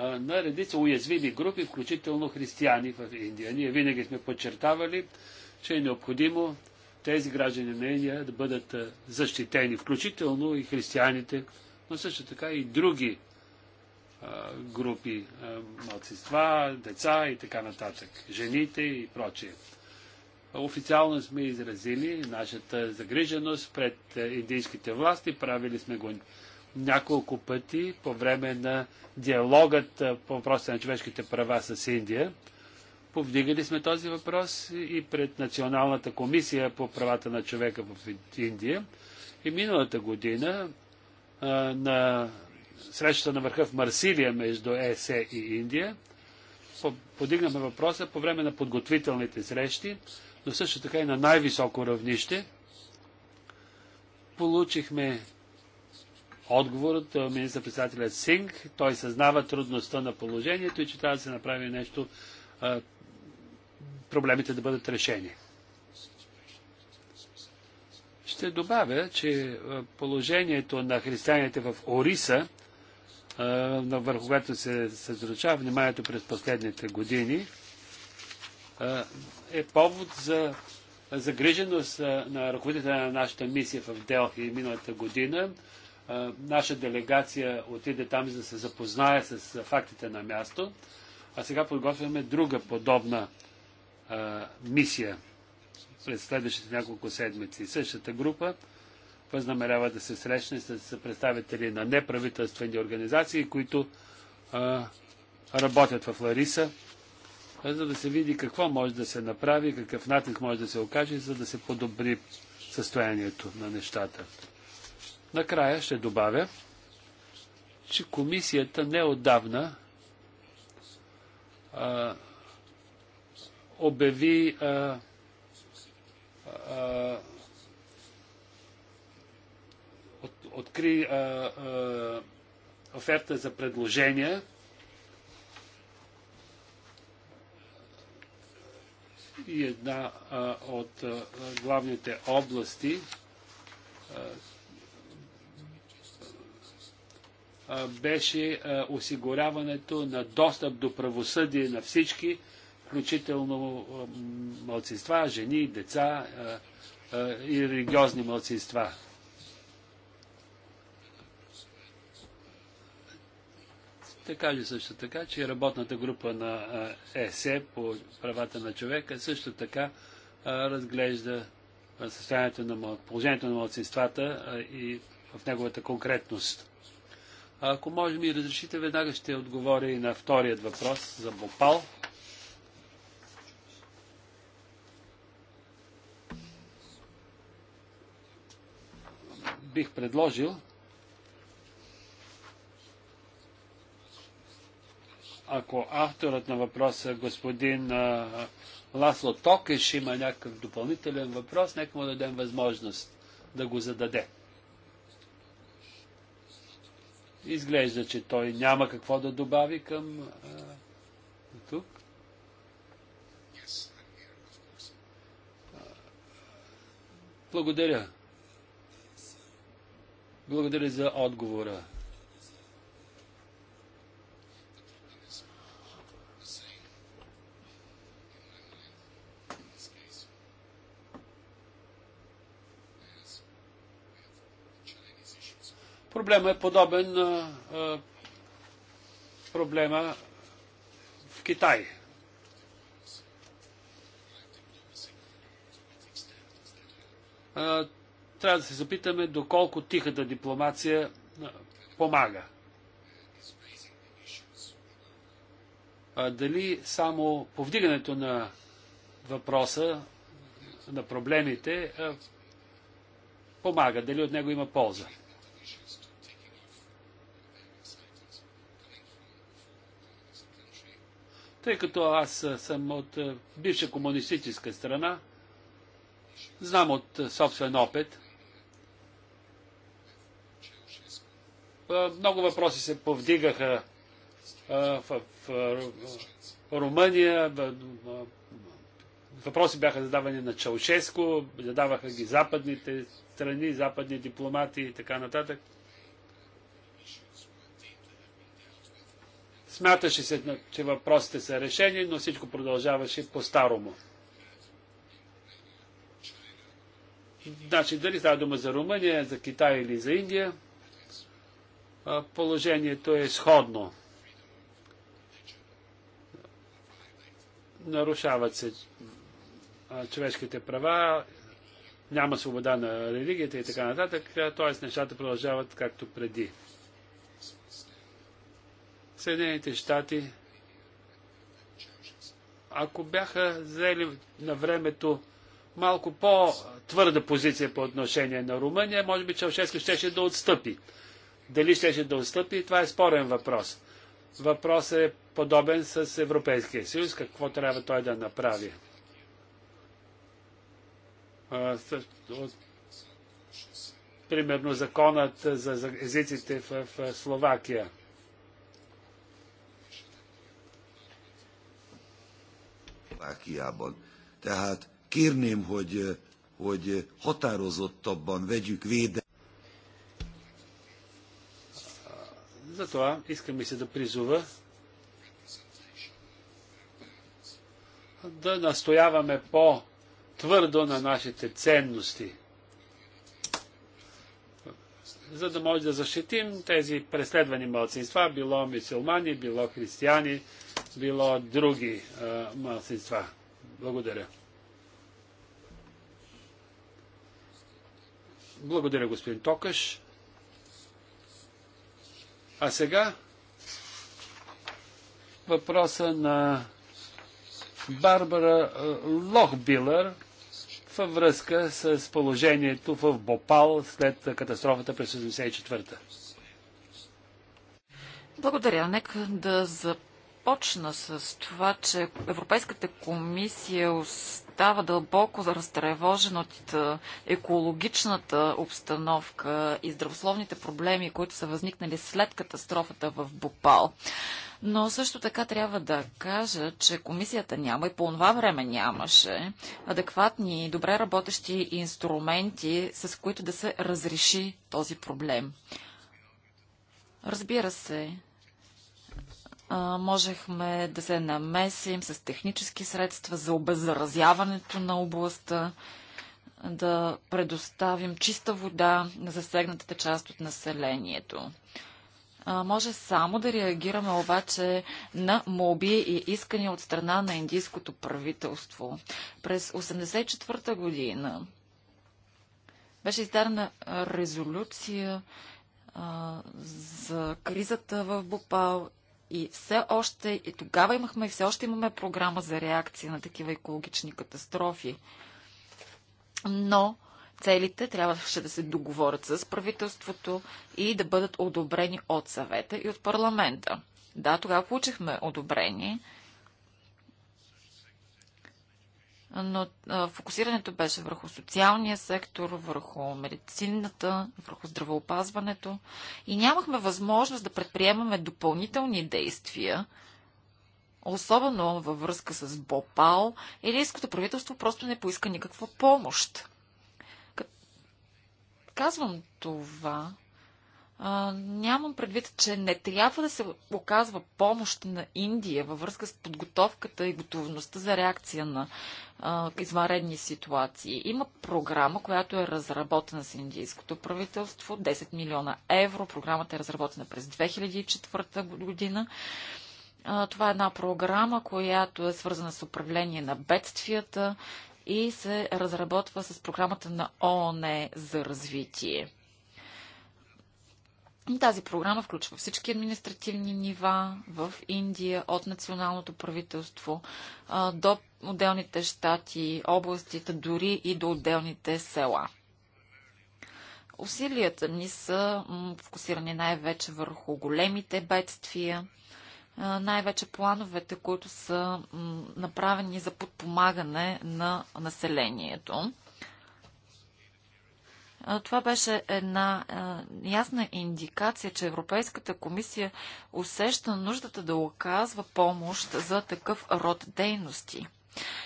на редица уязвими групи, включително християни в Индия. Ние винаги сме подчертавали, че е необходимо тези граждани на Индия да бъдат защитени, включително и християните, но също така и други групи, младсинства, деца и така нататък, жените и прочие. Официално сме изразили нашата загриженост пред индийските власти, правили сме го няколко пъти по време на диалогът по въпроса на човешките права с Индия. Повдигали сме този въпрос и пред Националната комисия по правата на човека в Индия. И миналата година а, на срещата на върха в Марсилия между ЕСЕ и Индия подигнахме въпроса по време на подготвителните срещи, но също така и на най-високо равнище. Получихме отговор от министър-председателя Синг. Той съзнава трудността на положението и че трябва да се направи нещо проблемите да бъдат решени. Ще добавя, че е, положението на християните в Ориса, е, върху което се съзручава вниманието през последните години, е, е повод за загриженост на ръководителя на нашата мисия в Делхи миналата година. Наша делегация отиде там, за да се запознае с фактите на място. А сега подготвяме друга подобна а, мисия през следващите няколко седмици. Същата група възнамерява да се срещне с представители на неправителствени организации, които а, работят в Лариса, за да се види какво може да се направи, какъв натиск може да се окаже, за да се подобри състоянието на нещата. Накрая ще добавя, че комисията неодавна обяви а, а, от, откри а, а, оферта за предложения. И една а, от а, главните области а, беше осигуряването на достъп до правосъдие на всички включително младсинства, жени, деца и религиозни младсинства. Така ли също така, че работната група на ЕСЕ по правата на човека също така разглежда състоянието на положението на младсинствата и в неговата конкретност. Ако може ми разрешите, веднага ще отговоря и на вторият въпрос за Бопал. бих предложил ако авторът на въпроса, господин а, Ласло Токеш, има някакъв допълнителен въпрос, нека му дадем възможност да го зададе. Изглежда, че той няма какво да добави към а, тук. Благодаря. Благодаря за отговора. Проблема е подобен на проблема в Китай. А, трябва да се запитаме доколко тихата дипломация помага. А, дали само повдигането на въпроса, на проблемите, помага, дали от него има полза. Тъй като аз съм от бивша комунистическа страна, знам от собствен опит, Много въпроси се повдигаха в Румъния. Въпроси бяха задавани на Чаушеско, задаваха ги западните страни, западни дипломати и така нататък. Смяташе се, че въпросите са решени, но всичко продължаваше по-старому. Значи, дали става дума за Румъния, за Китай или за Индия – положението е сходно. Нарушават се човешките права, няма свобода на религията и така нататък, т.е. нещата продължават както преди. Съединените щати, ако бяха взели на времето малко по-твърда позиция по отношение на Румъния, може би Чаушески щеше да отстъпи. Дали ще да отстъпи, това е спорен въпрос. Въпросът е подобен с Европейския съюз, какво трябва той да направи. Примерно законът за езиците в Словакия. Словакиябон. Tehát kérném, hogy, hogy határozottabban vegyük véde. Затова искам се да призова да настояваме по-твърдо на нашите ценности, за да може да защитим тези преследвани младсинства, било мисулмани, било християни, било други а, младсинства. Благодаря. Благодаря, господин Токаш. А сега въпроса на Барбара е, Лохбилър във връзка с положението в Бопал след катастрофата през 1984-та. Благодаря. Нека да започнем започна с това, че Европейската комисия остава дълбоко разтревожена от екологичната обстановка и здравословните проблеми, които са възникнали след катастрофата в Бопал. Но също така трябва да кажа, че комисията няма и по това време нямаше адекватни и добре работещи инструменти, с които да се разреши този проблем. Разбира се, можехме да се намесим с технически средства за обеззаразяването на областта, да предоставим чиста вода на засегнатата част от населението. Може само да реагираме обаче на моби и искания от страна на индийското правителство. През 1984 година беше издадена резолюция за кризата в Бопал и все още, и тогава имахме и все още имаме програма за реакция на такива екологични катастрофи. Но целите трябваше да се договорят с правителството и да бъдат одобрени от съвета и от парламента. Да, тогава получихме одобрение, но а, фокусирането беше върху социалния сектор, върху медицината, върху здравеопазването и нямахме възможност да предприемаме допълнителни действия, особено във връзка с Бопал, елийското правителство просто не поиска никаква помощ. Казвам това, а, нямам предвид, че не трябва да се оказва помощ на Индия във връзка с подготовката и готовността за реакция на а, извънредни ситуации. Има програма, която е разработена с индийското правителство, 10 милиона евро. Програмата е разработена през 2004 година. А, това е една програма, която е свързана с управление на бедствията и се разработва с програмата на ООН за развитие. Тази програма включва всички административни нива в Индия, от националното правителство до отделните щати, областите, дори и до отделните села. Усилията ни са фокусирани най-вече върху големите бедствия, най-вече плановете, които са направени за подпомагане на населението. Това беше една ясна индикация, че Европейската комисия усеща нуждата да оказва помощ за такъв род дейности.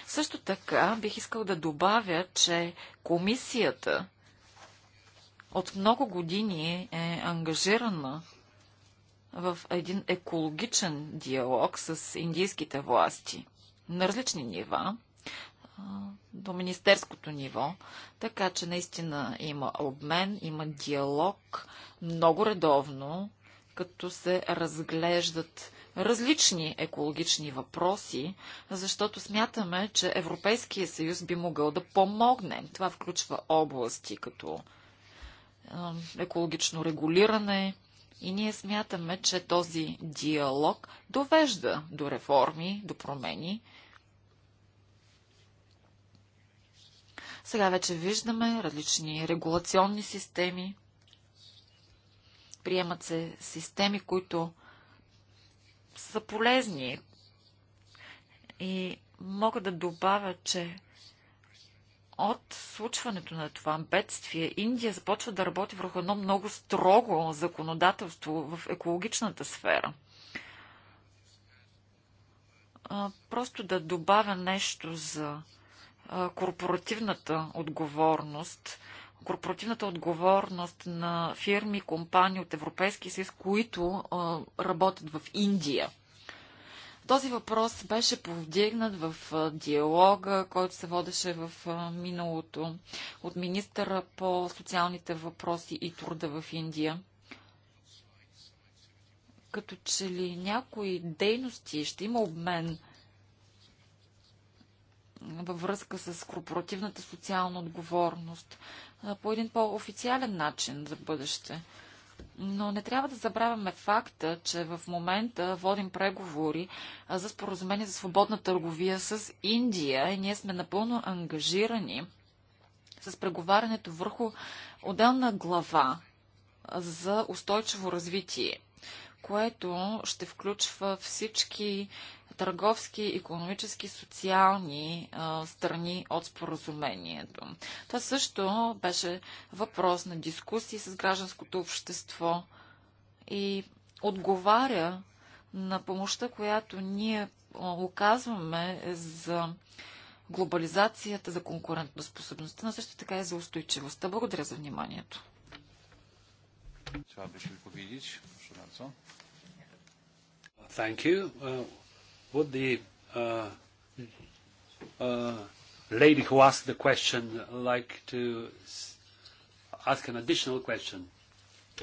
Също така бих искал да добавя, че комисията от много години е ангажирана в един екологичен диалог с индийските власти на различни нива до министерското ниво, така че наистина има обмен, има диалог много редовно, като се разглеждат различни екологични въпроси, защото смятаме, че Европейския съюз би могъл да помогне. Това включва области като екологично регулиране, и ние смятаме, че този диалог довежда до реформи, до промени Сега вече виждаме различни регулационни системи. Приемат се системи, които са полезни. И мога да добавя, че от случването на това бедствие Индия започва да работи върху едно много строго законодателство в екологичната сфера. просто да добавя нещо за корпоративната отговорност, корпоративната отговорност на фирми, компании от Европейския съюз, които а, работят в Индия. Този въпрос беше повдигнат в диалога, който се водеше в миналото от министъра по социалните въпроси и труда в Индия като че ли някои дейности ще има обмен във връзка с корпоративната социална отговорност по един по-официален начин за бъдеще. Но не трябва да забравяме факта, че в момента водим преговори за споразумение за свободна търговия с Индия и ние сме напълно ангажирани с преговарянето върху отделна глава за устойчиво развитие, което ще включва всички търговски, економически, социални страни от споразумението. Това също беше въпрос на дискусии с гражданското общество и отговаря на помощта, която ние оказваме за глобализацията, за конкурентоспособността, но също така и за устойчивостта. Благодаря за вниманието. Thank you. Would the uh, uh, lady who asked the question like to s- ask an additional question?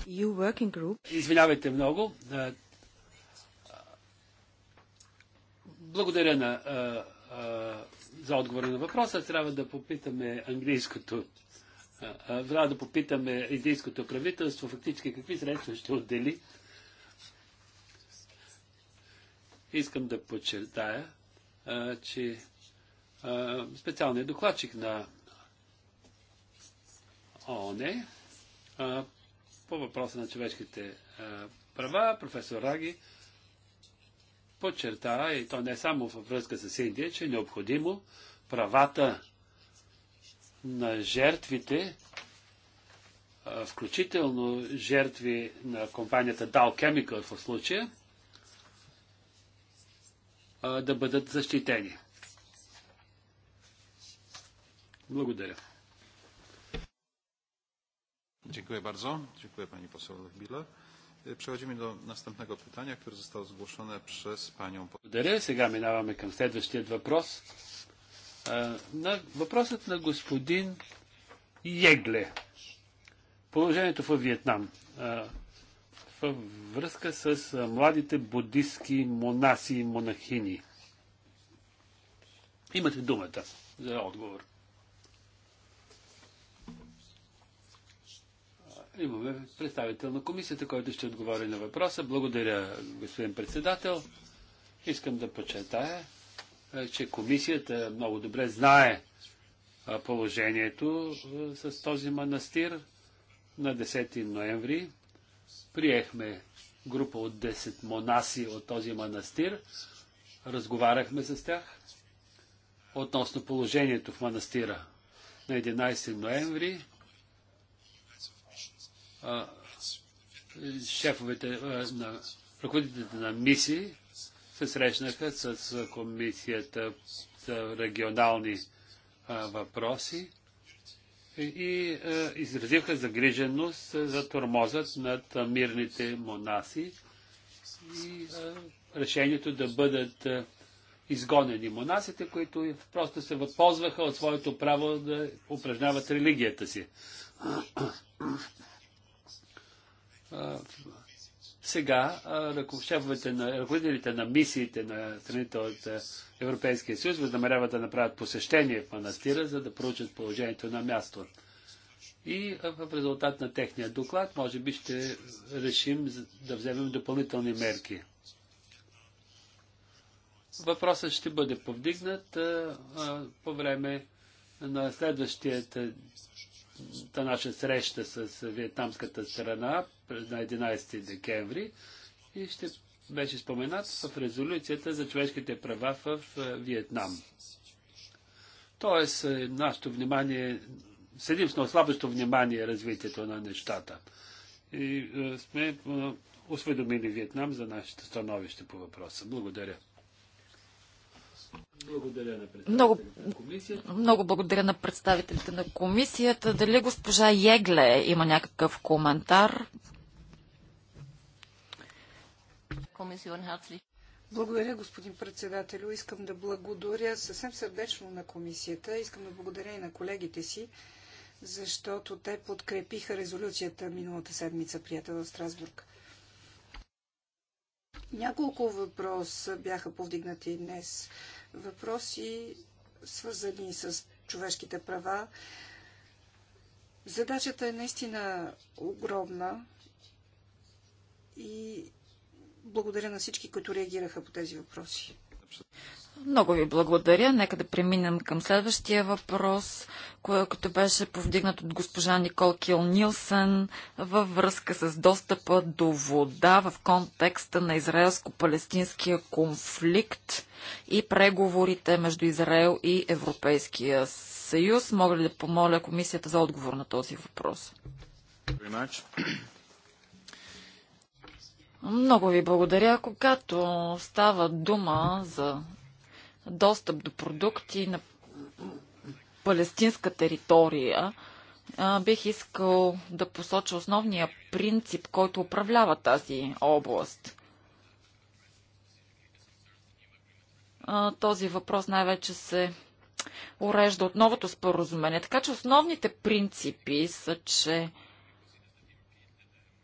You working group. Извинявайте много. Е, благодаря на, uh, uh, за отговора на въпроса. Трябва да попитаме английското трябва да попитаме индийското правителство фактически какви средства ще отдели Искам да подчертая, а, че а, специалният докладчик на ООН по въпроса на човешките а, права, професор Раги, подчерта, и то не само във връзка с Индия, че е необходимо правата на жертвите, включително жертви на компанията Dow Chemical в случая, а, да бъдат защитени. Благодаря. Dziękuję bardzo. Dziękuję pani poseł Biller. E, przechodzimy do następnego pytania, które zostało zgłoszone przez panią. Благодаря. Сега минаваме към следващия въпрос. На въпросът на господин Егле. Положението в Виетнам във връзка с младите буддистки монаси и монахини. Имате думата за отговор. Имаме представител на комисията, който ще отговори на въпроса. Благодаря, господин председател. Искам да почетая, че комисията много добре знае положението с този манастир. На 10 ноември приехме група от 10 монаси от този манастир, разговаряхме с тях относно положението в манастира. На 11 ноември а, шефовете а, на ръководителите на мисии се срещнаха с комисията за регионални а, въпроси и е, изразиха загриженост за тормозът над мирните монаси и е, решението да бъдат е, изгонени монасите, които просто се възползваха от своето право да упражняват религията си. Сега ръководителите на, ръководителите на мисиите на страните от Европейския съюз възнамеряват да направят посещение в манастира, за да проучат положението на място. И в резултат на техния доклад, може би ще решим да вземем допълнителни мерки. Въпросът ще бъде повдигнат а, а, по време на следващата наша среща с вьетнамската страна на 11 декември и ще беше споменат в резолюцията за човешките права в е, Виетнам. Тоест, е, нашето внимание, седимсно слабото внимание развитието на нещата. И е, сме е, осведомили Виетнам за нашите становище по въпроса. Благодаря. Благодаря на много, на комисията. много благодаря на представителите на комисията. Дали госпожа Егле има някакъв коментар? Благодаря, господин председателю. Искам да благодаря съвсем сърдечно на комисията. Искам да благодаря и на колегите си, защото те подкрепиха резолюцията миналата седмица, приятел в Страсбург. Няколко въпроса бяха повдигнати днес. Въпроси свързани с човешките права. Задачата е наистина огромна и благодаря на всички, които реагираха по тези въпроси. Много ви благодаря. Нека да преминем към следващия въпрос, който беше повдигнат от госпожа Никол Кил Нилсен във връзка с достъпа до вода в контекста на израелско-палестинския конфликт и преговорите между Израел и Европейския съюз. Мога ли да помоля комисията за отговор на този въпрос? Много ви благодаря. Когато става дума за достъп до продукти на палестинска територия, бих искал да посоча основния принцип, който управлява тази област. Този въпрос най-вече се урежда от новото споразумение. Така че основните принципи са, че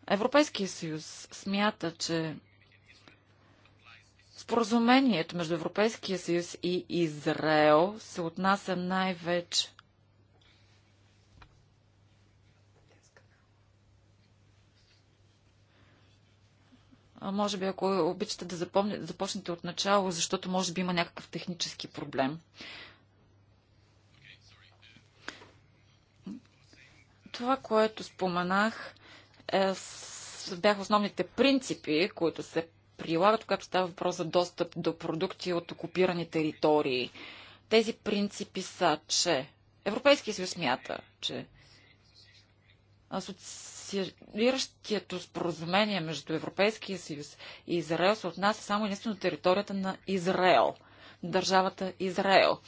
Европейския съюз смята, че споразумението между Европейския съюз и Израел се отнася най-вече Може би, ако обичате да започнете от начало, защото може би има някакъв технически проблем. Това, което споменах, е, бяха основните принципи, които се прилагат, когато става въпрос за достъп до продукти от окупирани територии. Тези принципи са, че Европейския съюз смята, че асоцииращието споразумение между Европейския съюз и Израел се отнася само единствено територията на Израел, държавата Израел.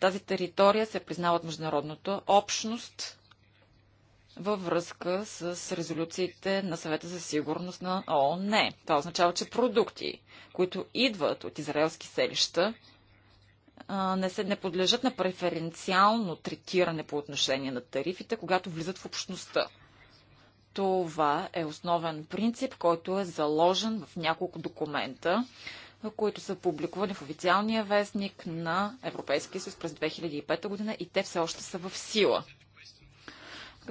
Тази територия се признава от международната общност във връзка с резолюциите на съвета за сигурност на ООН. Това означава, че продукти, които идват от израелски селища, не, се, не подлежат на преференциално третиране по отношение на тарифите, когато влизат в общността. Това е основен принцип, който е заложен в няколко документа, които са публикувани в официалния вестник на Европейския съюз през 2005 година и те все още са в сила.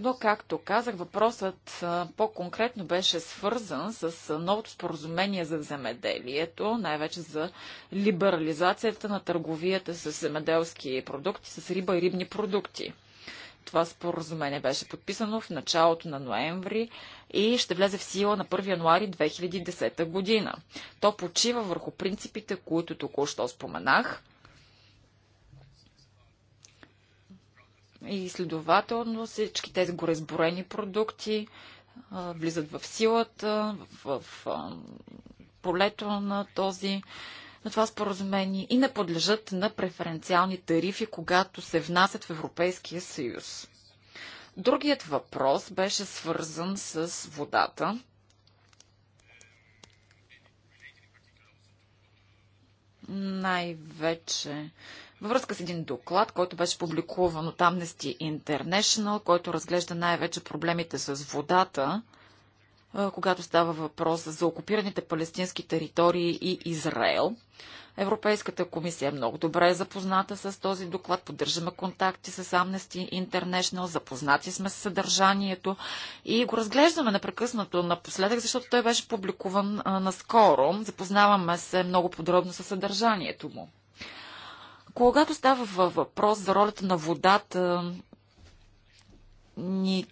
Но, както казах, въпросът по-конкретно беше свързан с новото споразумение за земеделието, най-вече за либерализацията на търговията с земеделски продукти, с риба и рибни продукти. Това споразумение беше подписано в началото на ноември и ще влезе в сила на 1 януари 2010 година. То почива върху принципите, които току-що споменах – И следователно всички тези горезборени продукти а, влизат в силата, в, в а, полето на този на това споразумение и не подлежат на преференциални тарифи, когато се внасят в Европейския съюз. Другият въпрос беше свързан с водата. Най-вече във връзка с един доклад, който беше публикуван от Amnesty International, който разглежда най-вече проблемите с водата, когато става въпрос за окупираните палестински територии и Израел. Европейската комисия е много добре е запозната с този доклад. Поддържаме контакти с Amnesty International, запознати сме с съдържанието и го разглеждаме непрекъснато напоследък, защото той беше публикуван наскоро. Запознаваме се много подробно с съдържанието му. Когато става въпрос за ролята на водата, ни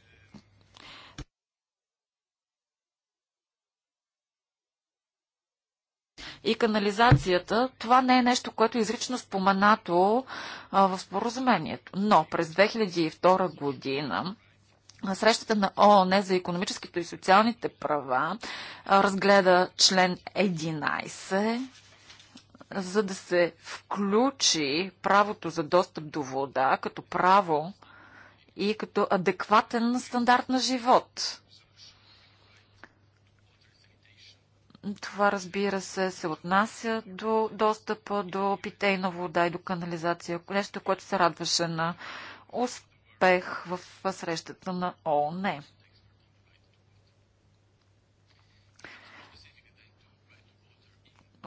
и канализацията, това не е нещо, което е изрично споменато а, в споразумението. Но през 2002 година срещата на ООН за економическите и социалните права а, разгледа член 11 за да се включи правото за достъп до вода като право и като адекватен стандарт на живот. Това, разбира се, се отнася до достъпа до питейна вода и до канализация. Нещо, което се радваше на успех в срещата на ООН.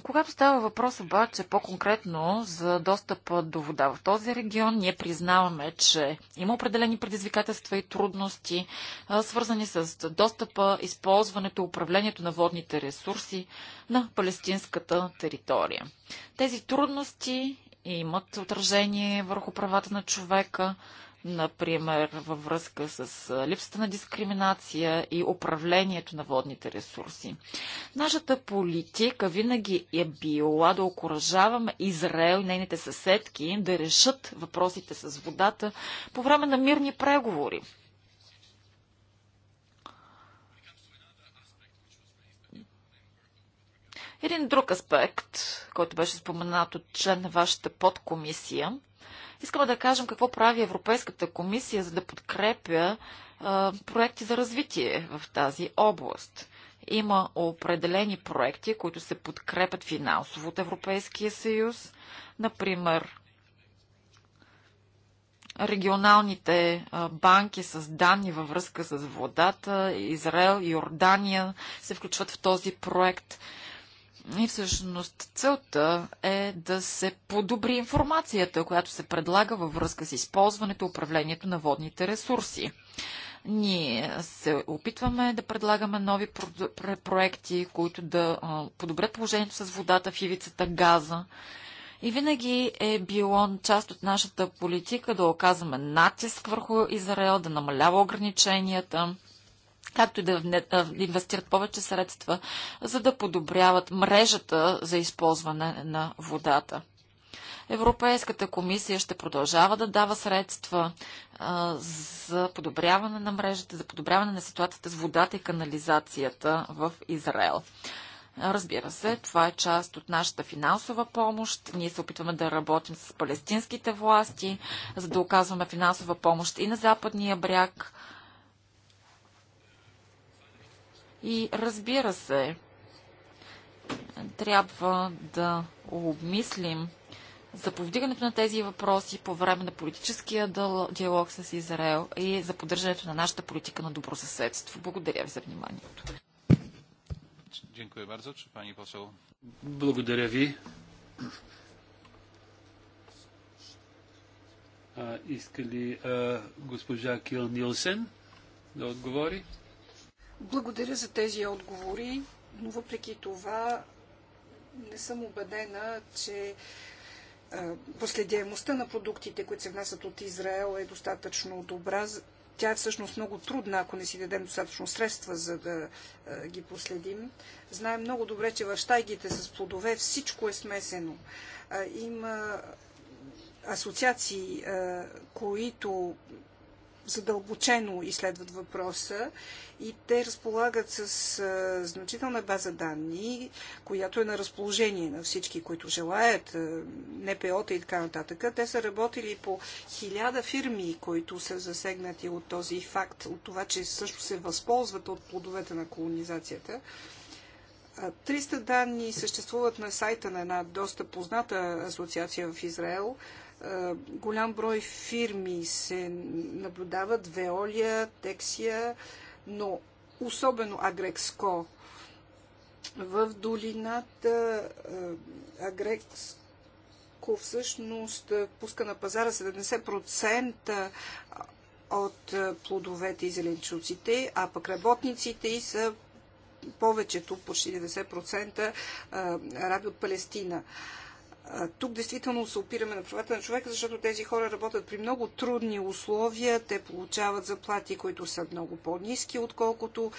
Когато става въпрос обаче по-конкретно за достъп до вода в този регион, ние признаваме, че има определени предизвикателства и трудности, свързани с достъпа, използването, управлението на водните ресурси на палестинската територия. Тези трудности имат отражение върху правата на човека, например във връзка с липсата на дискриминация и управлението на водните ресурси. Нашата политика винаги е била да окоръжаваме Израел и нейните съседки да решат въпросите с водата по време на мирни преговори. Един друг аспект, който беше споменат от член на вашата подкомисия, Искаме да кажем какво прави Европейската комисия, за да подкрепя проекти за развитие в тази област. Има определени проекти, които се подкрепят финансово от Европейския съюз, например регионалните банки с данни във връзка с водата, Израел, и Йордания се включват в този проект. И всъщност целта е да се подобри информацията, която се предлага във връзка с използването и управлението на водните ресурси. Ние се опитваме да предлагаме нови про проекти, които да подобрят положението с водата в ивицата газа. И винаги е било част от нашата политика да оказваме натиск върху Израел, да намалява ограниченията както и да инвестират повече средства, за да подобряват мрежата за използване на водата. Европейската комисия ще продължава да дава средства а, за подобряване на мрежата, за подобряване на ситуацията с водата и канализацията в Израел. Разбира се, това е част от нашата финансова помощ. Ние се опитваме да работим с палестинските власти, за да оказваме финансова помощ и на Западния бряг, И разбира се, трябва да обмислим за повдигането на тези въпроси по време на политическия диалог с Израел и за поддържането на нашата политика на добросъседство. Благодаря ви за вниманието. Благодаря ви. А, иска ли а, госпожа Кил Нилсен да отговори? Благодаря за тези отговори, но въпреки това не съм убедена, че последяемостта на продуктите, които се внасят от Израел е достатъчно добра. Тя е всъщност много трудна, ако не си дадем достатъчно средства, за да ги последим. Знаем много добре, че в щайгите с плодове всичко е смесено. Има асоциации, които задълбочено изследват въпроса и те разполагат с значителна база данни, която е на разположение на всички, които желаят, НПО-та и така нататък. Те са работили по хиляда фирми, които са засегнати от този факт, от това, че също се възползват от плодовете на колонизацията. 300 данни съществуват на сайта на една доста позната асоциация в Израел – голям брой фирми се наблюдават, Веолия, Тексия, но особено Агрекско. В долината Агрекско всъщност пуска на пазара 70% от плодовете и зеленчуците, а пък работниците и са повечето, почти 90% раби от Палестина. Тук действително се опираме на правата на човека, защото тези хора работят при много трудни условия. Те получават заплати, които са много по-низки, отколкото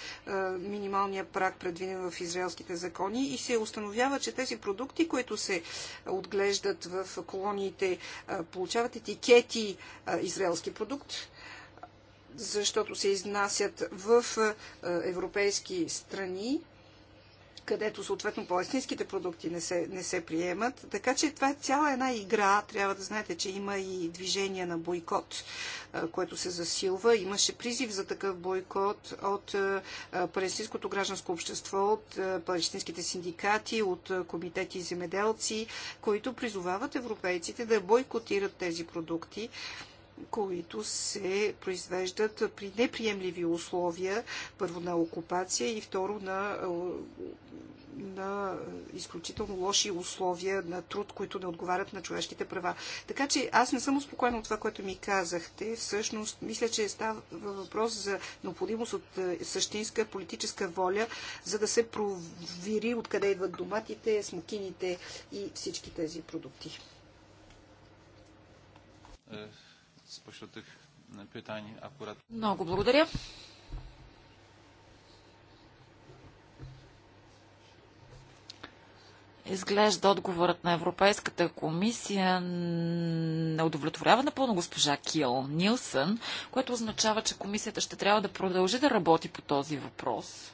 минималният прак, предвиден в израелските закони. И се установява, че тези продукти, които се отглеждат в колониите, получават етикети израелски продукт защото се изнасят в европейски страни където съответно по-естинските продукти не се, не се приемат. Така че това е цяла една игра. Трябва да знаете, че има и движение на бойкот, което се засилва. Имаше призив за такъв бойкот от палестинското гражданско общество, от палестинските синдикати, от комитети и земеделци, които призовават европейците да бойкотират тези продукти които се произвеждат при неприемливи условия, първо на окупация и второ на, на изключително лоши условия на труд, които не отговарят на човешките права. Така че аз не съм успокоена от това, което ми казахте. Всъщност, мисля, че става въпрос за необходимост от е, същинска политическа воля, за да се провери откъде идват доматите, смокините и всички тези продукти. Uh tych e, pytań akurat. Много благодаря. Изглежда отговорът на Европейската комисия не удовлетворява напълно госпожа Кил Нилсън, което означава, че комисията ще трябва да продължи да работи по този въпрос.